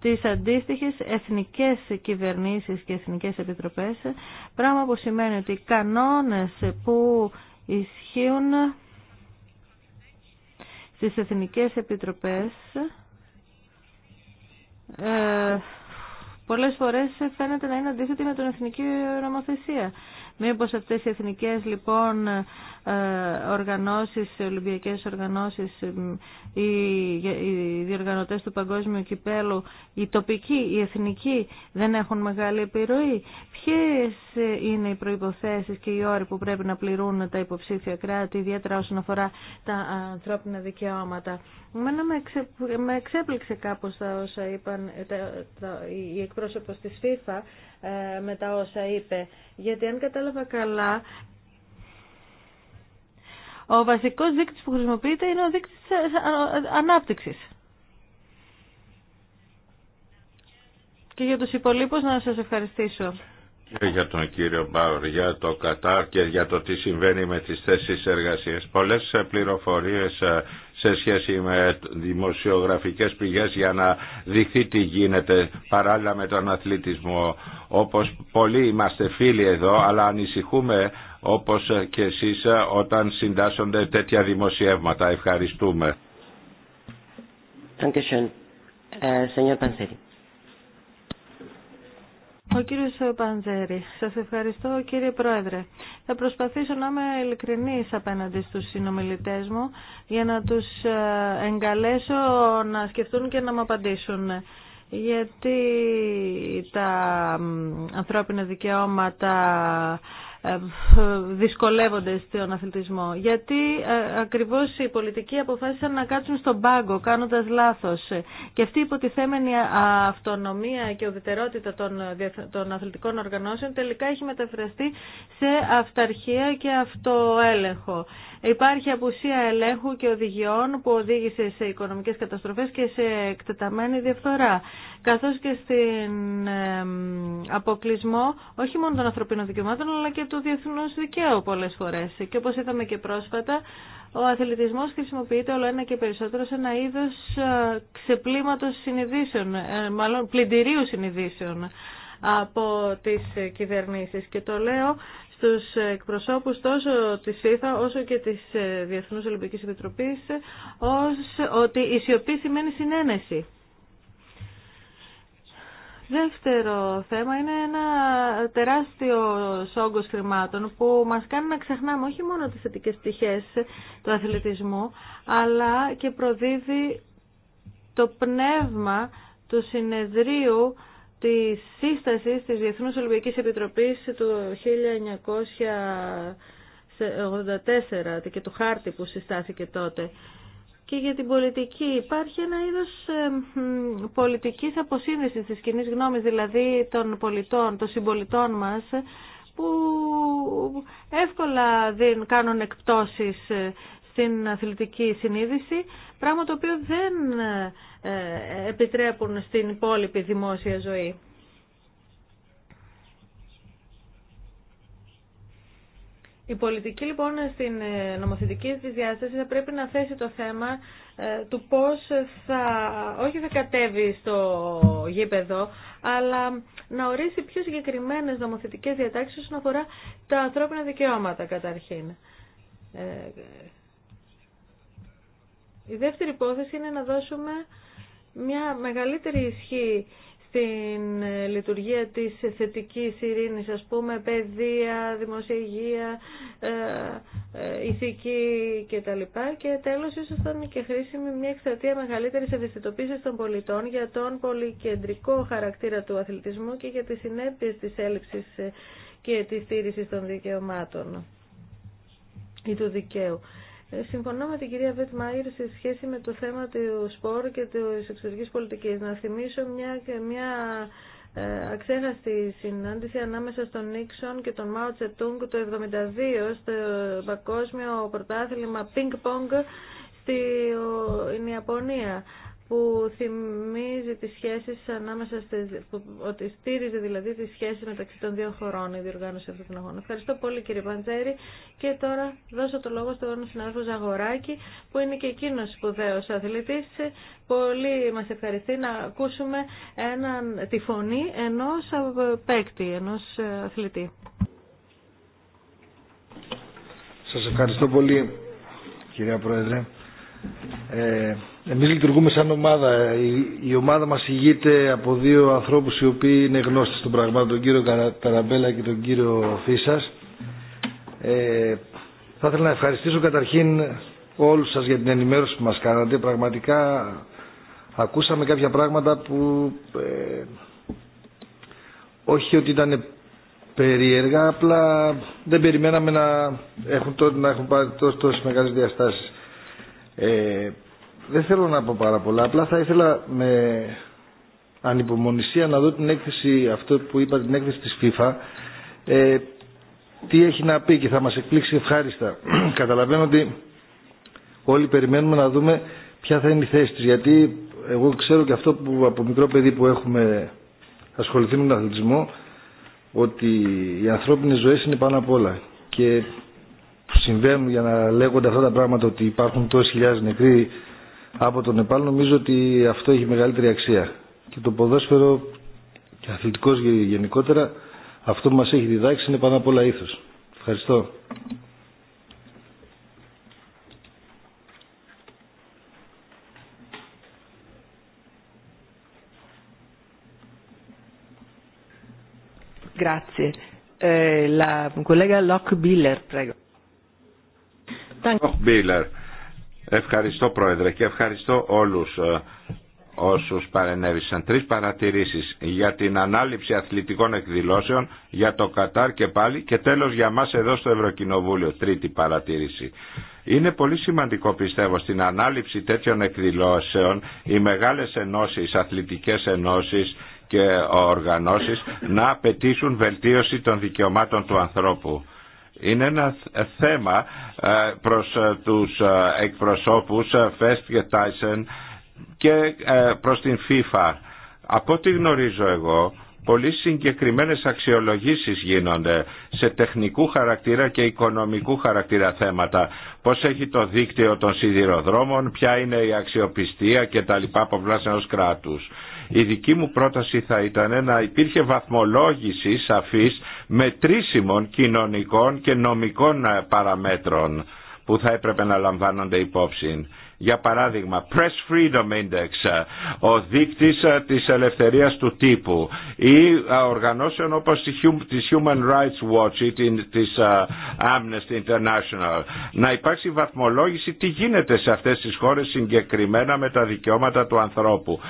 τις αντίστοιχες εθνικές κυβερνήσεις και εθνικές επιτροπές, πράγμα που σημαίνει ότι οι κανόνες που ισχύουν στις Εθνικές Επιτροπές ε, πολλές φορές φαίνεται να είναι αντίθετη με την Εθνική Νομοθεσία. Μήπως αυτές οι εθνικές λοιπόν ε, οργανώσεις, ολυμπιακές οργανώσεις, ε, οι, οι διοργανωτές του παγκόσμιου κυπέλου, οι τοπικοί, οι εθνικοί δεν έχουν μεγάλη επιρροή. Ποιες ε, είναι οι προϋποθέσεις και οι όροι που πρέπει να πληρούν τα υποψήφια κράτη, ιδιαίτερα όσον αφορά τα ανθρώπινα δικαιώματα. με, εξέπληξε κάπως τα όσα είπαν τα, η εκπρόσωπος της FIFA με τα όσα είπε, γιατί αν κατάλαβα κατάλαβα καλά, ο βασικός δείκτης που χρησιμοποιείται είναι ο δείκτης ε, ε, ε, ανάπτυξης. Και για τους υπολείπους να σας ευχαριστήσω. Και για τον κύριο Μπάουρ, για το Κατάρ και για το τι συμβαίνει με τις θέσεις εργασίας. Πολλές πληροφορίες σε σχέση με δημοσιογραφικές πηγές για να δειχθεί τι γίνεται παράλληλα με τον αθλητισμό. Όπως πολλοί είμαστε φίλοι εδώ, αλλά ανησυχούμε όπως και εσείς όταν συντάσσονται τέτοια δημοσιεύματα. Ευχαριστούμε. Ευχαριστώ. Ο κύριος Παντζέρη, σας ευχαριστώ κύριε Πρόεδρε. Θα προσπαθήσω να είμαι ειλικρινής απέναντι στους συνομιλητές μου για να τους ε, εγκαλέσω να σκεφτούν και να μου απαντήσουν. Γιατί τα ανθρώπινα δικαιώματα δυσκολεύονται στον αθλητισμό. Γιατί ε, ακριβώς οι πολιτικοί αποφάσισαν να κάτσουν στον πάγκο κάνοντας λάθος. Και αυτή η υποτιθέμενη αυτονομία και ουδετερότητα των αθλητικών οργανώσεων τελικά έχει μεταφραστεί σε αυταρχία και αυτοέλεγχο. Υπάρχει απουσία ελέγχου και οδηγιών που οδήγησε σε οικονομικές καταστροφές και σε εκτεταμένη διαφθορά καθώς και στην αποκλεισμό όχι μόνο των ανθρωπίνων δικαιωμάτων αλλά και του διεθνούς δικαίου πολλές φορές. Και όπως είδαμε και πρόσφατα, ο αθλητισμός χρησιμοποιείται όλο ένα και περισσότερο σε ένα είδος ε, ξεπλήματος συνειδήσεων, ε, μάλλον πλυντηρίου συνειδήσεων από τις κυβερνήσεις. Και το λέω στους εκπροσώπους τόσο της ΦΥΘΑ όσο και της ε, Διεθνούς Ολυμπικής Επιτροπής ως ότι η σιωπή σημαίνει συνένεση. Δεύτερο θέμα είναι ένα τεράστιο όγκο χρημάτων που μας κάνει να ξεχνάμε όχι μόνο τις θετικέ στοιχείες του αθλητισμού, αλλά και προδίδει το πνεύμα του συνεδρίου της σύσταση της Διεθνούς Ολυμπιακής Επιτροπής του 1984 και του χάρτη που συστάθηκε τότε και για την πολιτική. Υπάρχει ένα είδος ε, πολιτικής αποσύνδεσης της κοινή γνώμης, δηλαδή των πολιτών, των συμπολιτών μας, που εύκολα δεν κάνουν εκπτώσεις ε, στην αθλητική συνείδηση, πράγμα το οποίο δεν ε, επιτρέπουν στην υπόλοιπη δημόσια ζωή. Η πολιτική λοιπόν στην ε, νομοθετική τη διάσταση θα πρέπει να θέσει το θέμα ε, του πώς θα, όχι θα κατέβει στο γήπεδο, αλλά να ορίσει πιο συγκεκριμένες νομοθετικές διατάξεις όσον αφορά τα ανθρώπινα δικαιώματα καταρχήν. Ε, η δεύτερη υπόθεση είναι να δώσουμε μια μεγαλύτερη ισχύ στην ε, λειτουργία της θετικής ειρήνης, ας πούμε, παιδεία, δημοσία υγεία, ε, ε, ηθική κτλ. Και τέλος, ίσως θα είναι και χρήσιμη μια εκστρατεία μεγαλύτερη ευαισθητοποίησης των πολιτών για τον πολυκεντρικό χαρακτήρα του αθλητισμού και για τις συνέπειες της έλλειψης και της στήριξης των δικαιωμάτων ή του δικαίου. Ε, συμφωνώ με την κυρία Βέτ Μαΐρ σε σχέση με το θέμα του σπόρου και της εξωτερικής πολιτικής. Να θυμίσω μια, μια ε, αξέχαστη συνάντηση ανάμεσα στον Νίξον και τον Μάο Τσετούγκ το 1972 στο παγκόσμιο πρωτάθλημα πινκ πονγκ στην Ιαπωνία που θυμίζει τις σχέσεις ανάμεσα στις, ότι στήριζε δηλαδή τις σχέσεις μεταξύ των δύο χωρών η διοργάνωση αυτού του αγώνα. Ευχαριστώ πολύ κύριε Παντζέρη και τώρα δώσω το λόγο στον συνάδελφο Ζαγοράκη που είναι και εκείνος σπουδαίος αθλητής. Πολύ μας ευχαριστεί να ακούσουμε έναν, τη φωνή ενός παίκτη, ενός αθλητή. Σας ευχαριστώ πολύ κυρία Πρόεδρε. Ε, εμείς λειτουργούμε σαν ομάδα. Ε, η, η, ομάδα μας ηγείται από δύο ανθρώπους οι οποίοι είναι γνώστες των πραγμάτων, τον κύριο Καραμπέλα και τον κύριο Φίσας. Ε, θα ήθελα να ευχαριστήσω καταρχήν όλους σας για την ενημέρωση που μας κάνατε. Πραγματικά ακούσαμε κάποια πράγματα που ε, όχι ότι ήταν περίεργα, απλά δεν περιμέναμε να έχουν, να έχουν πάρει τόσες μεγάλες διαστάσεις. Ε, δεν θέλω να πω πάρα πολλά, απλά θα ήθελα με ανυπομονησία να δω την έκθεση, αυτό που είπα την έκθεση της FIFA, ε, τι έχει να πει και θα μας εκπλήξει ευχάριστα. [clears throat] Καταλαβαίνω ότι όλοι περιμένουμε να δούμε ποια θα είναι η θέση της, γιατί εγώ ξέρω και αυτό που από μικρό παιδί που έχουμε ασχοληθεί με τον αθλητισμό, ότι οι ανθρώπινες ζωές είναι πάνω απ' όλα. Και που συμβαίνουν για να λέγονται αυτά τα πράγματα ότι υπάρχουν τόσες χιλιάδες νεκροί από τον Νεπάλ νομίζω ότι αυτό έχει μεγαλύτερη αξία. Και το ποδόσφαιρο και αθλητικός γενικότερα αυτό που μας έχει διδάξει είναι πάνω απ' όλα ήθος. Ευχαριστώ. Grazie. Eh, la collega Locke Biller, prego. Ευχαριστώ Πρόεδρε και ευχαριστώ όλους ε, όσους παρενέβησαν. Τρεις παρατηρήσεις για την ανάληψη αθλητικών εκδηλώσεων, για το Κατάρ και πάλι και τέλος για μας εδώ στο Ευρωκοινοβούλιο. Τρίτη παρατήρηση. Είναι πολύ σημαντικό πιστεύω στην ανάληψη τέτοιων εκδηλώσεων οι μεγάλες ενώσεις, αθλητικές ενώσεις και οργανώσεις να απαιτήσουν βελτίωση των δικαιωμάτων του ανθρώπου είναι ένα θέμα ε, προς ε, τους ε, εκπροσώπους Φεστ και Τάισεν και προς την FIFA. Από ό,τι γνωρίζω εγώ, πολύ συγκεκριμένες αξιολογήσεις γίνονται σε τεχνικού χαρακτήρα και οικονομικού χαρακτήρα θέματα. Πώς έχει το δίκτυο των σιδηροδρόμων, ποια είναι η αξιοπιστία και τα λοιπά από ενός κράτους. Η δική μου πρόταση θα ήταν να υπήρχε βαθμολόγηση σαφής μετρήσιμων κοινωνικών και νομικών ε, παραμέτρων που θα έπρεπε να λαμβάνονται υπόψη. Για παράδειγμα, Press Freedom Index, ε, ο δείκτης ε, της ελευθερίας του τύπου ή ε, οργανώσεων όπως της Human Rights Watch ή της Amnesty International. Να υπάρξει βαθμολόγηση τι γίνεται σε αυτές τις χώρες συγκεκριμένα με τα δικαιώματα του ανθρώπου.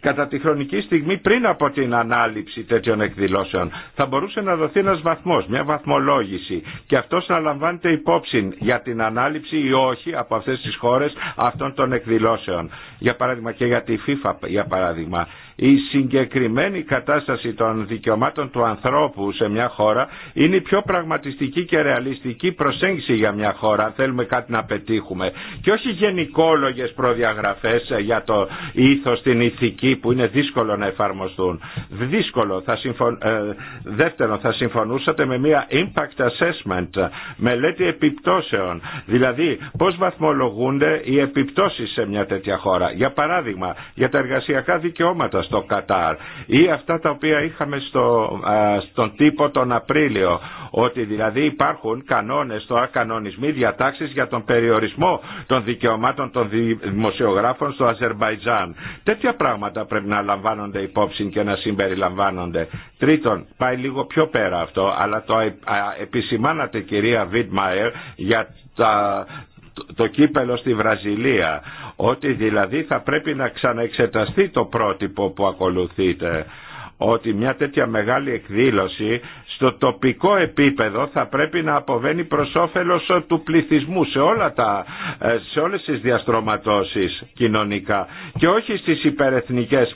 Κατά τη χρονική στιγμή πριν από την ανάληψη τέτοιων εκδηλώσεων θα μπορούσε να δοθεί ένας βαθμός, μια βαθμολόγηση και αυτός να λαμβάνεται υπόψη για την ανάληψη ή όχι από αυτές τις χώρες αυτών των εκδηλώσεων. Για παράδειγμα και για τη FIFA για παράδειγμα. Η συγκεκριμένη κατάσταση των δικαιωμάτων του ανθρώπου σε μια χώρα είναι η πιο πραγματιστική και ρεαλιστική προσέγγιση για μια χώρα αν θέλουμε κάτι να πετύχουμε και όχι γενικόλογες προδιαγραφές για το ήθος, την ηθική που είναι δύσκολο να εφαρμοστούν. Δύσκολο. Θα ε, Δεύτερον, θα συμφωνούσατε με μια impact assessment, μελέτη επιπτώσεων. Δηλαδή, πώς βαθμολογούνται οι επιπτώσεις σε μια τέτοια χώρα. Για παράδειγμα, για τα εργασιακά δικαιώματα στο Κατάρ ή αυτά τα οποία είχαμε στο, στον τύπο τον Απρίλιο ότι δηλαδή υπάρχουν κανόνες στο ακανονισμοί διατάξεις για τον περιορισμό των δικαιωμάτων των δημοσιογράφων στο Αζερβαϊτζάν. Τέτοια πράγματα πρέπει να λαμβάνονται υπόψη και να συμπεριλαμβάνονται. Τρίτον, πάει λίγο πιο πέρα αυτό, αλλά το επισημάνατε κυρία Βίτμαερ για τα το κύπελο στη Βραζιλία ότι δηλαδή θα πρέπει να ξαναεξεταστεί το πρότυπο που ακολουθείτε ότι μια τέτοια μεγάλη εκδήλωση στο τοπικό επίπεδο θα πρέπει να αποβαίνει προς όφελος του πληθυσμού σε, όλα τα, ε, σε όλες τις διαστρωματώσεις κοινωνικά και όχι στις υπερεθνικές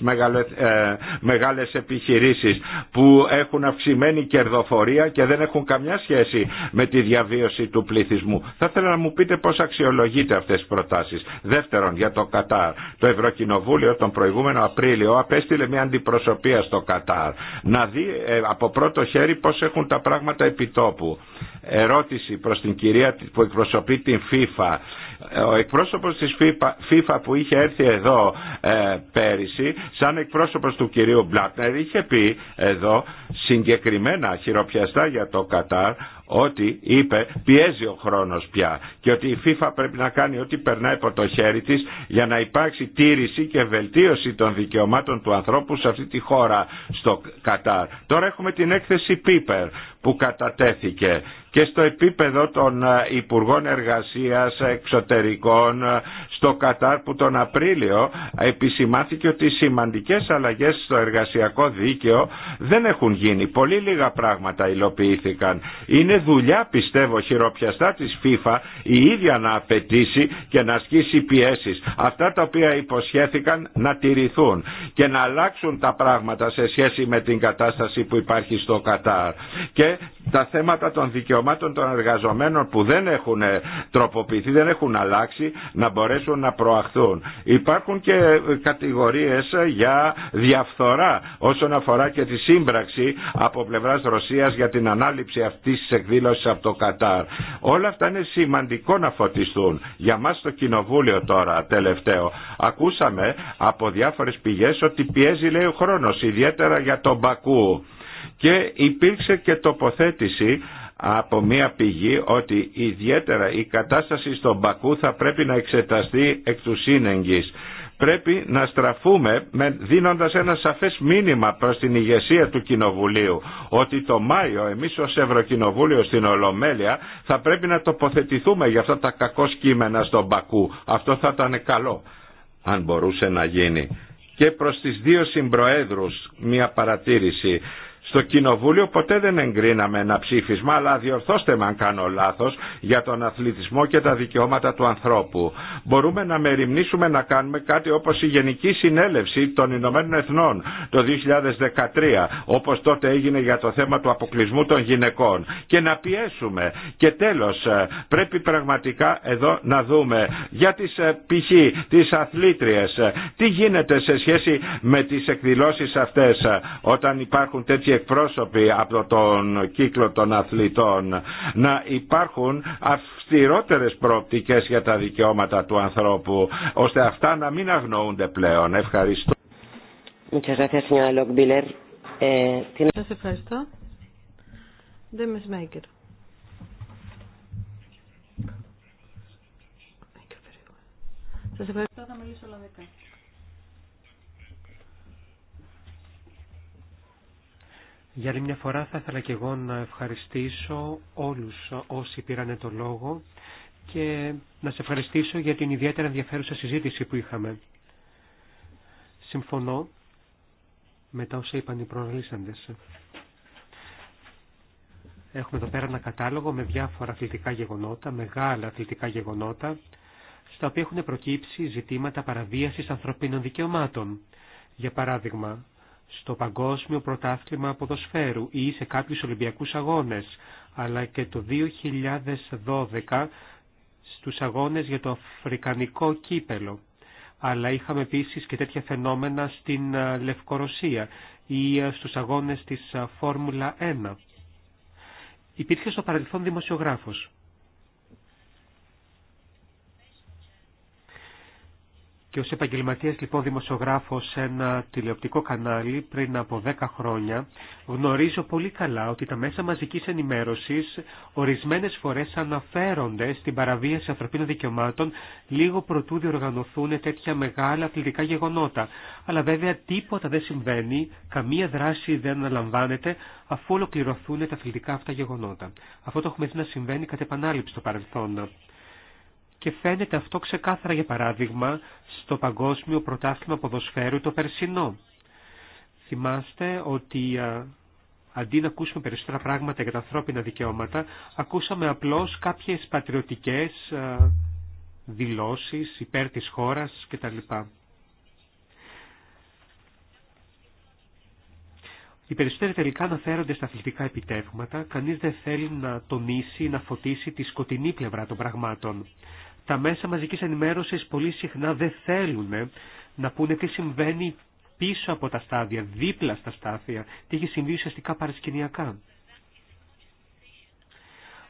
μεγάλε ε, επιχειρήσεις που έχουν αυξημένη κερδοφορία και δεν έχουν καμιά σχέση με τη διαβίωση του πληθυσμού. Θα ήθελα να μου πείτε πώς αξιολογείτε αυτές τις προτάσεις. Δεύτερον, για το Κατάρ. Το Ευρωκοινοβούλιο τον προηγούμενο Απρίλιο απέστειλε μια αντιπροσωπεία στο Κατάρ να δει ε, από πρώτο χέρι πώς έχουν τα πράγματα επιτόπου. Ερώτηση προς την κυρία που εκπροσωπεί την FIFA. Ο εκπρόσωπος της FIFA που είχε έρθει εδώ ε, πέρυσι, σαν εκπρόσωπος του κυρίου Μπλάτνερ είχε πει εδώ συγκεκριμένα χειροπιαστά για το Κατάρ ότι είπε πιέζει ο χρόνος πια και ότι η FIFA πρέπει να κάνει ό,τι περνάει από το χέρι της για να υπάρξει τήρηση και βελτίωση των δικαιωμάτων του ανθρώπου σε αυτή τη χώρα στο Κατάρ. Τώρα έχουμε την έκθεση Πίπερ που κατατέθηκε και στο επίπεδο των ε, Υπουργών Εργασίας Εξωτερικών ε, στο Κατάρ που τον Απρίλιο επισημάθηκε ότι οι σημαντικές αλλαγές στο εργασιακό δίκαιο δεν έχουν γίνει. Πολύ λίγα πράγματα υλοποιήθηκαν. Είναι δουλειά πιστεύω χειροπιαστά της FIFA η ίδια να απαιτήσει και να ασκήσει πιέσεις. Αυτά τα οποία υποσχέθηκαν να τηρηθούν και να αλλάξουν τα πράγματα σε σχέση με την κατάσταση που υπάρχει στο Κατάρ. Και τα θέματα των δικαιωμάτων δικαιωμάτων των εργαζομένων που δεν έχουν ε, τροποποιηθεί, δεν έχουν αλλάξει, να μπορέσουν να προαχθούν. Υπάρχουν και ε, κατηγορίες ε, για διαφθορά όσον αφορά και τη σύμπραξη από πλευράς Ρωσίας για την ανάληψη αυτής της εκδήλωσης από το Κατάρ. Όλα αυτά είναι σημαντικό να φωτιστούν. Για μας το Κοινοβούλιο τώρα τελευταίο. Ακούσαμε από διάφορες πηγές ότι πιέζει λέει ο χρόνος, ιδιαίτερα για τον Μπακού. Και υπήρξε και τοποθέτηση από μια πηγή ότι ιδιαίτερα η κατάσταση στον Πακού θα πρέπει να εξεταστεί εκ του σύνεγγης. Πρέπει να στραφούμε με, δίνοντας ένα σαφές μήνυμα προς την ηγεσία του Κοινοβουλίου ότι το Μάιο εμείς ως Ευρωκοινοβούλιο στην Ολομέλεια θα πρέπει να τοποθετηθούμε για αυτά τα κακό κείμενα στον Πακού. Αυτό θα ήταν καλό αν μπορούσε να γίνει. Και προς τις δύο συμπροέδρους μια παρατήρηση. Στο Κοινοβούλιο ποτέ δεν εγκρίναμε ένα ψήφισμα, αλλά διορθώστε με αν κάνω λάθος, για τον αθλητισμό και τα δικαιώματα του ανθρώπου. Μπορούμε να μεριμνήσουμε να κάνουμε κάτι όπως η Γενική Συνέλευση των Ηνωμένων Εθνών το 2013, όπως τότε έγινε για το θέμα του αποκλεισμού των γυναικών. Και να πιέσουμε. Και τέλος, ε, πρέπει πραγματικά εδώ να δούμε για τις ε, π.χ. τις αθλήτριες, ε, τι γίνεται σε σχέση με τις εκδηλώσεις αυτές όταν υπάρχουν τέτοιοι εκπρόσωποι από τον κύκλο των αθλητών να υπάρχουν αυστηρότερες προοπτικές για τα δικαιώματα του ανθρώπου ώστε αυτά να μην αγνοούνται πλέον. Ευχαριστώ. Ε, Σας ευχαριστώ. Σας ευχαριστώ. Θα μιλήσω Για άλλη μια φορά θα ήθελα και εγώ να ευχαριστήσω όλους όσοι πήραν το λόγο και να σε ευχαριστήσω για την ιδιαίτερα ενδιαφέρουσα συζήτηση που είχαμε. Συμφωνώ με τα όσα είπαν οι προαναλύσαντες. Έχουμε εδώ πέρα ένα κατάλογο με διάφορα αθλητικά γεγονότα, μεγάλα αθλητικά γεγονότα, στα οποία έχουν προκύψει ζητήματα παραβίασης ανθρωπίνων δικαιωμάτων. Για παράδειγμα, στο Παγκόσμιο Πρωτάθλημα Ποδοσφαίρου ή σε κάποιους Ολυμπιακούς Αγώνες, αλλά και το 2012 στους αγώνες για το Αφρικανικό Κύπελο. Αλλά είχαμε επίσης και τέτοια φαινόμενα στην ε, Λευκορωσία ή ε, στους αγώνες της ε, Φόρμουλα 1. Υπήρχε στο παρελθόν δημοσιογράφος Και ως επαγγελματίας λοιπόν δημοσιογράφος σε ένα τηλεοπτικό κανάλι πριν από 10 χρόνια γνωρίζω πολύ καλά ότι τα μέσα μαζικής ενημέρωσης ορισμένες φορές αναφέρονται στην παραβίαση ανθρωπίνων δικαιωμάτων λίγο προτού διοργανωθούν τέτοια μεγάλα αθλητικά γεγονότα. Αλλά βέβαια τίποτα δεν συμβαίνει, καμία δράση δεν αναλαμβάνεται αφού ολοκληρωθούν τα αθλητικά αυτά γεγονότα. Αυτό το έχουμε δει να συμβαίνει κατά επανάληψη στο παρελθόν και φαίνεται αυτό ξεκάθαρα για παράδειγμα στο Παγκόσμιο Πρωτάθλημα Ποδοσφαίρου το περσινό. Θυμάστε ότι αντί να ακούσουμε περισσότερα πράγματα για τα ανθρώπινα δικαιώματα, ακούσαμε απλώς κάποιες πατριωτικές δηλώσεις υπέρ της χώρας κτλ. Οι περισσότεροι τελικά αναφέρονται στα αθλητικά επιτεύγματα, κανείς δεν θέλει να τονίσει ή να φωτίσει τη σκοτεινή πλευρά των πραγμάτων τα μέσα μαζικής ενημέρωσης πολύ συχνά δεν θέλουν να πούνε τι συμβαίνει πίσω από τα στάδια, δίπλα στα στάδια, τι έχει συμβεί ουσιαστικά παρασκηνιακά.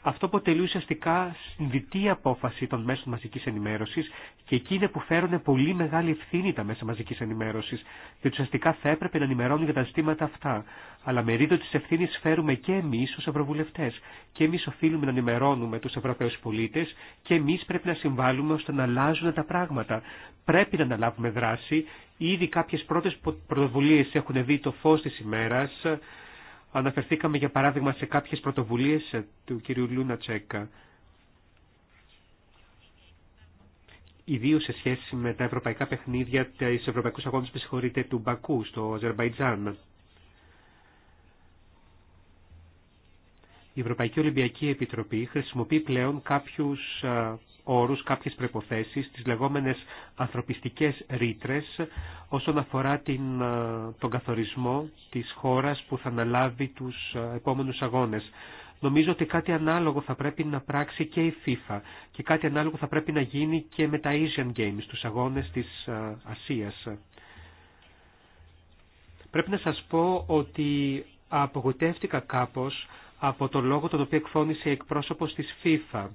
Αυτό αποτελεί ουσιαστικά συνδυτή απόφαση των μέσων μαζική ενημέρωση και εκεί είναι που φέρουν πολύ μεγάλη ευθύνη τα μέσα μαζική ενημέρωση, διότι ουσιαστικά θα έπρεπε να ενημερώνουν για τα ζητήματα αυτά. Αλλά μερίδιο τη ευθύνη φέρουμε και εμεί ω Ευρωβουλευτέ. Και εμεί οφείλουμε να ενημερώνουμε του Ευρωπαίου πολίτε και εμεί πρέπει να συμβάλλουμε ώστε να αλλάζουν τα πράγματα. Πρέπει να αναλάβουμε δράση. Ήδη κάποιε πρώτε πρωτοβουλίε έχουν δει το φω τη ημέρα Αναφερθήκαμε για παράδειγμα σε κάποιες πρωτοβουλίες ε, του κυρίου Λούνα Τσέκα. Ιδίω σε σχέση με τα ευρωπαϊκά παιχνίδια, της Ευρωπαϊκούς αγώνε που του Μπακού στο Αζερβαϊτζάν. Η Ευρωπαϊκή Ολυμπιακή Επιτροπή χρησιμοποιεί πλέον κάποιους ε, όρους, κάποιες προϋποθέσεις, τις λεγόμενες ανθρωπιστικές ρήτρε όσον αφορά την, ε, τον καθορισμό της χώρας που θα αναλάβει τους ε, επόμενους αγώνες. Νομίζω ότι κάτι ανάλογο θα πρέπει να πράξει και η FIFA και κάτι ανάλογο θα πρέπει να γίνει και με τα Asian Games, τους αγώνες της ε, Ασίας. Πρέπει να σας πω ότι απογοητεύτηκα κάπως από το λόγο τον οποίο εκφώνησε η εκπρόσωπος της FIFA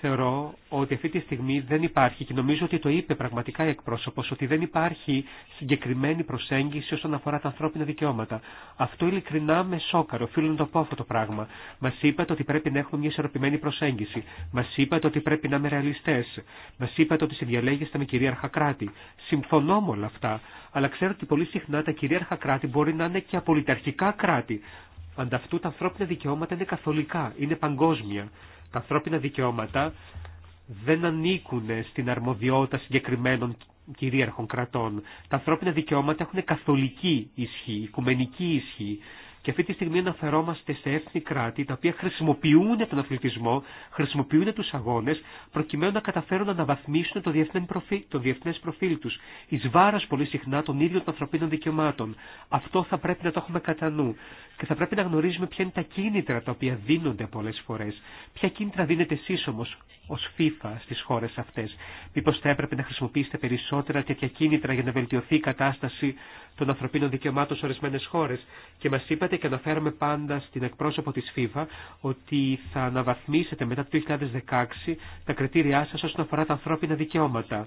θεωρώ ότι αυτή τη στιγμή δεν υπάρχει και νομίζω ότι το είπε πραγματικά η εκπρόσωπος ότι δεν υπάρχει συγκεκριμένη προσέγγιση όσον αφορά τα ανθρώπινα δικαιώματα. Αυτό ειλικρινά με σόκαρο, οφείλω να το πω αυτό το πράγμα. Μας είπατε ότι πρέπει να έχουμε μια ισορροπημένη προσέγγιση. Μας είπατε ότι πρέπει να είμαι ρεαλιστές. Μας είπατε ότι συνδιαλέγεστε με κυρίαρχα κράτη. Συμφωνώ με όλα αυτά, αλλά ξέρω ότι πολύ συχνά τα κυρίαρχα κράτη μπορεί να είναι και απολυταρχικά κράτη. Ανταυτού τα ανθρώπινα δικαιώματα είναι καθολικά, είναι παγκόσμια. Τα ανθρώπινα δικαιώματα δεν ανήκουν στην αρμοδιότητα συγκεκριμένων κυρίαρχων κρατών. Τα ανθρώπινα δικαιώματα έχουν καθολική ισχύ, οικουμενική ισχύ. Και αυτή τη στιγμή αναφερόμαστε σε έθνη κράτη τα οποία χρησιμοποιούν τον αθλητισμό, χρησιμοποιούν του αγώνε, προκειμένου να καταφέρουν να αναβαθμίσουν το διεθνέ προφίλ, το διεθνές προφίλ του. Ει βάρο πολύ συχνά των ίδιων των ανθρωπίνων δικαιωμάτων. Αυτό θα πρέπει να το έχουμε κατά νου. Και θα πρέπει να γνωρίζουμε ποια είναι τα κίνητρα τα οποία δίνονται πολλέ φορέ. Ποια κίνητρα δίνετε εσεί όμω ω FIFA στι χώρε αυτέ. Μήπω θα έπρεπε να χρησιμοποιήσετε περισσότερα τέτοια κίνητρα για να βελτιωθεί η κατάσταση των ανθρωπίνων δικαιωμάτων σε ορισμένε χώρε. Και μα είπατε και αναφέραμε πάντα στην εκπρόσωπο τη FIFA ότι θα αναβαθμίσετε μετά το 2016 τα κριτήριά σα όσον αφορά τα ανθρώπινα δικαιώματα.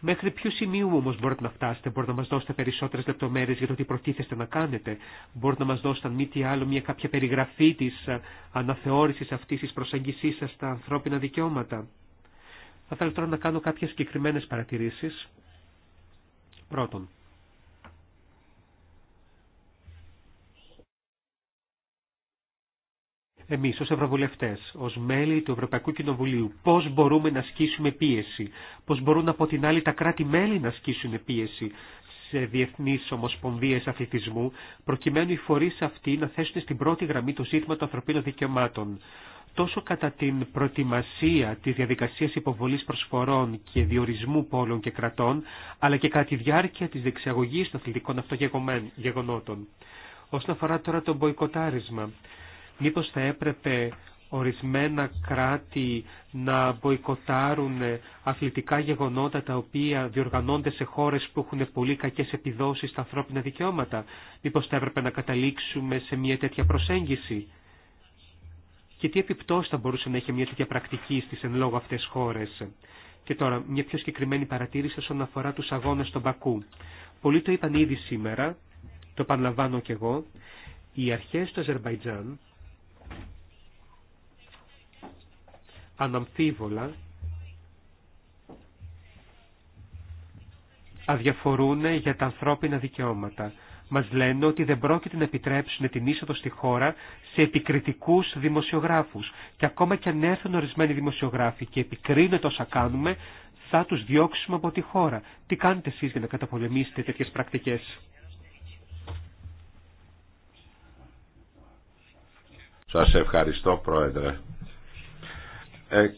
Μέχρι ποιο σημείο όμω μπορείτε να φτάσετε, μπορείτε να μα δώσετε περισσότερε λεπτομέρειε για το τι προτίθεστε να κάνετε, μπορείτε να μα δώσετε αν μη τι άλλο μια κάποια περιγραφή τη αναθεώρηση αυτή τη προσέγγιση σα στα ανθρώπινα δικαιώματα. Θα θέλω τώρα να κάνω κάποιε συγκεκριμένε παρατηρήσει. Πρώτον, εμείς ως Ευρωβουλευτές, ως μέλη του Ευρωπαϊκού Κοινοβουλίου, πώς μπορούμε να ασκήσουμε πίεση, πώς μπορούν από την άλλη τα κράτη-μέλη να ασκήσουν πίεση σε διεθνείς ομοσπονδίες αθλητισμού, προκειμένου οι φορείς αυτοί να θέσουν στην πρώτη γραμμή το ζήτημα των ανθρωπίνων δικαιωμάτων. Τόσο κατά την προετοιμασία της διαδικασίας υποβολής προσφορών και διορισμού πόλων και κρατών, αλλά και κατά τη διάρκεια της δεξιαγωγής των αθλητικών γεγονότων. Όσον αφορά τώρα το μποϊκοτάρισμα, Μήπως θα έπρεπε ορισμένα κράτη να μποϊκοτάρουν αθλητικά γεγονότα τα οποία διοργανώνται σε χώρες που έχουν πολύ κακές επιδόσεις στα ανθρώπινα δικαιώματα. Μήπως θα έπρεπε να καταλήξουμε σε μια τέτοια προσέγγιση. Και τι επιπτώσεις θα μπορούσε να έχει μια τέτοια πρακτική στις εν λόγω αυτές χώρες. Και τώρα, μια πιο συγκεκριμένη παρατήρηση όσον αφορά τους αγώνες στον Πακού. Πολλοί το είπαν ήδη σήμερα, το επαναλαμβάνω κι εγώ, οι αρχές του Αζερβαϊτζάν αναμφίβολα αδιαφορούν για τα ανθρώπινα δικαιώματα. Μας λένε ότι δεν πρόκειται να επιτρέψουν την είσοδο στη χώρα σε επικριτικούς δημοσιογράφους. Και ακόμα και αν έρθουν ορισμένοι δημοσιογράφοι και επικρίνουν όσα κάνουμε, θα τους διώξουμε από τη χώρα. Τι κάνετε εσείς για να καταπολεμήσετε τέτοιες πρακτικές. Σας ευχαριστώ Πρόεδρε. Ε,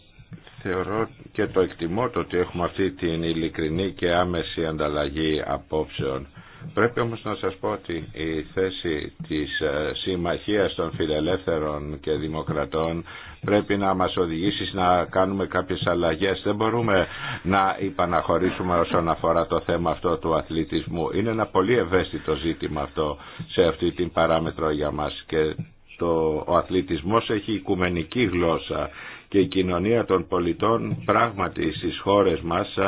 θεωρώ και το εκτιμώ το ότι έχουμε αυτή την ειλικρινή και άμεση ανταλλαγή απόψεων. Πρέπει όμως να σας πω ότι η θέση της ε, συμμαχίας των φιλελεύθερων και δημοκρατών πρέπει να μας οδηγήσει να κάνουμε κάποιες αλλαγές. Δεν μπορούμε να υπαναχωρήσουμε όσον αφορά το θέμα αυτό του αθλητισμού. Είναι ένα πολύ ευαίσθητο ζήτημα αυτό σε αυτή την παράμετρο για μας και το, ο αθλητισμός έχει οικουμενική γλώσσα και η κοινωνία των πολιτών πράγματι στις χώρες μας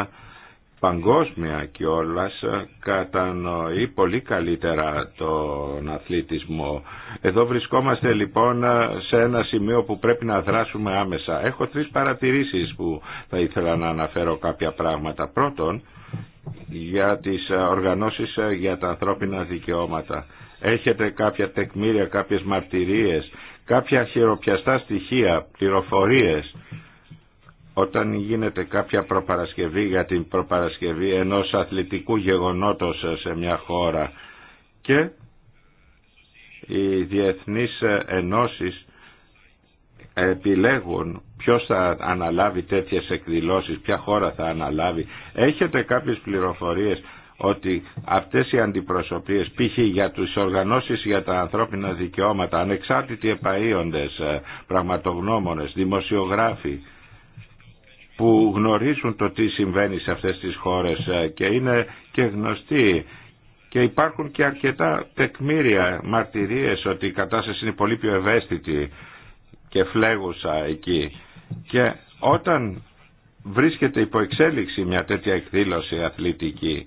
παγκόσμια κιόλας κατανοεί πολύ καλύτερα τον αθλητισμό. Εδώ βρισκόμαστε λοιπόν σε ένα σημείο που πρέπει να δράσουμε άμεσα. Έχω τρεις παρατηρήσεις που θα ήθελα να αναφέρω κάποια πράγματα. Πρώτον, για τις οργανώσεις για τα ανθρώπινα δικαιώματα. Έχετε κάποια τεκμήρια, κάποιες μαρτυρίες κάποια χειροπιαστά στοιχεία, πληροφορίες, όταν γίνεται κάποια προπαρασκευή για την προπαρασκευή ενός αθλητικού γεγονότος σε μια χώρα και οι διεθνείς ενώσεις επιλέγουν ποιος θα αναλάβει τέτοιες εκδηλώσεις, ποια χώρα θα αναλάβει. Έχετε κάποιες πληροφορίες ότι αυτές οι αντιπροσωπείες π.χ. για τους οργανώσεις για τα ανθρώπινα δικαιώματα, ανεξάρτητοι επαΐοντες, ε, πραγματογνώμονες, δημοσιογράφοι, που γνωρίζουν το τι συμβαίνει σε αυτές τις χώρες ε, και είναι και γνωστοί και υπάρχουν και αρκετά τεκμήρια, μαρτυρίες ότι η κατάσταση είναι πολύ πιο ευαίσθητη και φλέγουσα εκεί. Και όταν βρίσκεται υπό εξέλιξη μια τέτοια εκδήλωση αθλητική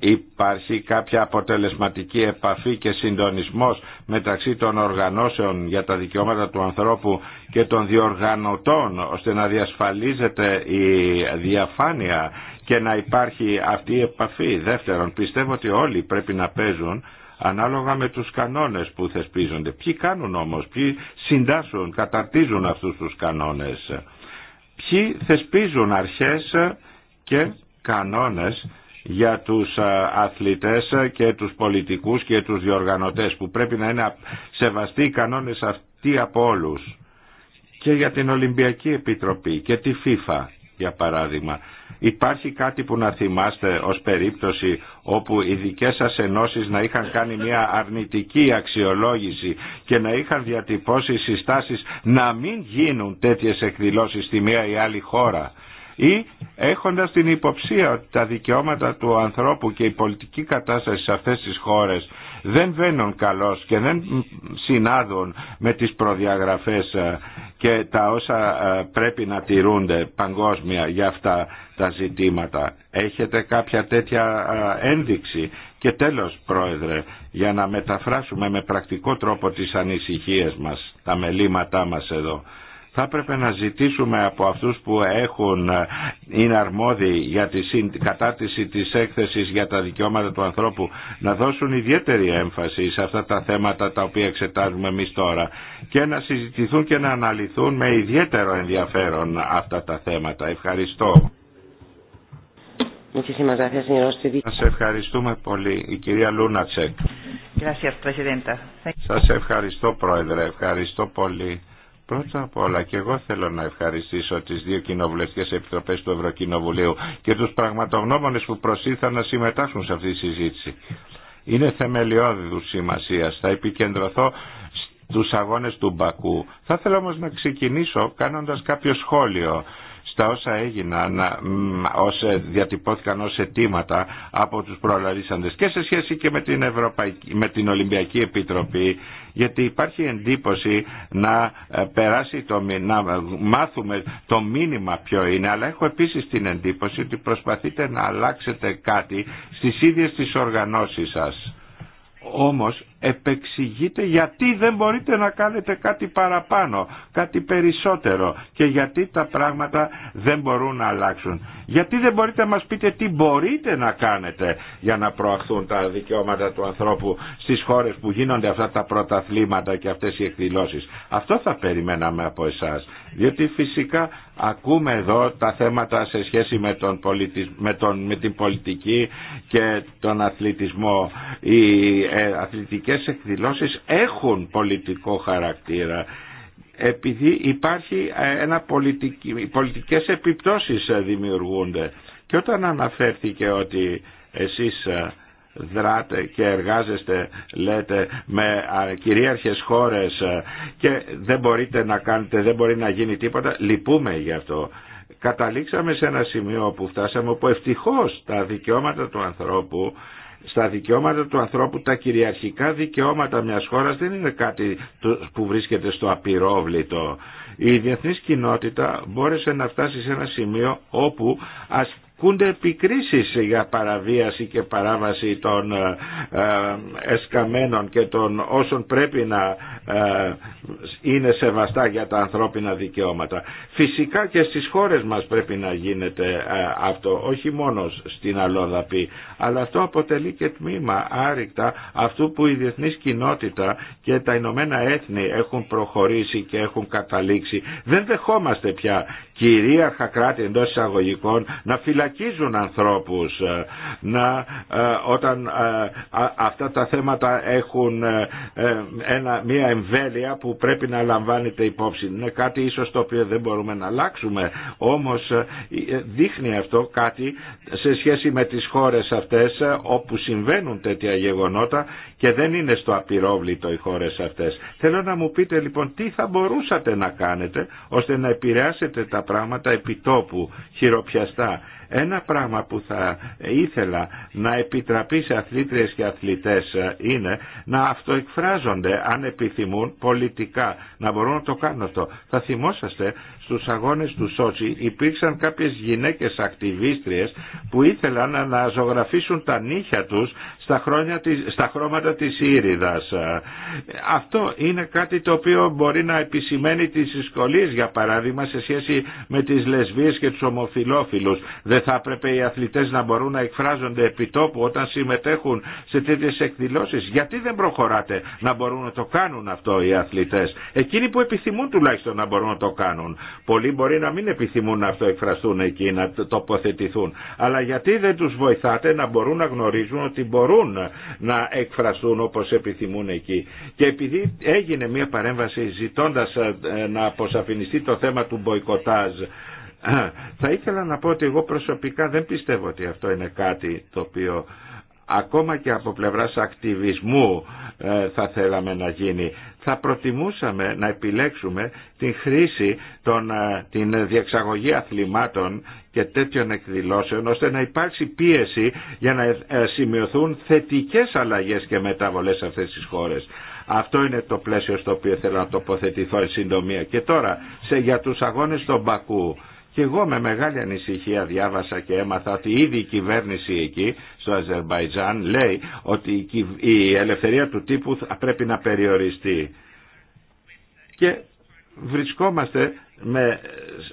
Υπάρχει κάποια αποτελεσματική επαφή και συντονισμός μεταξύ των οργανώσεων για τα δικαιώματα του ανθρώπου και των διοργανωτών ώστε να διασφαλίζεται η διαφάνεια και να υπάρχει αυτή η επαφή. Δεύτερον, πιστεύω ότι όλοι πρέπει να παίζουν ανάλογα με τους κανόνες που θεσπίζονται. Ποιοι κάνουν όμως, ποιοι συντάσσουν, καταρτίζουν αυτούς τους κανόνες. Ποιοι θεσπίζουν αρχές και κανόνες για τους αθλητές και τους πολιτικούς και τους διοργανωτές που πρέπει να είναι σεβαστοί οι κανόνες αυτοί από όλους και για την Ολυμπιακή Επιτροπή και τη FIFA για παράδειγμα. Υπάρχει κάτι που να θυμάστε ως περίπτωση όπου οι δικές σας ενώσεις να είχαν κάνει μια αρνητική αξιολόγηση και να είχαν διατυπώσει συστάσεις να μην γίνουν τέτοιες εκδηλώσεις στη μία ή άλλη χώρα ή έχοντας την υποψία ότι τα δικαιώματα του ανθρώπου και η πολιτική κατάσταση σε αυτές τις χώρες δεν βαίνουν καλώς και δεν συνάδουν με τις προδιαγραφές ε, και τα όσα ε, πρέπει να τηρούνται παγκόσμια για αυτά τα ζητήματα. Έχετε κάποια τέτοια ε, ένδειξη. Και τέλος, Πρόεδρε, για να μεταφράσουμε με πρακτικό τρόπο τις ανησυχίες μας, τα μελήματά μας εδώ θα έπρεπε να ζητήσουμε από αυτούς που έχουν, είναι αρμόδιοι για τη κατάτηση της έκθεσης για τα δικαιώματα του ανθρώπου να δώσουν ιδιαίτερη έμφαση σε αυτά τα θέματα τα οποία εξετάζουμε εμείς τώρα και να συζητηθούν και να αναλυθούν με ιδιαίτερο ενδιαφέρον αυτά τα θέματα. Ευχαριστώ. Σας ευχαριστούμε πολύ, η κυρία Λούνατσεκ. Σας ευχαριστώ, Πρόεδρε. Ευχαριστώ πολύ Πρώτα απ' όλα και εγώ θέλω να ευχαριστήσω τις δύο κοινοβουλευτικές επιτροπές του Ευρωκοινοβουλίου και τους πραγματογνώμονες που προσήλθαν να συμμετάσχουν σε αυτή τη συζήτηση. Είναι του σημασία. Θα επικεντρωθώ στους αγώνες του Μπακού. Θα ήθελα όμως να ξεκινήσω κάνοντας κάποιο σχόλιο στα όσα έγιναν ως, ε, διατυπώθηκαν ως αιτήματα από τους προλαρίσαντες και σε σχέση και με την, Ευρωπαϊκή, με την Ολυμπιακή Επιτροπή γιατί υπάρχει εντύπωση να ε, περάσει το, να μάθουμε το μήνυμα ποιο είναι αλλά έχω επίσης την εντύπωση ότι προσπαθείτε να αλλάξετε κάτι στις ίδιες τις οργανώσεις σας. Όμως επεξηγείτε γιατί δεν μπορείτε να κάνετε κάτι παραπάνω, κάτι περισσότερο και γιατί τα πράγματα δεν μπορούν να αλλάξουν. Γιατί δεν μπορείτε να μας πείτε τι μπορείτε να κάνετε για να προαχθούν τα δικαιώματα του ανθρώπου στις χώρες που γίνονται αυτά τα πρωταθλήματα και αυτές οι εκδηλώσεις. Αυτό θα περιμέναμε από εσάς, διότι φυσικά ακούμε εδώ τα θέματα σε σχέση με, με, την πολιτική και τον αθλητισμό. Οι ε, πολιτικές εκδηλώσεις έχουν πολιτικό χαρακτήρα επειδή υπάρχει ε, ένα πολιτική, πολιτικές επιπτώσεις ε, δημιουργούνται και όταν αναφέρθηκε ότι εσείς ε, δράτε και εργάζεστε λέτε με κυρίαρχες χώρες και δεν μπορείτε να κάνετε, δεν μπορεί να γίνει τίποτα λυπούμε γι' αυτό καταλήξαμε σε ένα σημείο που φτάσαμε όπου ευτυχώς τα δικαιώματα του ανθρώπου στα δικαιώματα του ανθρώπου τα κυριαρχικά δικαιώματα μιας χώρας δεν είναι κάτι που βρίσκεται στο απειρόβλητο. Η διεθνής κοινότητα μπόρεσε να φτάσει σε ένα σημείο όπου ασκούνται επικρίσεις για παραβίαση και παράβαση των ε, ε, εσκαμένων και των όσων πρέπει να ε, είναι σεβαστά για τα ανθρώπινα δικαιώματα. Φυσικά και στις χώρες μας πρέπει να γίνεται αυτό, όχι μόνο στην Αλόδαπη, αλλά αυτό αποτελεί και τμήμα άρρηκτα αυτού που η διεθνής κοινότητα και τα Ηνωμένα Έθνη έχουν προχωρήσει και έχουν καταλήξει. Δεν δεχόμαστε πια κυρίαρχα κράτη εντός εισαγωγικών να φυλακίσουν φυλακίζουν ανθρώπους ε, να, ε, όταν ε, αυτά τα θέματα έχουν ένα, μια εμβέλεια που πρέπει να λαμβάνεται υπόψη. Είναι κάτι ίσως το οποίο δεν μπορούμε να αλλάξουμε όμως δείχνει αυτό κάτι σε σχέση με τις χώρες αυτές όπου συμβαίνουν τέτοια γεγονότα και δεν είναι στο απειρόβλητο οι χώρες αυτές. Θέλω να μου πείτε λοιπόν τι θα μπορούσατε να κάνετε ώστε να επηρεάσετε τα πράγματα επιτόπου χειροπιαστά ένα πράγμα που θα ήθελα να επιτραπεί σε αθλήτριες και αθλητές ε, είναι να αυτοεκφράζονται αν επιθυμούν πολιτικά, να μπορούν να το κάνουν αυτό. Θα θυμόσαστε στους αγώνες του Σότσι υπήρξαν κάποιες γυναίκες ακτιβίστριες που ήθελαν να αναζωγραφίσουν τα νύχια τους στα, χρόνια της, στα χρώματα της Ήριδας. Αυτό είναι κάτι το οποίο μπορεί να επισημαίνει τις δυσκολίε, για παράδειγμα σε σχέση με τις λεσβίες και τους ομοφιλόφιλους. Δεν θα έπρεπε οι αθλητές να μπορούν να εκφράζονται επιτόπου όταν συμμετέχουν σε τέτοιες εκδηλώσεις. Γιατί δεν προχωράτε να μπορούν να το κάνουν αυτό οι αθλητές. Εκείνοι που επιθυμούν τουλάχιστον να μπορούν να το κάνουν. Πολλοί μπορεί να μην επιθυμούν να αυτοεκφραστούν εκεί, να τοποθετηθούν. Αλλά γιατί δεν τους βοηθάτε να μπορούν να γνωρίζουν ότι μπορούν να εκφραστούν όπως επιθυμούν εκεί. Και επειδή έγινε μια παρέμβαση ζητώντας ε, να αποσαφινιστεί το θέμα του μποϊκοτάζ, [clears throat] θα ήθελα να πω ότι εγώ προσωπικά δεν πιστεύω ότι αυτό είναι κάτι το οποίο ακόμα και από πλευράς ακτιβισμού ε, θα θέλαμε να γίνει θα προτιμούσαμε να επιλέξουμε την χρήση, ε, την διεξαγωγή αθλημάτων και τέτοιων εκδηλώσεων ώστε να υπάρξει πίεση για να ε, ε, σημειωθούν θετικές αλλαγές και μεταβολές σε αυτές τις χώρες. Αυτό είναι το πλαίσιο στο οποίο θέλω να τοποθετηθώ εν συντομία. Και τώρα σε, για τους αγώνες στον Πακού και εγώ με μεγάλη ανησυχία διάβασα και έμαθα ότι ήδη η κυβέρνηση εκεί στο Αζερβαϊτζάν λέει ότι η ελευθερία του τύπου πρέπει να περιοριστεί. Και βρισκόμαστε με,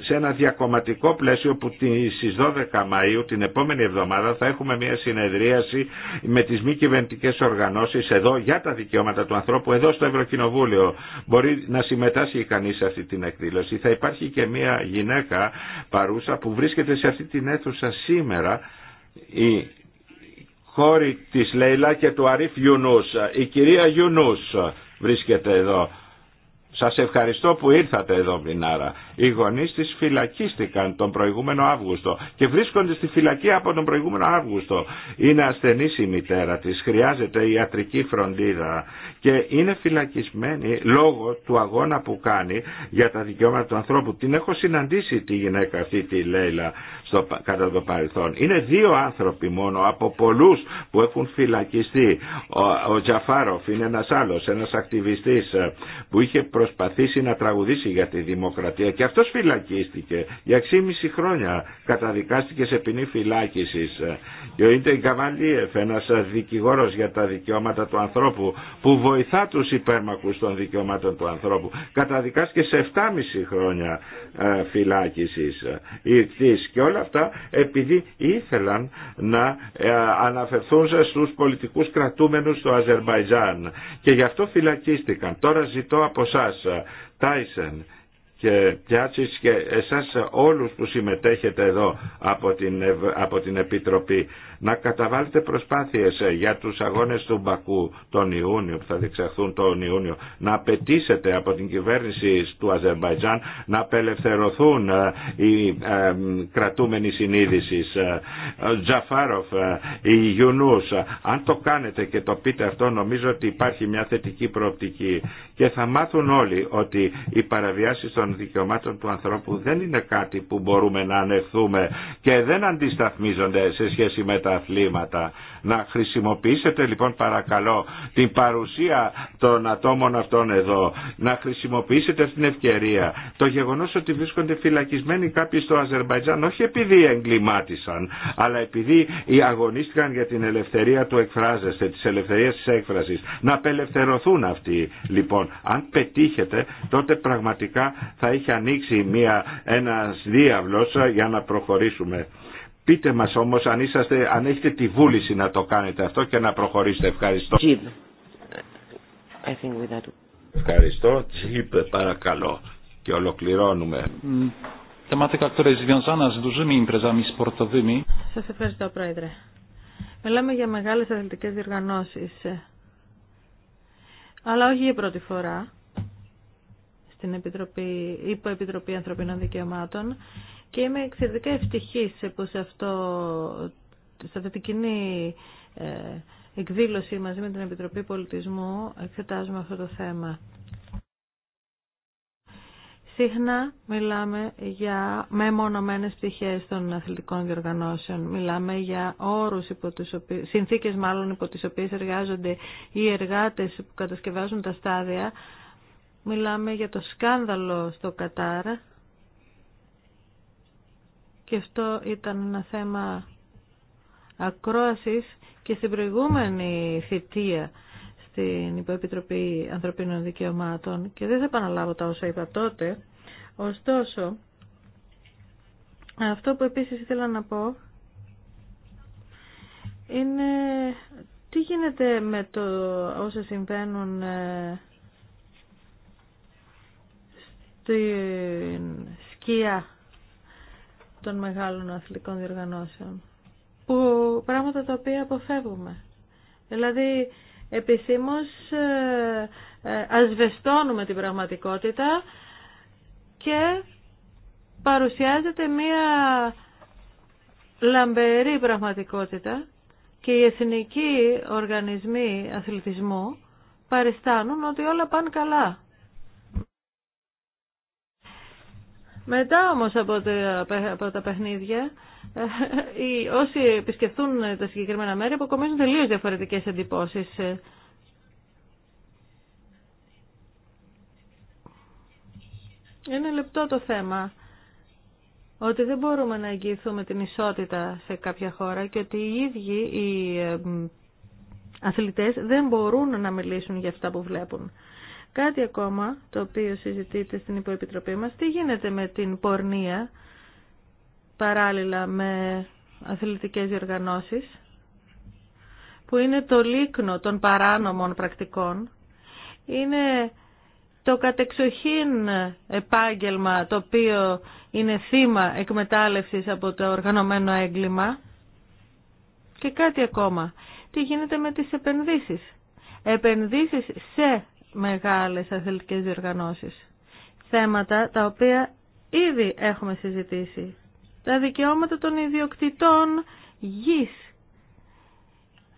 σε ένα διακομματικό πλαίσιο που στις 12 Μαΐου την επόμενη εβδομάδα θα έχουμε μια συνεδρίαση με τις μη κυβερνητικέ οργανώσεις εδώ για τα δικαιώματα του ανθρώπου εδώ στο Ευρωκοινοβούλιο μπορεί να συμμετάσχει κανείς σε αυτή την εκδήλωση θα υπάρχει και μια γυναίκα παρούσα που βρίσκεται σε αυτή την αίθουσα σήμερα η κόρη της Λέιλα και του Αρίφ Γιουνούς η κυρία Γιουνούς βρίσκεται εδώ σας ευχαριστώ που ήρθατε εδώ, Μινάρα. Οι γονείς της φυλακίστηκαν τον προηγούμενο Αύγουστο και βρίσκονται στη φυλακή από τον προηγούμενο Αύγουστο. Είναι ασθενής η μητέρα της, χρειάζεται ιατρική φροντίδα και είναι φυλακισμένη λόγω του αγώνα που κάνει για τα δικαιώματα του ανθρώπου. Την έχω συναντήσει τη γυναίκα αυτή, τη Λέιλα, στο, κατά το παρελθόν. Είναι δύο άνθρωποι μόνο από πολλούς που έχουν φυλακιστεί. Ο, ο Τζαφάροφ είναι ένας άλλος, ένας ακτιβιστής ε, που είχε προσπαθήσει να τραγουδήσει για τη δημοκρατία και αυτός φυλακίστηκε για 6,5 χρόνια καταδικάστηκε σε ποινή φυλάκισης και ο Ίντε Γκαβαλίεφ ένας δικηγόρος για τα δικαιώματα του ανθρώπου που βοηθά τους υπέρμακους των δικαιωμάτων του ανθρώπου καταδικάστηκε σε 7,5 χρόνια ε, φυλάκισης και όλα αυτά επειδή ήθελαν να ε, αναφερθούν στους πολιτικούς κρατούμενους στο Αζερμπαϊτζάν και γι' αυτό φυλακίστηκαν τώρα ζητώ από εσά εσάς, Τάισεν και πιάτσις και εσάς όλους που συμμετέχετε εδώ από την, από την Επιτροπή να καταβάλλετε προσπάθειες ε, για τους αγώνες του Μπακού τον Ιούνιο που θα διεξαχθούν τον Ιούνιο να απαιτήσετε από την κυβέρνηση του Αζερμπαϊτζάν να απελευθερωθούν ε, οι ε, κρατούμενοι συνείδησης Τζαφάροφ, οι Γιουνούς αν το κάνετε και το πείτε αυτό νομίζω ότι υπάρχει μια θετική προοπτική και θα μάθουν όλοι ότι οι παραβιάσεις των δικαιωμάτων του ανθρώπου δεν είναι κάτι που μπορούμε να ανεχθούμε και δεν αντισταθμίζονται σε σχέση με τα να χρησιμοποιήσετε λοιπόν παρακαλώ την παρουσία των ατόμων αυτών εδώ. Να χρησιμοποιήσετε αυτή την ευκαιρία. Το γεγονός ότι βρίσκονται φυλακισμένοι κάποιοι στο Αζερβαϊτζάν όχι επειδή εγκλημάτισαν, αλλά επειδή αγωνίστηκαν για την ελευθερία του εκφράζεστε, της ελευθερίας της έκφρασης. Να απελευθερωθούν αυτοί λοιπόν. Αν πετύχετε τότε πραγματικά θα είχε ανοίξει μια, ένας διάβλος για να προχωρήσουμε. Πείτε μας όμως αν, είσαστε, αν έχετε τη βούληση να το κάνετε αυτό και να προχωρήσετε. Ευχαριστώ. I think with that... Ευχαριστώ. Τσίπ, παρακαλώ. Και ολοκληρώνουμε. Θεματικά, κύριε jest με z dużymi Σας ευχαριστώ, Πρόεδρε. Μιλάμε για μεγάλες αθλητικές διοργανώσεις. Ε. Αλλά όχι για πρώτη φορά στην Επιτροπή, Επιτροπή Ανθρωπίνων Δικαιωμάτων και είμαι εξαιρετικά ευτυχής που σε, αυτό, σε αυτή την κοινή ε, εκδήλωση μαζί με την Επιτροπή Πολιτισμού εξετάζουμε αυτό το θέμα. Συχνά μιλάμε για μεμονωμένες πτυχές των αθλητικών διοργανώσεων. Μιλάμε για όρους, υπό τις συνθήκες μάλλον υπό τις οποίες εργάζονται οι εργάτες που κατασκευάζουν τα στάδια. Μιλάμε για το σκάνδαλο στο Κατάρα και αυτό ήταν ένα θέμα ακρόασης και στην προηγούμενη θητεία στην Υποεπιτροπή Ανθρωπίνων Δικαιωμάτων και δεν θα επαναλάβω τα όσα είπα τότε. Ωστόσο, αυτό που επίσης ήθελα να πω είναι τι γίνεται με το όσα συμβαίνουν ε, στην σκία των μεγάλων αθλητικών διοργανώσεων. Που, πράγματα τα οποία αποφεύγουμε. Δηλαδή, επισήμως ε, ε, ασβεστώνουμε την πραγματικότητα και παρουσιάζεται μία λαμπερή πραγματικότητα και οι εθνικοί οργανισμοί αθλητισμού παριστάνουν ότι όλα πάνε καλά. Μετά όμως από τα, από τα παιχνίδια, ε, οι, όσοι επισκεφθούν τα συγκεκριμένα μέρη αποκομίζουν τελείως διαφορετικές εντυπώσεις. Είναι λεπτό το θέμα ότι δεν μπορούμε να εγγυηθούμε την ισότητα σε κάποια χώρα και ότι οι ίδιοι οι ε, αθλητές δεν μπορούν να μιλήσουν για αυτά που βλέπουν. Κάτι ακόμα το οποίο συζητείται στην υποεπιτροπή μας, τι γίνεται με την πορνεία παράλληλα με αθλητικές διοργανώσεις, που είναι το λίκνο των παράνομων πρακτικών, είναι το κατεξοχήν επάγγελμα το οποίο είναι θύμα εκμετάλλευσης από το οργανωμένο έγκλημα. Και κάτι ακόμα. Τι γίνεται με τις επενδύσεις. Επενδύσεις σε μεγάλες αθλητικές διοργανώσεις. Θέματα τα οποία ήδη έχουμε συζητήσει. Τα δικαιώματα των ιδιοκτητών γης.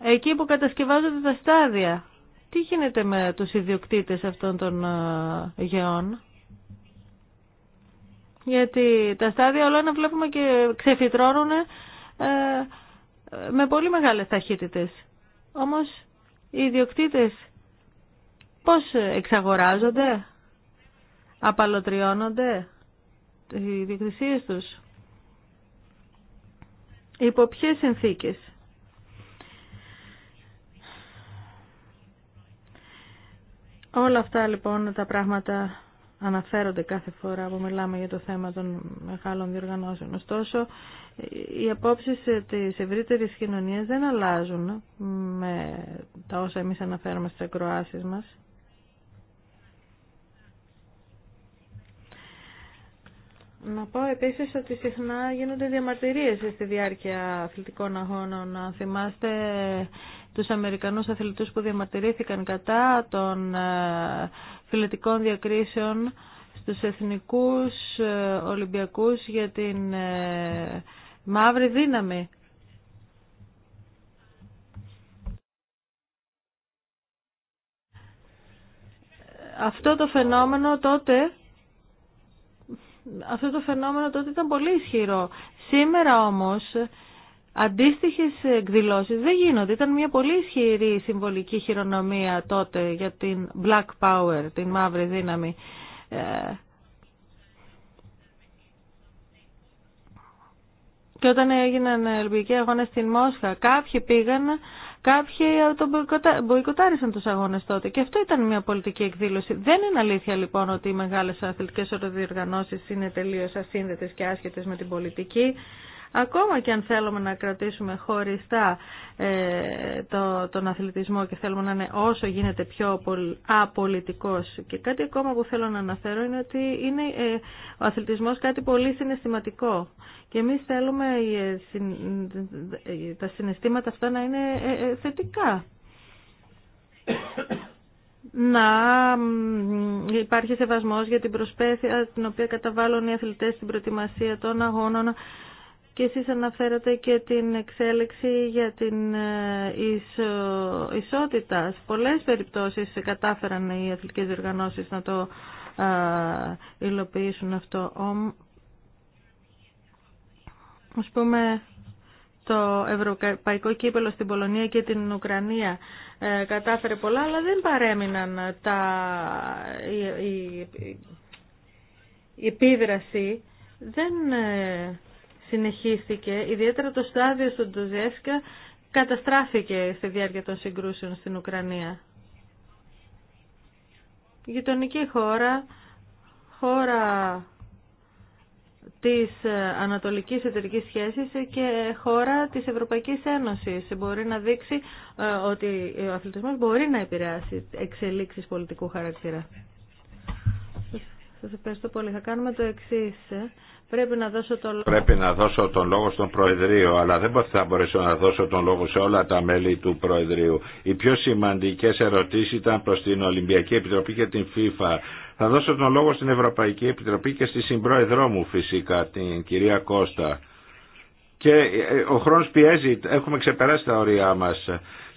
Εκεί που κατασκευάζονται τα στάδια. Τι γίνεται με τους ιδιοκτήτες αυτών των ε, γεών. Γιατί τα στάδια όλα να βλέπουμε και ξεφυτρώνουν ε, ε, με πολύ μεγάλες ταχύτητες. Όμως οι ιδιοκτήτες Πώς εξαγοράζονται, απαλωτριώνονται οι διεκδησίες τους. Υπό ποιες συνθήκες. Όλα αυτά λοιπόν τα πράγματα αναφέρονται κάθε φορά που μιλάμε για το θέμα των μεγάλων διοργανώσεων. Ωστόσο, οι απόψει της ευρύτερη κοινωνίας δεν αλλάζουν με τα όσα εμείς αναφέρουμε στι ακροάσει μας. Να πω επίσης ότι συχνά γίνονται διαμαρτυρίες στη διάρκεια αθλητικών αγώνων. Να θυμάστε τους Αμερικανούς αθλητούς που διαμαρτυρήθηκαν κατά των ε, φιλετικών διακρίσεων στους εθνικούς ε, Ολυμπιακούς για την ε, μαύρη δύναμη. Αυτό το φαινόμενο τότε αυτό το φαινόμενο τότε ήταν πολύ ισχυρό. Σήμερα όμως αντίστοιχες εκδηλώσεις δεν γίνονται. Ήταν μια πολύ ισχυρή συμβολική χειρονομία τότε για την Black Power, την μαύρη δύναμη. Ε, και όταν έγιναν ελπικοί αγώνες στην Μόσχα, κάποιοι πήγαν Κάποιοι τον μποϊκοτάρισαν τους αγώνες τότε και αυτό ήταν μια πολιτική εκδήλωση. Δεν είναι αλήθεια λοιπόν ότι οι μεγάλες αθλητικές οροδιοργανώσεις είναι τελείως ασύνδετες και άσχετες με την πολιτική. Ακόμα και αν θέλουμε να κρατήσουμε χωριστά ε, το, τον αθλητισμό και θέλουμε να είναι όσο γίνεται πιο απολυτικός. Και κάτι ακόμα που θέλω να αναφέρω είναι ότι είναι ε, ο αθλητισμός κάτι πολύ συναισθηματικό. Και εμείς θέλουμε ε, τα συναισθήματα αυτά να είναι θετικά να υπάρχει σεβασμός για την προσπάθεια την οποία καταβάλουν οι αθλητές στην προετοιμασία των αγώνων και εσείς αναφέρατε και την εξέλιξη για την ε, ισότητα. Σε πολλές περιπτώσεις κατάφεραν οι αθλητικές διοργανώσεις να το ε, υλοποιήσουν αυτό. Ας πούμε το Ευρωπαϊκό Κύπελο στην Πολωνία και την Ουκρανία ε, κατάφερε πολλά, αλλά δεν παρέμειναν τα, η, η επίδραση δεν συνεχίστηκε, ιδιαίτερα το στάδιο στον Τζεύσκα καταστράφηκε στη διάρκεια των συγκρούσεων στην Ουκρανία. Γειτονική χώρα, χώρα της Ανατολικής Εταιρικής Σχέσης και χώρα της Ευρωπαϊκής Ένωσης. Μπορεί να δείξει ε, ότι ο αθλητισμός μπορεί να επηρεάσει εξελίξεις πολιτικού χαρακτήρα. Σας ευχαριστώ πολύ. Θα κάνουμε το εξής. Ε. Πρέπει να, δώσω Πρέπει να δώσω τον λόγο στον Προεδρείο, αλλά δεν θα μπορέσω να δώσω τον λόγο σε όλα τα μέλη του Προεδρείου. Οι πιο σημαντικέ ερωτήσει ήταν προς την Ολυμπιακή Επιτροπή και την FIFA. Θα δώσω τον λόγο στην Ευρωπαϊκή Επιτροπή και στη συμπρόεδρό μου φυσικά, την κυρία Κώστα. Και ε, ο χρόνος πιέζει, έχουμε ξεπεράσει τα ωριά μας.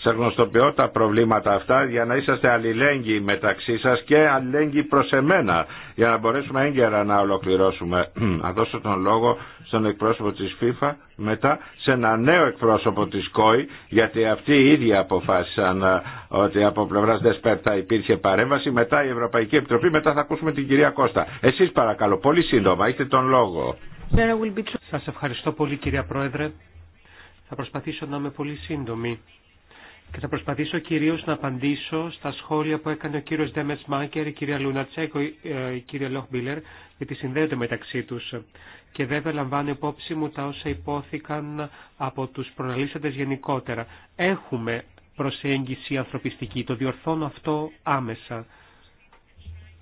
Σε γνωστοποιώ τα προβλήματα αυτά για να είσαστε αλληλέγγυοι μεταξύ σα και αλληλέγγυοι προς εμένα για να μπορέσουμε έγκαιρα να ολοκληρώσουμε. [clears throat] Να δώσω τον λόγο στον εκπρόσωπο τη FIFA μετά σε ένα νέο εκπρόσωπο τη ΚΟΗ γιατί αυτοί οι ίδιοι αποφάσισαν ε, ότι από πλευρά ΔΕΣΠΕΡ θα υπήρχε παρέμβαση μετά η Ευρωπαϊκή Επιτροπή μετά θα ακούσουμε την κυρία Κώστα. Εσεί παρακαλώ πολύ σύντομα έχετε τον λόγο. Σα ευχαριστώ πολύ κυρία Πρόεδρε. Θα προσπαθήσω να είμαι πολύ σύντομη και θα προσπαθήσω κυρίως να απαντήσω στα σχόλια που έκανε ο κύριος Ντέμετς Μάκερ, η κυρία Λουνατσέκο, ε, η κυρία Μπίλερ, γιατί συνδέονται μεταξύ τους. Και βέβαια λαμβάνω υπόψη μου τα όσα υπόθηκαν από τους προναλήσαντες γενικότερα. Έχουμε προσέγγιση ανθρωπιστική, το διορθώνω αυτό άμεσα.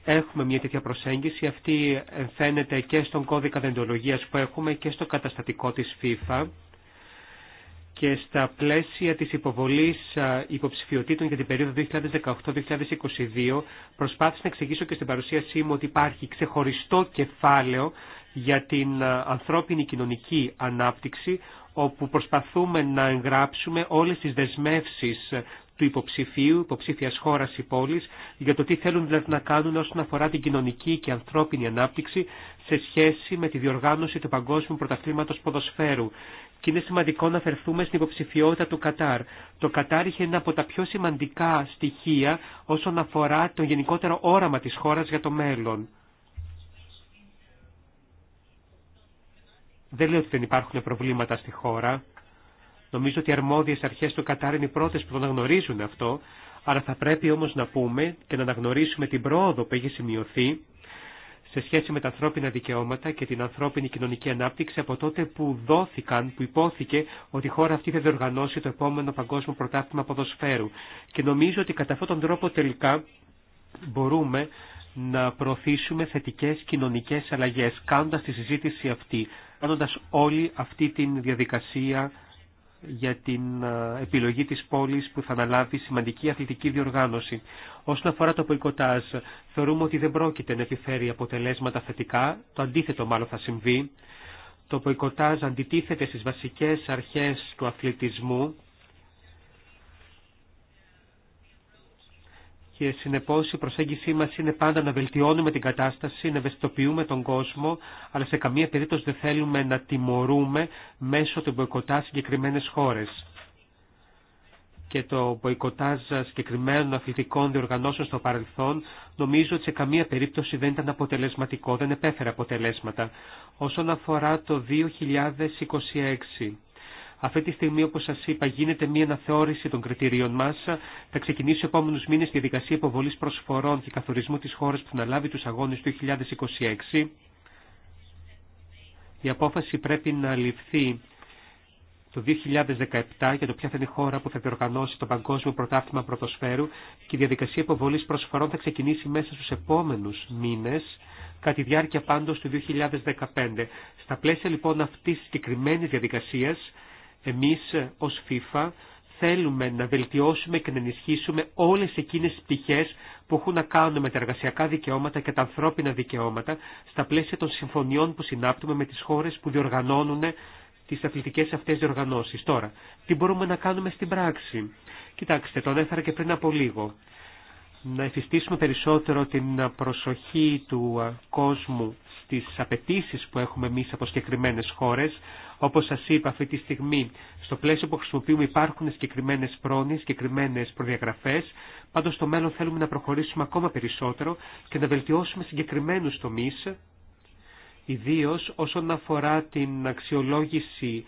Έχουμε μια τέτοια προσέγγιση, αυτή φαίνεται και στον κώδικα δεντολογίας που έχουμε και στο καταστατικό της FIFA και στα πλαίσια της υποβολής υποψηφιωτήτων για την περίοδο 2018-2022 προσπάθησα να εξηγήσω και στην παρουσίασή μου ότι υπάρχει ξεχωριστό κεφάλαιο για την ανθρώπινη κοινωνική ανάπτυξη όπου προσπαθούμε να εγγράψουμε όλες τις δεσμεύσεις του υποψηφίου, υποψήφια χώρα ή πόλη, για το τι θέλουν δηλαδή να κάνουν όσον αφορά την κοινωνική και ανθρώπινη ανάπτυξη σε σχέση με τη διοργάνωση του Παγκόσμιου Πρωταθλήματο Ποδοσφαίρου και είναι σημαντικό να αφαιρθούμε στην υποψηφιότητα του Κατάρ. Το Κατάρ είχε ένα από τα πιο σημαντικά στοιχεία όσον αφορά το γενικότερο όραμα της χώρας για το μέλλον. Δεν λέω ότι δεν υπάρχουν προβλήματα στη χώρα. Νομίζω ότι οι αρμόδιες αρχές του Κατάρ είναι οι πρώτες που το αναγνωρίζουν αυτό, Άρα θα πρέπει όμως να πούμε και να αναγνωρίσουμε την πρόοδο που έχει σημειωθεί σε σχέση με τα ανθρώπινα δικαιώματα και την ανθρώπινη κοινωνική ανάπτυξη από τότε που δόθηκαν, που υπόθηκε ότι η χώρα αυτή θα διοργανώσει το επόμενο παγκόσμιο πρωτάθλημα ποδοσφαίρου. Και νομίζω ότι κατά αυτόν τον τρόπο τελικά μπορούμε να προωθήσουμε θετικές κοινωνικές αλλαγές, κάνοντας τη συζήτηση αυτή, κάνοντας όλη αυτή τη διαδικασία για την ε, επιλογή της πόλης που θα αναλάβει σημαντική αθλητική διοργάνωση. Όσον αφορά το ποικοτάζ, θεωρούμε ότι δεν πρόκειται να επιφέρει αποτελέσματα θετικά, το αντίθετο μάλλον θα συμβεί. Το ποικοτάζ αντιτίθεται στις βασικές αρχές του αθλητισμού και συνεπώς η προσέγγιση μας είναι πάντα να βελτιώνουμε την κατάσταση, να ευαισθητοποιούμε τον κόσμο, αλλά σε καμία περίπτωση δεν θέλουμε να τιμωρούμε μέσω του μποϊκοτά συγκεκριμένε χώρες. Και το μποϊκοτάζ συγκεκριμένων αθλητικών διοργανώσεων στο παρελθόν νομίζω ότι σε καμία περίπτωση δεν ήταν αποτελεσματικό, δεν επέφερε αποτελέσματα. Όσον αφορά το 2026, αυτή τη στιγμή, όπω σα είπα, γίνεται μία αναθεώρηση των κριτηρίων μα. Θα ξεκινήσει ο επόμενου μήνε τη διαδικασία υποβολή προσφορών και καθορισμού τη χώρα που θα αναλάβει του αγώνε του 2026. Η απόφαση πρέπει να ληφθεί το 2017 για το ποια θα είναι η χώρα που θα διοργανώσει το Παγκόσμιο Πρωτάθλημα Πρωτοσφαίρου και η διαδικασία υποβολή προσφορών θα ξεκινήσει μέσα στου επόμενου μήνε, κατά τη διάρκεια πάντως του 2015. Στα πλαίσια λοιπόν αυτή τη συγκεκριμένη διαδικασία. Εμείς ως FIFA θέλουμε να βελτιώσουμε και να ενισχύσουμε όλες εκείνες τις πτυχές που έχουν να κάνουν με τα εργασιακά δικαιώματα και τα ανθρώπινα δικαιώματα στα πλαίσια των συμφωνιών που συνάπτουμε με τις χώρες που διοργανώνουν τις αθλητικές αυτές διοργανώσεις. Τώρα, τι μπορούμε να κάνουμε στην πράξη. Κοιτάξτε, το ανέφερα και πριν από λίγο. Να εφιστήσουμε περισσότερο την προσοχή του κόσμου στις απαιτήσει που έχουμε εμείς από συγκεκριμένε χώρες, όπως σας είπα αυτή τη στιγμή, στο πλαίσιο που χρησιμοποιούμε υπάρχουν συγκεκριμένε πρόνοιες, συγκεκριμένε προδιαγραφές, πάντως στο μέλλον θέλουμε να προχωρήσουμε ακόμα περισσότερο και να βελτιώσουμε συγκεκριμένους τομείς, ιδίως όσον αφορά την αξιολόγηση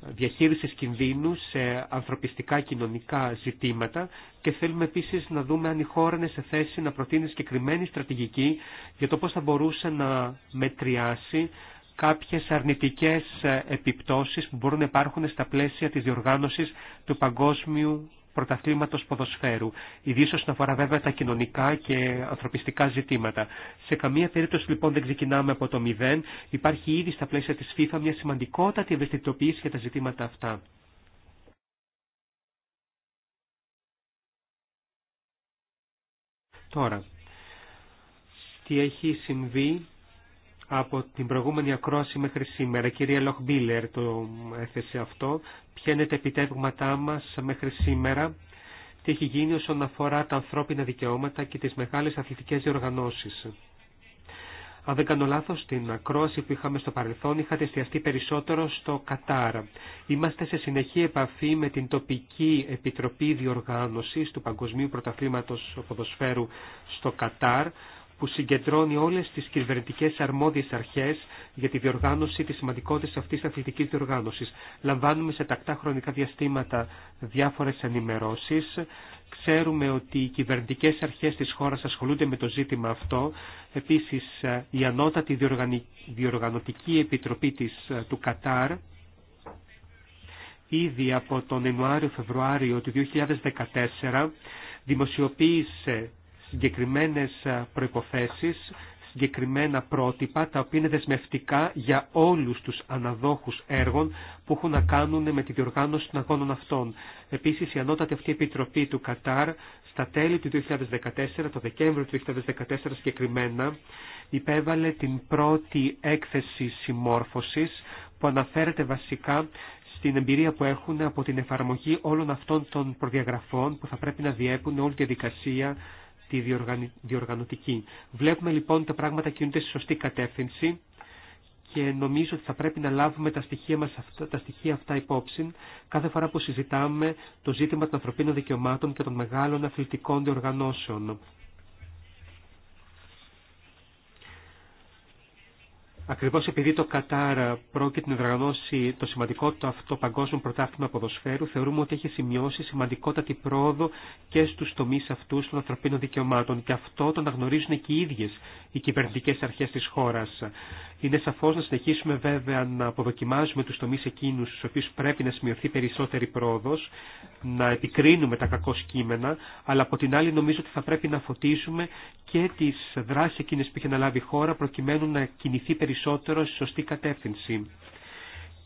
διαχείρισης κινδύνου σε ανθρωπιστικά κοινωνικά ζητήματα και θέλουμε επίσης να δούμε αν η χώρα είναι σε θέση να προτείνει συγκεκριμένη στρατηγική για το πώς θα μπορούσε να μετριάσει κάποιες αρνητικές ε, επιπτώσεις που μπορούν να υπάρχουν στα πλαίσια της διοργάνωσης του παγκόσμιου πρωταθλήματος ποδοσφαίρου, ιδίως όσον αφορά βέβαια τα κοινωνικά και ανθρωπιστικά ζητήματα. Σε καμία περίπτωση λοιπόν δεν ξεκινάμε από το μηδέν, υπάρχει ήδη στα πλαίσια της FIFA μια σημαντικότατη ευαισθητοποίηση για τα ζητήματα αυτά. Τώρα, τι έχει συμβεί από την προηγούμενη ακρόαση μέχρι σήμερα. Η κυρία Λοχμπίλερ το έθεσε αυτό. Ποια είναι τα επιτεύγματά μας μέχρι σήμερα. Τι έχει γίνει όσον αφορά τα ανθρώπινα δικαιώματα και τις μεγάλες αθλητικές διοργανώσεις. Αν δεν κάνω λάθος, την ακρόαση που είχαμε στο παρελθόν είχατε εστιαστεί περισσότερο στο Κατάρ. Είμαστε σε συνεχή επαφή με την τοπική επιτροπή διοργάνωσης του Παγκοσμίου Πρωταθλήματος Ποδοσφαίρου στο Κατάρ, που συγκεντρώνει όλες τις κυβερνητικές αρμόδιες αρχές για τη διοργάνωση της σημαντικότητας αυτής της αθλητικής διοργάνωσης. Λαμβάνουμε σε τακτά χρονικά διαστήματα διάφορες ενημερώσεις. Ξέρουμε ότι οι κυβερνητικές αρχές της χώρας ασχολούνται με το ζήτημα αυτό. Επίσης, η ανώτατη διοργανωτική επιτροπή της, ε, του Κατάρ, ήδη από τον Ιανουάριο-Φεβρουάριο του 2014 δημοσιοποίησε συγκεκριμένες προϋποθέσεις, συγκεκριμένα πρότυπα, τα οποία είναι δεσμευτικά για όλους τους αναδόχους έργων που έχουν να κάνουν με τη διοργάνωση των αγώνων αυτών. Επίσης, η ανώτατη αυτή επιτροπή του Κατάρ στα τέλη του 2014, το Δεκέμβριο του 2014 συγκεκριμένα, υπέβαλε την πρώτη έκθεση συμμόρφωσης που αναφέρεται βασικά στην εμπειρία που έχουν από την εφαρμογή όλων αυτών των προδιαγραφών που θα πρέπει να διέπουν όλη τη διαδικασία διοργανωτική. Βλέπουμε λοιπόν ότι τα πράγματα κινούνται στη σωστή κατεύθυνση και νομίζω ότι θα πρέπει να λάβουμε τα στοιχεία, μας αυτά, τα στοιχεία αυτά υπόψη κάθε φορά που συζητάμε το ζήτημα των ανθρωπίνων δικαιωμάτων και των μεγάλων αθλητικών διοργανώσεων. Ακριβώς επειδή το Κατάρ πρόκειται να δραγανώσει το το αυτό παγκόσμιο πρωτάθλημα ποδοσφαίρου, θεωρούμε ότι έχει σημειώσει σημαντικότατη πρόοδο και στους τομείς αυτούς των ανθρωπίνων δικαιωμάτων και αυτό το αναγνωρίζουν και οι ίδιες οι κυβερνητικές αρχές της χώρας. Είναι σαφώ να συνεχίσουμε βέβαια να αποδοκιμάζουμε του τομεί εκείνου στου οποίου πρέπει να σημειωθεί περισσότερη πρόοδο, να επικρίνουμε τα κακό κείμενα, αλλά από την άλλη νομίζω ότι θα πρέπει να φωτίσουμε και τι δράσει εκείνε που είχε αναλάβει η χώρα προκειμένου να κινηθεί περισσότερο στη σωστή κατεύθυνση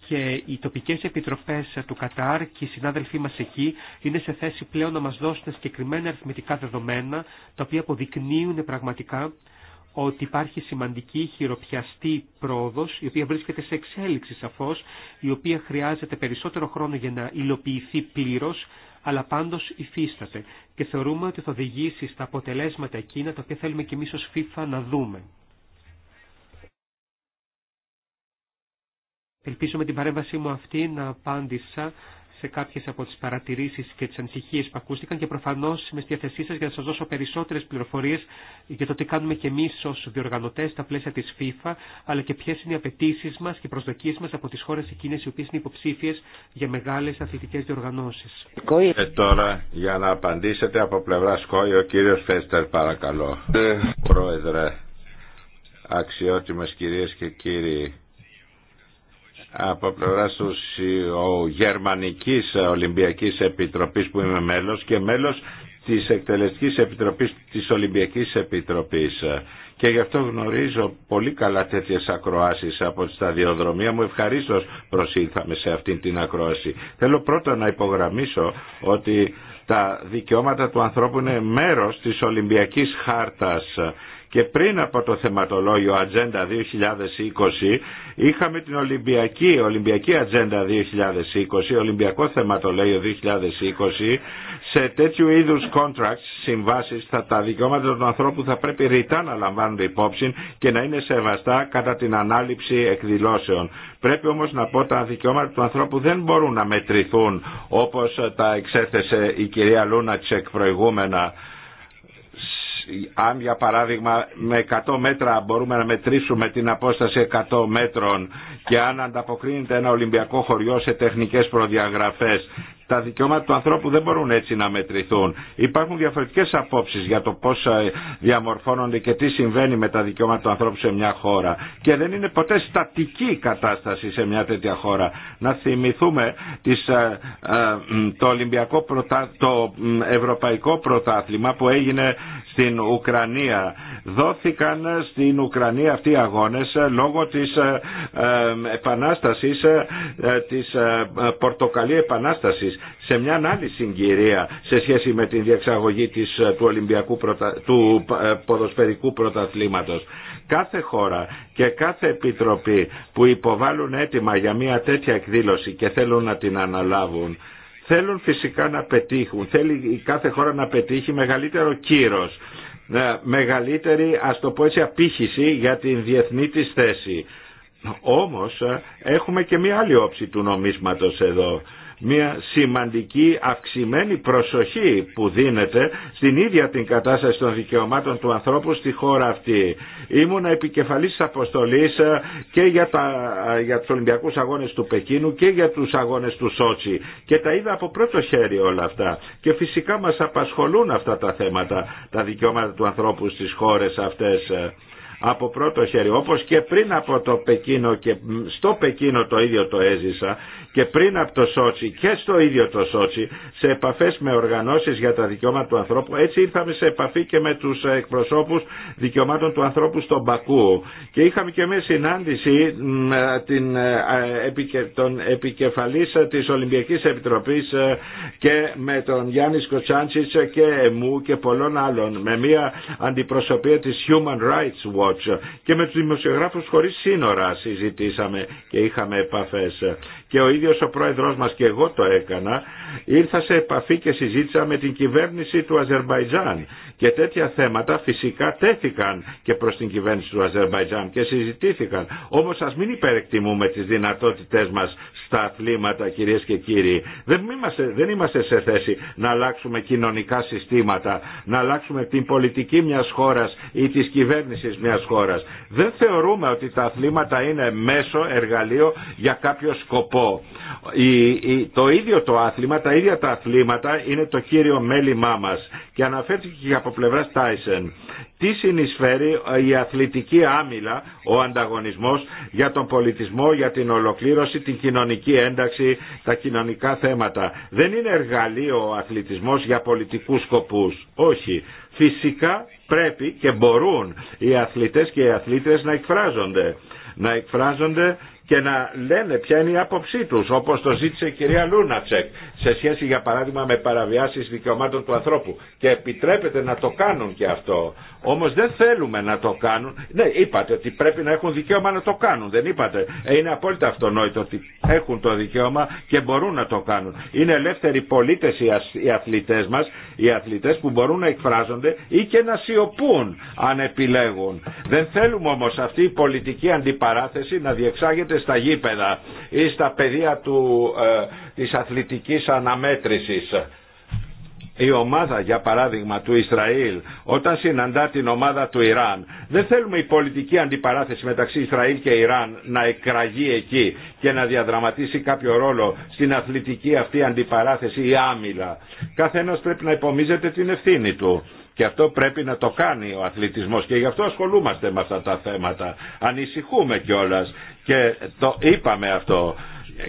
και οι τοπικέ επιτροπέ του Κατάρ και οι συνάδελφοί μα εκεί είναι σε θέση πλέον να μα δώσουν συγκεκριμένα αριθμητικά δεδομένα τα οποία αποδεικνύουν πραγματικά ότι υπάρχει σημαντική χειροπιαστή πρόοδος, η οποία βρίσκεται σε εξέλιξη σαφώς, η οποία χρειάζεται περισσότερο χρόνο για να υλοποιηθεί πλήρως, αλλά πάντως υφίσταται και θεωρούμε ότι θα οδηγήσει στα αποτελέσματα εκείνα τα οποία θέλουμε και εμείς ως FIFA να δούμε. Ελπίζω με την παρέμβασή μου αυτή να απάντησα σε κάποιες από τις παρατηρήσεις και τις ανησυχίες που ακούστηκαν και προφανώς είμαι στη διαθεσή σας για να σας δώσω περισσότερες πληροφορίες για το τι κάνουμε και εμείς ως διοργανωτές στα πλαίσια της FIFA, αλλά και ποιες είναι οι απαιτήσει μας και οι προσδοκίες μας από τις χώρες εκείνες οι οποίες είναι υποψήφιες για μεγάλες αθλητικές διοργανώσεις. Ε, τώρα για να απαντήσετε από πλευρά Σκόη ο κύριος Φέστερ παρακαλώ. Ε. Πρόεδρε, αξιότιμες κυρίες και κύριοι από πλευρά του Γερμανικής Ολυμπιακής επιτροπή που είμαι μέλος και μέλος της Εκτελεστικής Επιτροπής της Ολυμπιακής Επιτροπής και γι' αυτό γνωρίζω πολύ καλά τέτοιε ακροάσεις από τη σταδιοδρομία μου. Ευχαρίστω προσήλθαμε σε αυτήν την ακρόαση. Θέλω πρώτα να υπογραμμίσω ότι τα δικαιώματα του ανθρώπου είναι μέρος της Ολυμπιακής Χάρτας και πριν από το θεματολόγιο Ατζέντα 2020 είχαμε την Ολυμπιακή, Ολυμπιακή Ατζέντα 2020, Ολυμπιακό Θεματολόγιο 2020 σε τέτοιου είδους contracts, συμβάσεις, θα, τα δικαιώματα του ανθρώπου θα πρέπει ρητά να λαμβάνουν υπόψη και να είναι σεβαστά κατά την ανάληψη εκδηλώσεων. Πρέπει όμως να πω τα δικαιώματα του ανθρώπου δεν μπορούν να μετρηθούν όπως τα εξέθεσε η κυρία Λούνα Τσεκ προηγούμενα αν για παράδειγμα με 100 μέτρα μπορούμε να μετρήσουμε την απόσταση 100 μέτρων και αν ανταποκρίνεται ένα Ολυμπιακό χωριό σε τεχνικές προδιαγραφές τα δικαιώματα του ανθρώπου δεν μπορούν έτσι να μετρηθούν. Υπάρχουν διαφορετικές απόψει για το πώς ε, διαμορφώνονται και τι συμβαίνει με τα δικαιώματα του ανθρώπου σε μια χώρα. Και δεν είναι ποτέ στατική κατάσταση σε μια τέτοια χώρα. Να θυμηθούμε τις, ε, ε, το, Ολυμπιακό το Ευρωπαϊκό Πρωτάθλημα που έγινε στην Ουκρανία. Δόθηκαν στην Ουκρανία αυτοί οι αγώνε λόγω τη επανάσταση, τη πορτοκαλί επανάστασης σε μια άλλη συγκυρία σε σχέση με την διεξαγωγή της, ε, του, Ολυμπιακού ε, ποδοσφαιρικού πρωταθλήματος. Κάθε χώρα και κάθε επιτροπή που υποβάλλουν έτοιμα για μια τέτοια εκδήλωση και θέλουν να την αναλάβουν θέλουν φυσικά να πετύχουν, θέλει η κάθε χώρα να πετύχει μεγαλύτερο κύρος, ε, μεγαλύτερη ας το πω έτσι απήχηση για την διεθνή της θέση. Όμως έχουμε και μία άλλη όψη του νομίσματος εδώ μια σημαντική αυξημένη προσοχή που δίνεται στην ίδια την κατάσταση των δικαιωμάτων του ανθρώπου στη χώρα αυτή. Ήμουν επικεφαλής της αποστολής ε, και για, τα, ε, για τους Ολυμπιακούς Αγώνες του Πεκίνου και για τους Αγώνες του Σότσι και τα είδα από πρώτο χέρι όλα αυτά και φυσικά μας απασχολούν αυτά τα θέματα, τα δικαιώματα του ανθρώπου στις χώρες αυτές ε. από πρώτο χέρι όπως και πριν από το Πεκίνο και στο Πεκίνο το ίδιο το έζησα και πριν από το Σότσι και στο ίδιο το Σότσι σε επαφές με οργανώσεις για τα δικαιώματα του ανθρώπου. Έτσι ήρθαμε σε επαφή και με τους εκπροσώπους δικαιωμάτων του ανθρώπου στον Πακού και είχαμε και μια συνάντηση με την, ε, τον επικεφαλής της Ολυμπιακής Επιτροπής ε, και με τον Γιάννη Σκοτσάντσιτς και μου και πολλών άλλων με μια αντιπροσωπεία της Human Rights Watch και με τους δημοσιογράφους χωρίς σύνορα συζητήσαμε και είχαμε επαφές και ο ίδιος ο πρόεδρος μας και εγώ το έκανα, ήρθα σε επαφή και συζήτησα με την κυβέρνηση του Αζερβαϊτζάν και τέτοια θέματα φυσικά τέθηκαν και προς την κυβέρνηση του Αζερβαϊτζάν και συζητήθηκαν. Όμως ας μην υπερεκτιμούμε τις δυνατότητές μας στα αθλήματα κυρίες και κύριοι. Δεν είμαστε, δεν είμαστε σε θέση να αλλάξουμε κοινωνικά συστήματα, να αλλάξουμε την πολιτική μιας χώρας ή της κυβέρνησης μιας χώρας. Δεν θεωρούμε ότι τα αθλήματα είναι μέσο, εργαλείο για κάποιο σκοπό το ίδιο το άθλημα, τα ίδια τα αθλήματα είναι το κύριο μέλημά μας και αναφέρθηκε και από πλευρά Τάισεν. Τι συνεισφέρει ε, η αθλητική άμυλα, ο ανταγωνισμός για τον πολιτισμό, για την ολοκλήρωση, την κοινωνική ένταξη, τα κοινωνικά θέματα. Δεν είναι εργαλείο ο αθλητισμός για πολιτικούς σκοπούς. Όχι. Φυσικά πρέπει και μπορούν οι αθλητές και οι αθλήτες να εκφράζονται. Να εκφράζονται και να λένε ποια είναι η άποψή του, όπως το ζήτησε η κυρία Λούνατσεκ, σε σχέση για παράδειγμα με παραβιάσεις δικαιωμάτων του ανθρώπου. Και επιτρέπεται να το κάνουν και αυτό. Όμω δεν θέλουμε να το κάνουν. Ναι, είπατε ότι πρέπει να έχουν δικαίωμα να το κάνουν. Δεν είπατε. Ε, είναι απόλυτα αυτονόητο ότι έχουν το δικαίωμα και μπορούν να το κάνουν. Είναι ελεύθεροι πολίτε οι αθλητέ μα, οι αθλητέ που μπορούν να εκφράζονται ή και να σιωπούν αν επιλέγουν. Δεν θέλουμε όμω αυτή η πολιτική αντιπαράθεση να διεξάγεται στα γήπεδα ή στα πεδία ε, της η ομάδα για παράδειγμα του Ισραήλ όταν συναντά την ομάδα του Ιράν δεν θέλουμε η πολιτική αντιπαράθεση μεταξύ Ισραήλ και Ιράν να εκραγεί εκεί και να διαδραματίσει κάποιο ρόλο στην αθλητική αυτή αντιπαράθεση ή άμυλα. Καθένας πρέπει να υπομίζεται την ευθύνη του. Και αυτό πρέπει να το κάνει ο αθλητισμός και γι' αυτό ασχολούμαστε με αυτά τα θέματα. Ανησυχούμε κιόλας και το είπαμε αυτό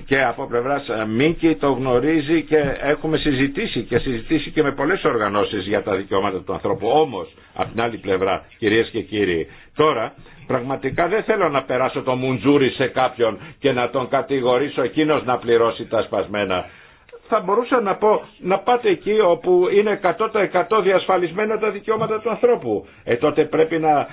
και από πλευρά ε, Μίκη το γνωρίζει και έχουμε συζητήσει και συζητήσει και με πολλέ οργανώσεις για τα δικαιώματα του ανθρώπου. Όμως, από την άλλη πλευρά, κυρίες και κύριοι, τώρα πραγματικά δεν θέλω να περάσω το μουντζούρι σε κάποιον και να τον κατηγορήσω εκείνο να πληρώσει τα σπασμένα θα μπορούσα να πω να πάτε εκεί όπου είναι 100% διασφαλισμένα τα δικαιώματα του ανθρώπου. Ε, τότε πρέπει να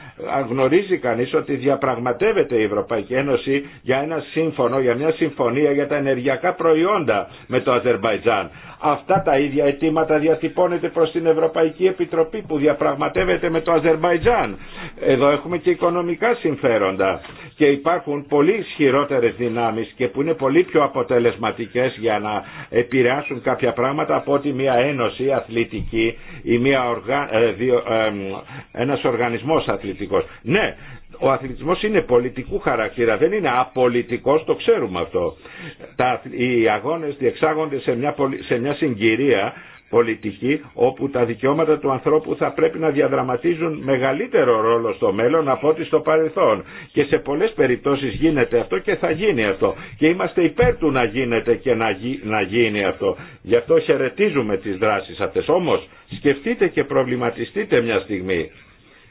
γνωρίζει κανείς ότι διαπραγματεύεται η Ευρωπαϊκή Ένωση για ένα σύμφωνο, για μια συμφωνία για τα ενεργειακά προϊόντα με το Αζερβαϊτζάν Αυτά τα ίδια αιτήματα διατυπώνεται προς την Ευρωπαϊκή Επιτροπή που διαπραγματεύεται με το Αζερβαϊτζάν Εδώ έχουμε και οικονομικά συμφέροντα και υπάρχουν πολύ ισχυρότερες δυνάμεις και που είναι πολύ πιο αποτελεσματικές για να επηρεάσουν επηρεάσουν κάποια πράγματα από ότι μια ένωση αθλητική ή μια οργα... Ε, διο... Ε, ένας οργανισμός αθλητικός. Ναι, ο αθλητισμός είναι πολιτικού χαρακτήρα, δεν είναι απολιτικός, το ξέρουμε αυτό. Τα, οι αγώνες διεξάγονται σε μια, σε μια συγκυρία πολιτική όπου τα δικαιώματα του ανθρώπου θα πρέπει να διαδραματίζουν μεγαλύτερο ρόλο στο μέλλον από ό,τι στο παρελθόν. Και σε πολλές περιπτώσεις γίνεται αυτό και θα γίνει αυτό. Και είμαστε υπέρ του να γίνεται και να, να γίνει αυτό. Γι' αυτό χαιρετίζουμε τις δράσεις αυτές. Όμως σκεφτείτε και προβληματιστείτε μια στιγμή.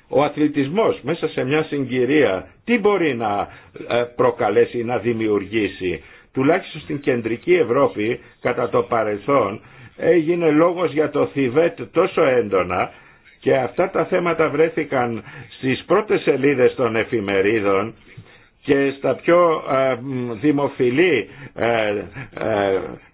Ο αθλητισμός μέσα σε μια συγκυρία τι μπορεί να ε, προκαλέσει, ή να δημιουργήσει. Τουλάχιστον στην κεντρική Ευρώπη κατά το παρελθόν έγινε λόγος για το Θιβέτ τόσο έντονα και αυτά τα θέματα βρέθηκαν στις πρώτες σελίδες των εφημερίδων και στα πιο ε, δημοφιλή ε, ε,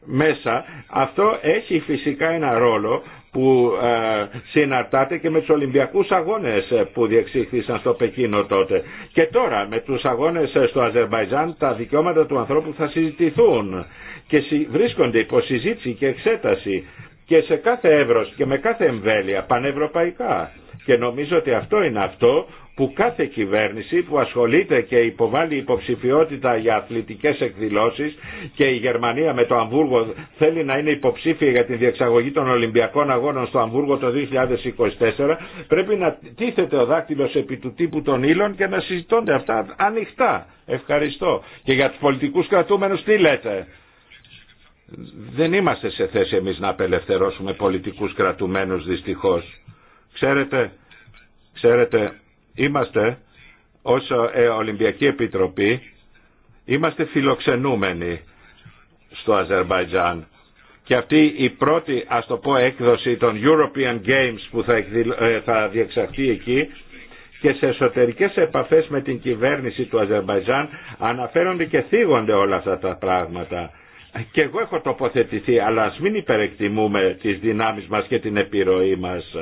μέσα αυτό έχει φυσικά ένα ρόλο που ε, συναρτάται και με τους Ολυμπιακούς Αγώνες ε, που διεξήχθησαν στο Πεκίνο τότε. Και τώρα με τους αγώνες ε, στο Αζερμπαϊτζάν τα δικαιώματα του ανθρώπου θα συζητηθούν και βρίσκονται υπό συζήτηση και εξέταση και σε κάθε εύρος και με κάθε εμβέλεια πανευρωπαϊκά. Και νομίζω ότι αυτό είναι αυτό που κάθε κυβέρνηση που ασχολείται και υποβάλλει υποψηφιότητα για αθλητικές εκδηλώσεις και η Γερμανία με το Αμβούργο θέλει να είναι υποψήφια για τη διεξαγωγή των Ολυμπιακών Αγώνων στο Αμβούργο το 2024 πρέπει να τίθεται ο δάκτυλος επί του τύπου των ύλων και να συζητώνται αυτά ανοιχτά. Ευχαριστώ. Και για τους πολιτικούς κρατούμενους τι λέτε. Δεν είμαστε σε θέση εμείς να απελευθερώσουμε πολιτικούς κρατουμένους δυστυχώς. Ξέρετε, ξέρετε, είμαστε ως ε, Ολυμπιακή Επιτροπή, είμαστε φιλοξενούμενοι στο Αζερβαϊτζάν. Και αυτή η πρώτη, ας το πω, έκδοση των European Games που θα, ε, θα διεξαχθεί εκεί και σε εσωτερικές επαφές με την κυβέρνηση του Αζερβαϊτζάν αναφέρονται και θίγονται όλα αυτά τα πράγματα. Και εγώ έχω τοποθετηθεί, αλλά ας μην υπερεκτιμούμε τις δυνάμεις μας και την επιρροή μας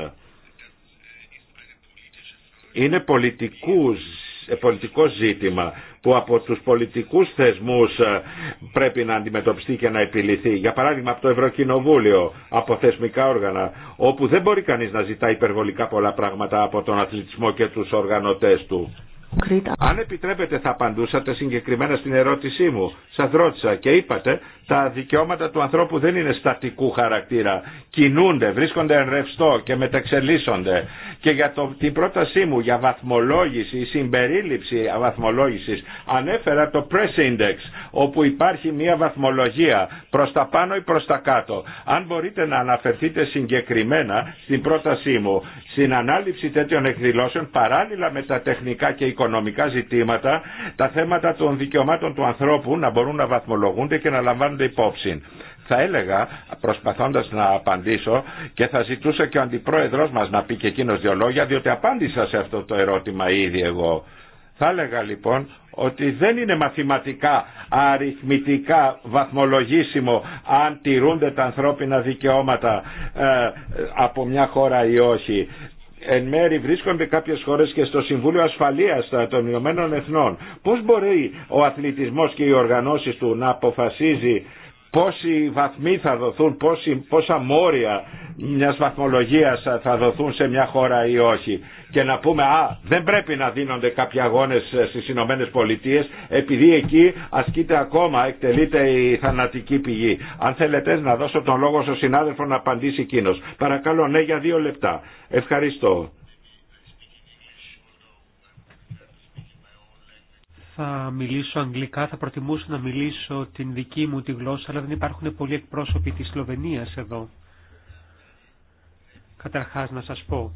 είναι πολιτικούς, ε, πολιτικό ζήτημα που από τους πολιτικούς θεσμούς ε, πρέπει να αντιμετωπιστεί και να επιληθεί. Για παράδειγμα από το Ευρωκοινοβούλιο, από θεσμικά όργανα, όπου δεν μπορεί κανείς να ζητά υπερβολικά πολλά πράγματα από τον αθλητισμό και τους οργανωτές του. Αν επιτρέπετε θα απαντούσατε συγκεκριμένα στην ερώτησή μου. Σας ρώτησα και είπατε τα δικαιώματα του ανθρώπου δεν είναι στατικού χαρακτήρα. Κινούνται, βρίσκονται εν ρευστό και μεταξελίσσονται. Και για το, την πρότασή μου για βαθμολόγηση, η συμπερίληψη βαθμολόγησης, ανέφερα το Press Index, όπου υπάρχει μια βαθμολογία προς τα πάνω ή προς τα κάτω. Αν μπορείτε να αναφερθείτε συγκεκριμένα στην πρότασή μου, στην ανάληψη τέτοιων εκδηλώσεων παράλληλα με τα τεχνικά και οικονομικά οικονομικά ζητήματα, τα θέματα των δικαιωμάτων του ανθρώπου να μπορούν να βαθμολογούνται και να λαμβάνονται υπόψη θα έλεγα προσπαθώντας να απαντήσω και θα ζητούσα και ο αντιπρόεδρος μας να πει και εκείνος δυο λόγια διότι απάντησα σε αυτό το ερώτημα ήδη εγώ. Θα έλεγα λοιπόν ότι δεν είναι μαθηματικά αριθμητικά βαθμολογήσιμο αν τηρούνται τα ανθρώπινα δικαιώματα ε, από μια χώρα ή όχι εν μέρη βρίσκονται κάποιες χώρες και στο Συμβούλιο Ασφαλείας των Ηνωμένων Εθνών. Πώς μπορεί ο αθλητισμός και οι οργανώσεις του να αποφασίζει πόσοι βαθμοί θα δοθούν, πόσα μόρια μιας βαθμολογίας ε, θα δοθούν σε μια χώρα ή όχι και να πούμε α, δεν πρέπει να δίνονται κάποιοι αγώνες ε, στις Ηνωμένε Πολιτείες επειδή εκεί ασκείται ακόμα, εκτελείται η θανατική πηγή. Αν θέλετε να δώσω τον λόγο στον συνάδελφο να απαντήσει εκείνο. Παρακαλώ, ναι για δύο λεπτά. Ευχαριστώ. θα μιλήσω αγγλικά, θα προτιμούσα να μιλήσω την δική μου τη γλώσσα, αλλά δεν υπάρχουν πολλοί εκπρόσωποι της Σλοβενίας εδώ. Καταρχάς να σας πω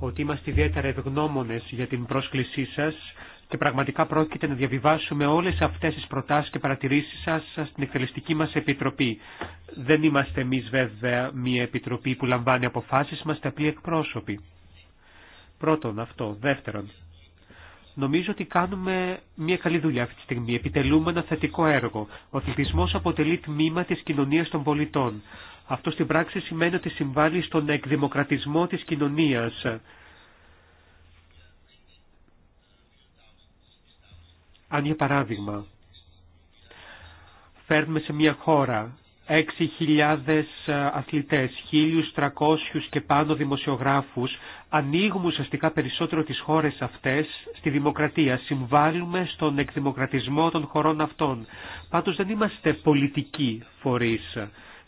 ότι είμαστε ιδιαίτερα ευγνώμονες για την πρόσκλησή σας και πραγματικά πρόκειται να διαβιβάσουμε όλες αυτές τις προτάσεις και παρατηρήσεις σας στην εκτελεστική μας επιτροπή. Δεν είμαστε εμείς βέβαια μια επιτροπή που λαμβάνει αποφάσεις, είμαστε απλοί εκπρόσωποι. Πρώτον αυτό. Δεύτερον, Νομίζω ότι κάνουμε μια καλή δουλειά αυτή τη στιγμή. Επιτελούμε ένα θετικό έργο. Ο αθλητισμό αποτελεί τμήμα τη κοινωνία των πολιτών. Αυτό στην πράξη σημαίνει ότι συμβάλλει στον εκδημοκρατισμό της κοινωνίας. Αν για παράδειγμα φέρνουμε σε μια χώρα 6.000 ε, αθλητές, 1.300 και πάνω δημοσιογράφους, ανοίγουμε ουσιαστικά περισσότερο τις χώρες αυτές στη δημοκρατία, συμβάλλουμε στον εκδημοκρατισμό των χωρών αυτών. Πάντως δεν είμαστε πολιτικοί φορείς.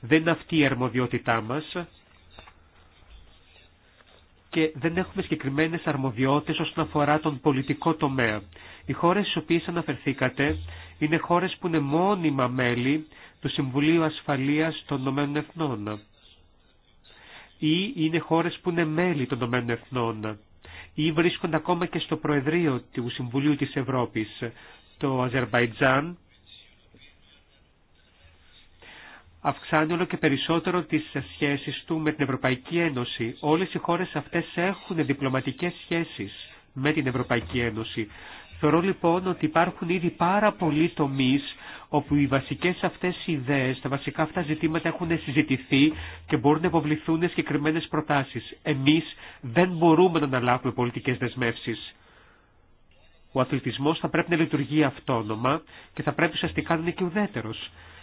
Δεν είναι αυτή η αρμοδιότητά μας και δεν έχουμε συγκεκριμένες αρμοδιότητες όσον αφορά τον πολιτικό τομέα. Οι χώρες στις οποίες αναφερθήκατε είναι χώρες που είναι μόνιμα μέλη του Συμβουλίου Ασφαλείας των Ηνωμένων Εθνών ή είναι χώρες που είναι μέλη των Ηνωμένων Εθνών ή βρίσκονται ακόμα και στο Προεδρείο του Συμβουλίου της Ευρώπης, το Αζερβαϊτζάν, αυξάνει όλο και περισσότερο τις σχέσεις του με την Ευρωπαϊκή Ένωση. Όλες οι χώρες αυτές έχουν διπλωματικές σχέσεις με την Ευρωπαϊκή Ένωση. Θεωρώ λοιπόν ότι υπάρχουν ήδη πάρα πολλοί τομεί όπου οι βασικές αυτές ιδέες, τα βασικά αυτά ζητήματα έχουν συζητηθεί και μπορούν να υποβληθούν συγκεκριμένε προτάσεις. Εμείς δεν μπορούμε να αναλάβουμε πολιτικές δεσμεύσεις. Ο αθλητισμός θα πρέπει να λειτουργεί αυτόνομα και θα πρέπει ουσιαστικά να είναι και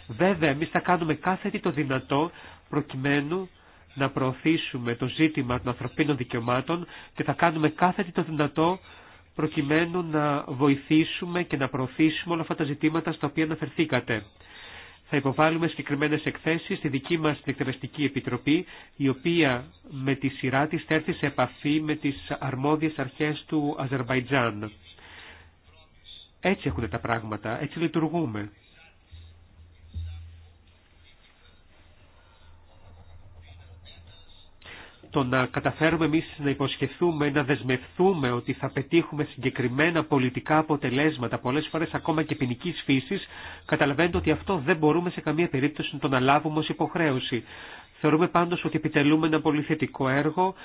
Βέβαια, εμείς θα κάνουμε κάθε τι το δυνατό προκειμένου να προωθήσουμε το ζήτημα των ανθρωπίνων δικαιωμάτων και θα κάνουμε κάθε τι το δυνατό προκειμένου να βοηθήσουμε και να προωθήσουμε όλα αυτά τα ζητήματα στα οποία αναφερθήκατε. Θα υποβάλουμε συγκεκριμένε εκθέσει στη δική μα Εκτελεστική Επιτροπή, η οποία με τη σειρά τη θα σε επαφή με τι αρμόδιε αρχέ του Αζερβαϊτζάν. Έτσι έχουν τα πράγματα, έτσι λειτουργούμε. το να καταφέρουμε εμείς να υποσχεθούμε, να δεσμευθούμε ότι θα πετύχουμε συγκεκριμένα πολιτικά αποτελέσματα, πολλές φορές ακόμα και ποινική φύσης, καταλαβαίνετε ότι αυτό δεν μπορούμε σε καμία περίπτωση να το αναλάβουμε ως υποχρέωση. Θεωρούμε πάντως ότι επιτελούμε ένα πολύ θετικό έργο,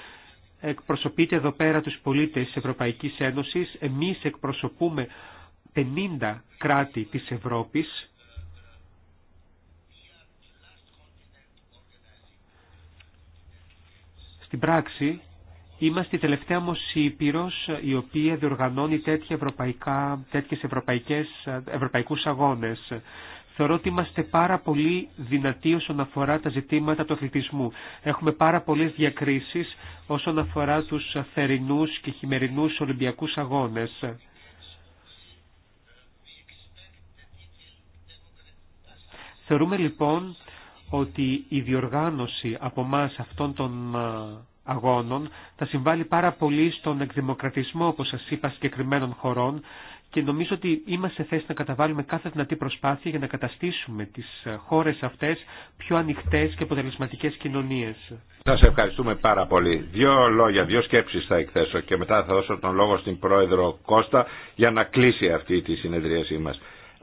εκπροσωπείται εδώ πέρα τους πολίτες της Ευρωπαϊκής Ένωσης, εμείς εκπροσωπούμε 50 κράτη της Ευρώπης, Στην πράξη, είμαστε η τελευταία όμω η οποία διοργανώνει τέτοιε ευρωπαϊκά, τέτοιες ευρωπαϊκές, ευρωπαϊκούς αγώνες. Θεωρώ ότι είμαστε πάρα πολύ δυνατοί όσον αφορά τα ζητήματα του αθλητισμού. Έχουμε πάρα πολλές διακρίσεις όσον αφορά τους θερινούς και χειμερινούς Ολυμπιακούς αγώνες. Θεωρούμε λοιπόν ότι η διοργάνωση από εμά αυτών των αγώνων θα συμβάλλει πάρα πολύ στον εκδημοκρατισμό, όπως σας είπα, συγκεκριμένων χωρών και νομίζω ότι είμαστε θέση να καταβάλουμε κάθε δυνατή προσπάθεια για να καταστήσουμε τις ε, χώρες αυτές πιο ανοιχτές και αποτελεσματικές κοινωνίες. Σα ευχαριστούμε πάρα πολύ. Δύο λόγια, δύο σκέψεις θα εκθέσω και μετά θα δώσω τον λόγο στην Πρόεδρο Κώστα για να κλείσει αυτή τη συνεδρίασή μας.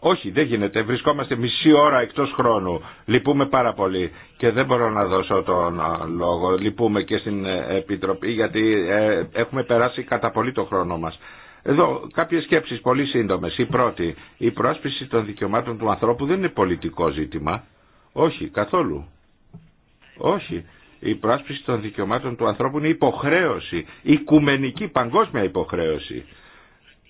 Όχι, δεν γίνεται. Βρισκόμαστε μισή ώρα εκτός χρόνου. Λυπούμε πάρα πολύ και δεν μπορώ να δώσω τον λόγο. Λυπούμε και στην ε, Επιτροπή γιατί ε, έχουμε περάσει κατά πολύ το χρόνο μας. Εδώ κάποιες σκέψεις πολύ σύντομες. Η πρώτη, η προάσπιση των δικαιωμάτων του ανθρώπου δεν είναι πολιτικό ζήτημα. Όχι, καθόλου. Όχι. Η πρόσπιση των δικαιωμάτων του ανθρώπου είναι υποχρέωση, οικουμενική παγκόσμια υποχρέωση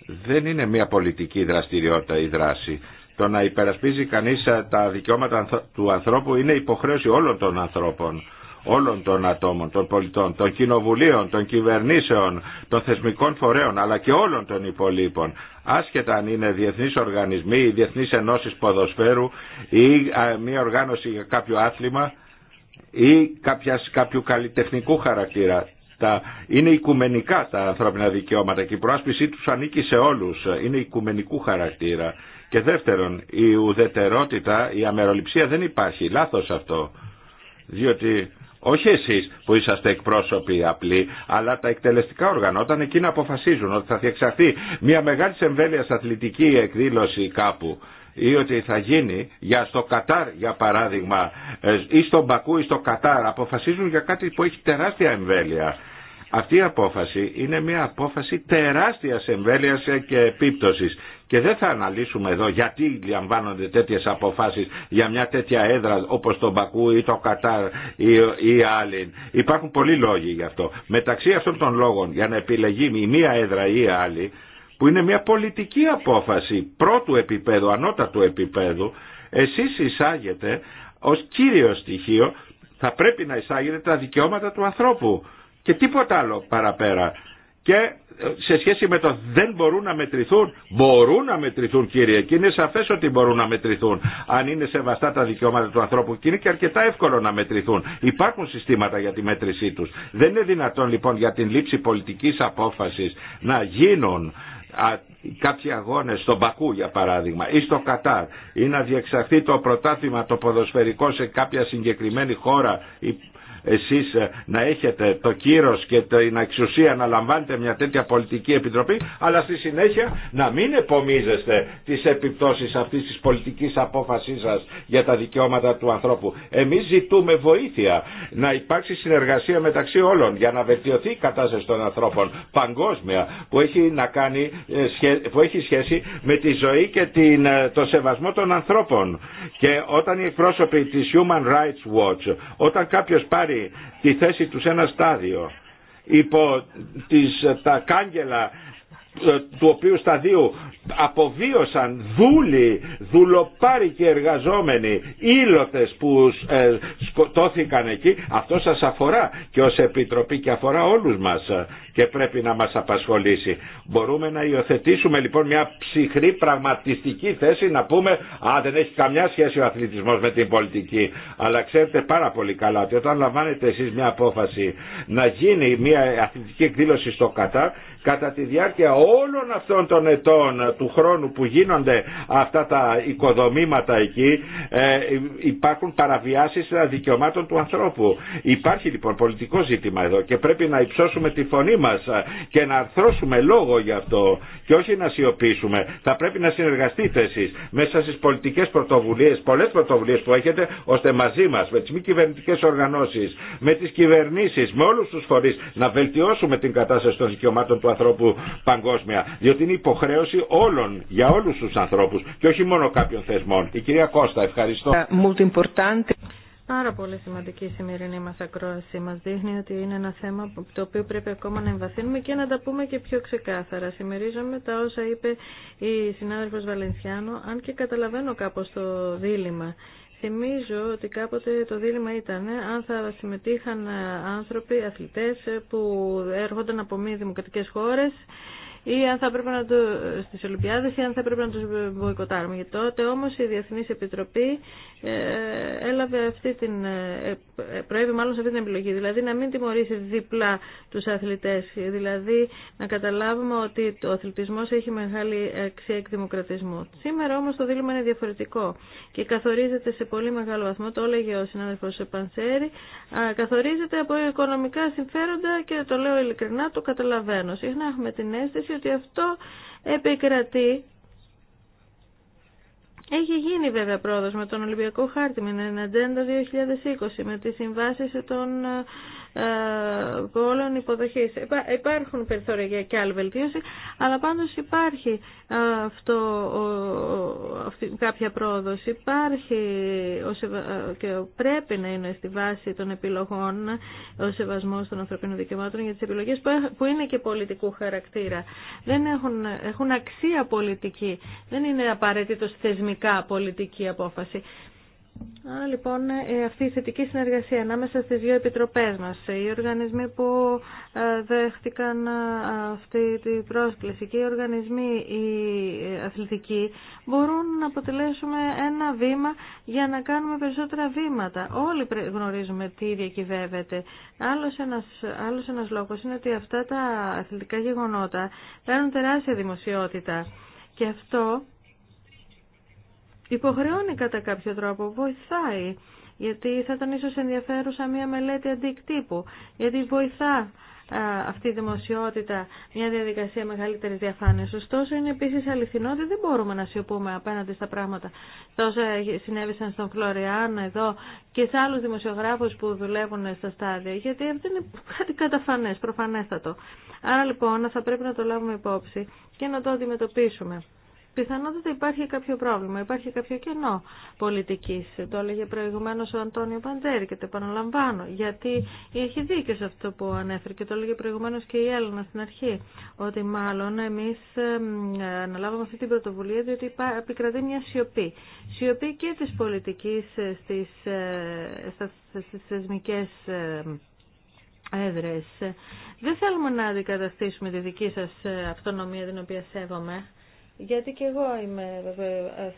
δεν είναι μια πολιτική δραστηριότητα η δράση. Το να υπερασπίζει κανείς ε, τα δικαιώματα του ανθρώπου είναι υποχρέωση όλων των ανθρώπων, όλων των ατόμων, των πολιτών, των κοινοβουλίων, των κυβερνήσεων, των θεσμικών φορέων, αλλά και όλων των υπολείπων. Άσχετα αν είναι διεθνείς οργανισμοί ή διεθνείς ενώσεις ποδοσφαίρου ή μια οργάνωση για κάποιο άθλημα ή κάποιου καλλιτεχνικού χαρακτήρα. Είναι οικουμενικά τα ανθρώπινα δικαιώματα και η προάσπιση τους ανήκει σε όλους. Είναι οικουμενικού χαρακτήρα. Και δεύτερον, η ουδετερότητα, η αμεροληψία δεν υπάρχει. Λάθος αυτό. Διότι όχι εσεί που είσαστε εκπρόσωποι απλοί, αλλά τα εκτελεστικά όργανα. Όταν εκείνα αποφασίζουν ότι θα διεξαχθεί μια μεγάλη εμβέλεια αθλητική εκδήλωση κάπου ή ότι θα γίνει για στο Κατάρ για παράδειγμα ε, ή στον Πακού ή στο Κατάρ αποφασίζουν για κάτι που έχει τεράστια εμβέλεια αυτή η απόφαση είναι μια απόφαση τεράστιας εμβέλειας και επίπτωσης και δεν θα αναλύσουμε εδώ γιατί λαμβάνονται τέτοιες αποφάσεις για μια τέτοια έδρα όπως το Μπακού ή το Κατάρ ή, ή άλλη. Υπάρχουν πολλοί λόγοι γι' αυτό. Μεταξύ αυτών των λόγων για να επιλεγεί η μία έδρα ή η άλλη που είναι μια πολιτική απόφαση πρώτου επίπεδου, ανώτατου επίπεδου, εσείς εισάγετε ως κύριο στοιχείο θα πρέπει να εισάγετε τα δικαιώματα του ανθρώπου και τίποτα άλλο παραπέρα. Και ε, σε σχέση με το δεν μπορούν να μετρηθούν, μπορούν να μετρηθούν κύριε και είναι σαφέ ότι μπορούν να μετρηθούν αν είναι σεβαστά τα δικαιώματα του ανθρώπου και είναι και αρκετά εύκολο να μετρηθούν. Υπάρχουν συστήματα για τη μέτρησή τους. Δεν είναι δυνατόν λοιπόν για την λήψη πολιτικής απόφασης να γίνουν κάποιοι αγώνες στον Πακού για παράδειγμα ή στο Κατάρ ή να διεξαχθεί το πρωτάθλημα το ποδοσφαιρικό σε κάποια συγκεκριμένη χώρα εσείς ε, να έχετε το κύρος και την εξουσία να λαμβάνετε μια τέτοια πολιτική επιτροπή αλλά στη συνέχεια να μην επομίζεστε τις επιπτώσεις αυτής της πολιτικής απόφασής σας για τα δικαιώματα του ανθρώπου. Εμείς ζητούμε βοήθεια να υπάρξει συνεργασία μεταξύ όλων για να βελτιωθεί η κατάσταση των ανθρώπων παγκόσμια που έχει, να κάνει, ε, που έχει σχέση με τη ζωή και την, ε, το σεβασμό των ανθρώπων. Και όταν οι εκπρόσωποι της Human Rights Watch, όταν κάποιος πάρει τη θέση του σε ένα στάδιο υπό τις, τα κάγκελα ε, του οποίου σταδίου αποβίωσαν δούλοι, δουλοπάροι και εργαζόμενοι, ήλωτες που ε, σκοτώθηκαν εκεί, αυτό σας αφορά και ως Επιτροπή και αφορά όλους μας και πρέπει να μας απασχολήσει. Μπορούμε να υιοθετήσουμε λοιπόν μια ψυχρή πραγματιστική θέση να πούμε «Α, δεν έχει καμιά σχέση ο αθλητισμός με την πολιτική». Αλλά ξέρετε πάρα πολύ καλά ότι όταν λαμβάνετε εσείς μια απόφαση να γίνει μια αθλητική εκδήλωση στο Κατάρ, κατά τη διάρκεια όλων αυτών των ετών του χρόνου που γίνονται αυτά τα οικοδομήματα εκεί ε, υπάρχουν παραβιάσεις δικαιωμάτων του ανθρώπου. Υπάρχει λοιπόν πολιτικό ζήτημα εδώ και πρέπει να υψώσουμε τη φωνή μας και να αρθρώσουμε λόγο γι' αυτό και όχι να σιωπήσουμε. Θα πρέπει να συνεργαστείτε εσείς μέσα στις πολιτικές πρωτοβουλίες, πολλές πρωτοβουλίες που έχετε ώστε μαζί μας με τις μη κυβερνητικές οργανώσεις, με τις κυβερνήσεις, με όλους τους φορείς να βελτιώσουμε την κατάσταση των δικαιωμάτων του ανθρώπου ανθρώπου παγκόσμια. Διότι είναι υποχρέωση όλων, για όλου του ανθρώπου και όχι μόνο κάποιων θεσμών. Η κυρία Κώστα, ευχαριστώ. Ε, Πάρα πολύ σημαντική η σημερινή μα ακρόαση. μα δείχνει ότι είναι ένα θέμα το οποίο πρέπει ακόμα να εμβαθύνουμε και να τα πούμε και πιο ξεκάθαρα. Συμμερίζομαι τα όσα είπε η συνάδελφο Βαλενσιάνο, αν και καταλαβαίνω κάπω το δίλημα. Θυμίζω ότι κάποτε το δίλημα ήταν ε, αν θα συμμετείχαν ε, άνθρωποι, αθλητές ε, που έρχονταν από μη δημοκρατικές χώρες ή αν θα έπρεπε να το, στις Ολυμπιάδες ή αν θα έπρεπε να τους βοηκοτάρουμε. Γιατί τότε όμως η Διεθνής Επιτροπή ε, έλαβε αυτή την, ε, ε, προέβη μάλλον σε αυτή την επιλογή, δηλαδή να μην τιμωρήσει διπλά τους αθλητές, δηλαδή να καταλάβουμε ότι ο αθλητισμός έχει μεγάλη αξία εκδημοκρατισμού. Σήμερα όμως το δίλημα είναι διαφορετικό και καθορίζεται σε πολύ μεγάλο βαθμό, το έλεγε ο συνάδελφος Πανσέρη, καθορίζεται από οικονομικά συμφέροντα και το λέω ειλικρινά, το καταλαβαίνω. Συχνά έχουμε την αίσθηση ότι αυτό επικρατεί έχει γίνει βέβαια πρόοδος με τον Ολυμπιακό Χάρτη, με την Ατζέντα 2020, με τις συμβάσεις των ε, πόλων ε, υποδοχή. Υπάρχουν περιθώρια για και άλλη βελτίωση, αλλά πάντως υπάρχει ε, αυτό, αυτή, κάποια πρόοδος. Υπάρχει ε, και πρέπει να είναι στη βάση των επιλογών ο σεβασμός των ανθρωπίνων δικαιωμάτων για τις επιλογές που είναι και πολιτικού χαρακτήρα. Δεν έχουν, έχουν αξία πολιτική. Δεν είναι απαραίτητο θεσμικά πολιτική απόφαση λοιπόν ε, αυτή η θετική συνεργασία ανάμεσα στις δύο επιτροπές μας, ε, οι οργανισμοί που ε, δέχτηκαν αυτή την πρόσκληση και οι οργανισμοί οι αθλητικοί μπορούν να αποτελέσουμε ένα βήμα για να κάνουμε περισσότερα βήματα. Όλοι γνωρίζουμε τι διακυβεύεται. Άλλος ένας, άλλος ένας λόγος είναι ότι αυτά τα αθλητικά γεγονότα παίρνουν τεράστια δημοσιότητα και αυτό υποχρεώνει κατά κάποιο τρόπο, βοηθάει. Γιατί θα ήταν ίσως ενδιαφέρουσα μια μελέτη αντικτύπου, γιατί βοηθά αυτή η δημοσιότητα μια διαδικασία μεγαλύτερη διαφάνειας. Ωστόσο είναι επίση αληθινό ότι δεν μπορούμε να σιωπούμε απέναντι στα πράγματα. Τόσα συνέβησαν στον Φλωριάν εδώ και σε άλλου δημοσιογράφου που δουλεύουν στα στάδια, γιατί αυτό είναι κάτι καταφανές, προφανέστατο. Άρα λοιπόν θα πρέπει να το λάβουμε υπόψη και να το αντιμετωπίσουμε πιθανότατα υπάρχει κάποιο πρόβλημα, υπάρχει κάποιο κενό πολιτικής. Το έλεγε προηγουμένως ο Αντώνιο Παντζέρη και το επαναλαμβάνω, γιατί έχει δίκιο σε αυτό που ανέφερε και το έλεγε προηγουμένως και η Έλληνα στην αρχή, ότι μάλλον εμείς αναλάβαμε αυτή την πρωτοβουλία διότι επικρατεί μια σιωπή. Σιωπή και της πολιτικής στις, ε, στις θεσμικές Δεν θέλουμε να αντικαταστήσουμε τη δική σας ε, αυτονομία την οποία σέβομαι γιατί και εγώ είμαι ε,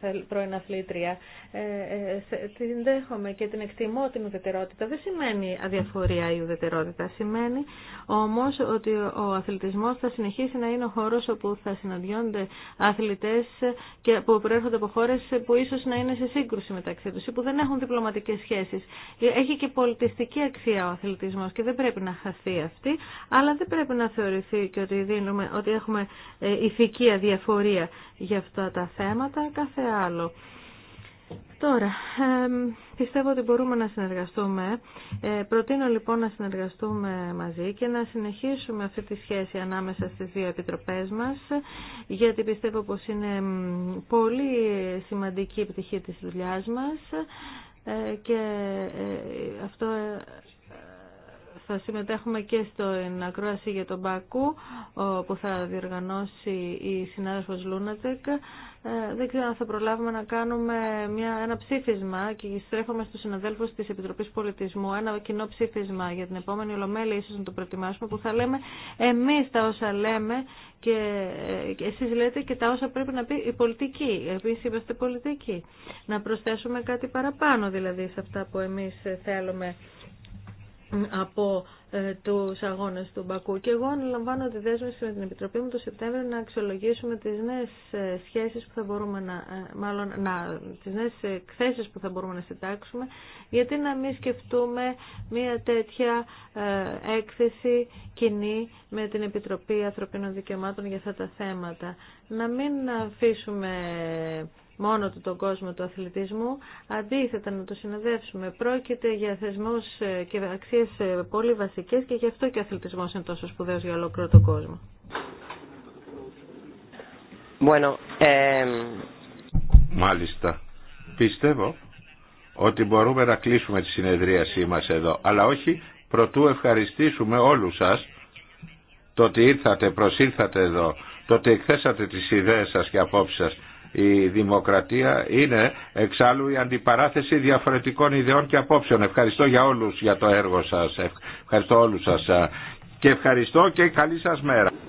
ε, ε, πρώην αθλήτρια, ε, ε, την δέχομαι και την εκτιμώ την ουδετερότητα. Δεν σημαίνει αδιαφορία η ουδετερότητα. Σημαίνει όμως ότι ο αθλητισμός θα συνεχίσει να είναι ο χώρος όπου θα συναντιόνται αθλητές και που προέρχονται από χώρες που ίσως να είναι σε σύγκρουση μεταξύ τους ή που δεν έχουν διπλωματικές σχέσεις. Έχει και πολιτιστική αξία ο αθλητισμός και δεν πρέπει να χαθεί αυτή, αλλά δεν πρέπει να θεωρηθεί και ότι, δίνουμε, ότι έχουμε ηθική αδιαφορία για αυτά τα θέματα, κάθε άλλο. Τώρα, πιστεύω ότι μπορούμε να συνεργαστούμε. Ε, προτείνω λοιπόν να συνεργαστούμε μαζί και να συνεχίσουμε αυτή τη σχέση ανάμεσα στις δύο επιτροπές μας, γιατί πιστεύω πως είναι πολύ σημαντική η πτυχή της δουλειάς μας ε, και ε, αυτό θα συμμετέχουμε και στην ακρόαση για τον ΠΑΚΟΥ που θα διοργανώσει η συνάδελφος Λούνατσεκ. Ε, δεν ξέρω αν θα προλάβουμε να κάνουμε μια, ένα ψήφισμα και στρέφουμε στους συναδέλφους της Επιτροπής Πολιτισμού ένα κοινό ψήφισμα για την επόμενη Ολομέλη ίσως να το προετοιμάσουμε που θα λέμε εμείς τα όσα λέμε και ε, εσείς λέτε και τα όσα πρέπει να πει η πολιτική. Επίσης είμαστε πολιτικοί. Να προσθέσουμε κάτι παραπάνω δηλαδή σε αυτά που εμείς θέλουμε από ε, τους αγώνες του Μπακού. Και εγώ αναλαμβάνω τη δέσμευση με την Επιτροπή μου το Σεπτέμβριο να αξιολογήσουμε τις νέες ε, σχέσεις που θα μπορούμε να, ε, μάλλον, να, τις νέες που θα μπορούμε να συντάξουμε, γιατί να μην σκεφτούμε μια τέτοια ε, έκθεση κοινή με την Επιτροπή Ανθρωπίνων Δικαιωμάτων για αυτά τα θέματα. Να μην αφήσουμε μόνο του τον κόσμο του αθλητισμού, αντίθετα να το συνοδεύσουμε. Πρόκειται για θεσμούς ε, και αξίες ε, πολύ βασικές και γι' αυτό και ο αθλητισμός είναι τόσο σπουδαίος για ολόκληρο τον κόσμο. Bueno, ε, Μάλιστα. Πιστεύω ότι μπορούμε να κλείσουμε τη συνεδρίασή μας εδώ, αλλά όχι προτού ευχαριστήσουμε όλους σας το ότι ήρθατε, προσήλθατε εδώ, το ότι εκθέσατε τις ιδέες σας και απόψεις σας. Η δημοκρατία είναι εξάλλου η αντιπαράθεση διαφορετικών ιδεών και απόψεων. Ευχαριστώ για όλους για το έργο σας. Ευχαριστώ όλους σας. Και ευχαριστώ και καλή σας μέρα.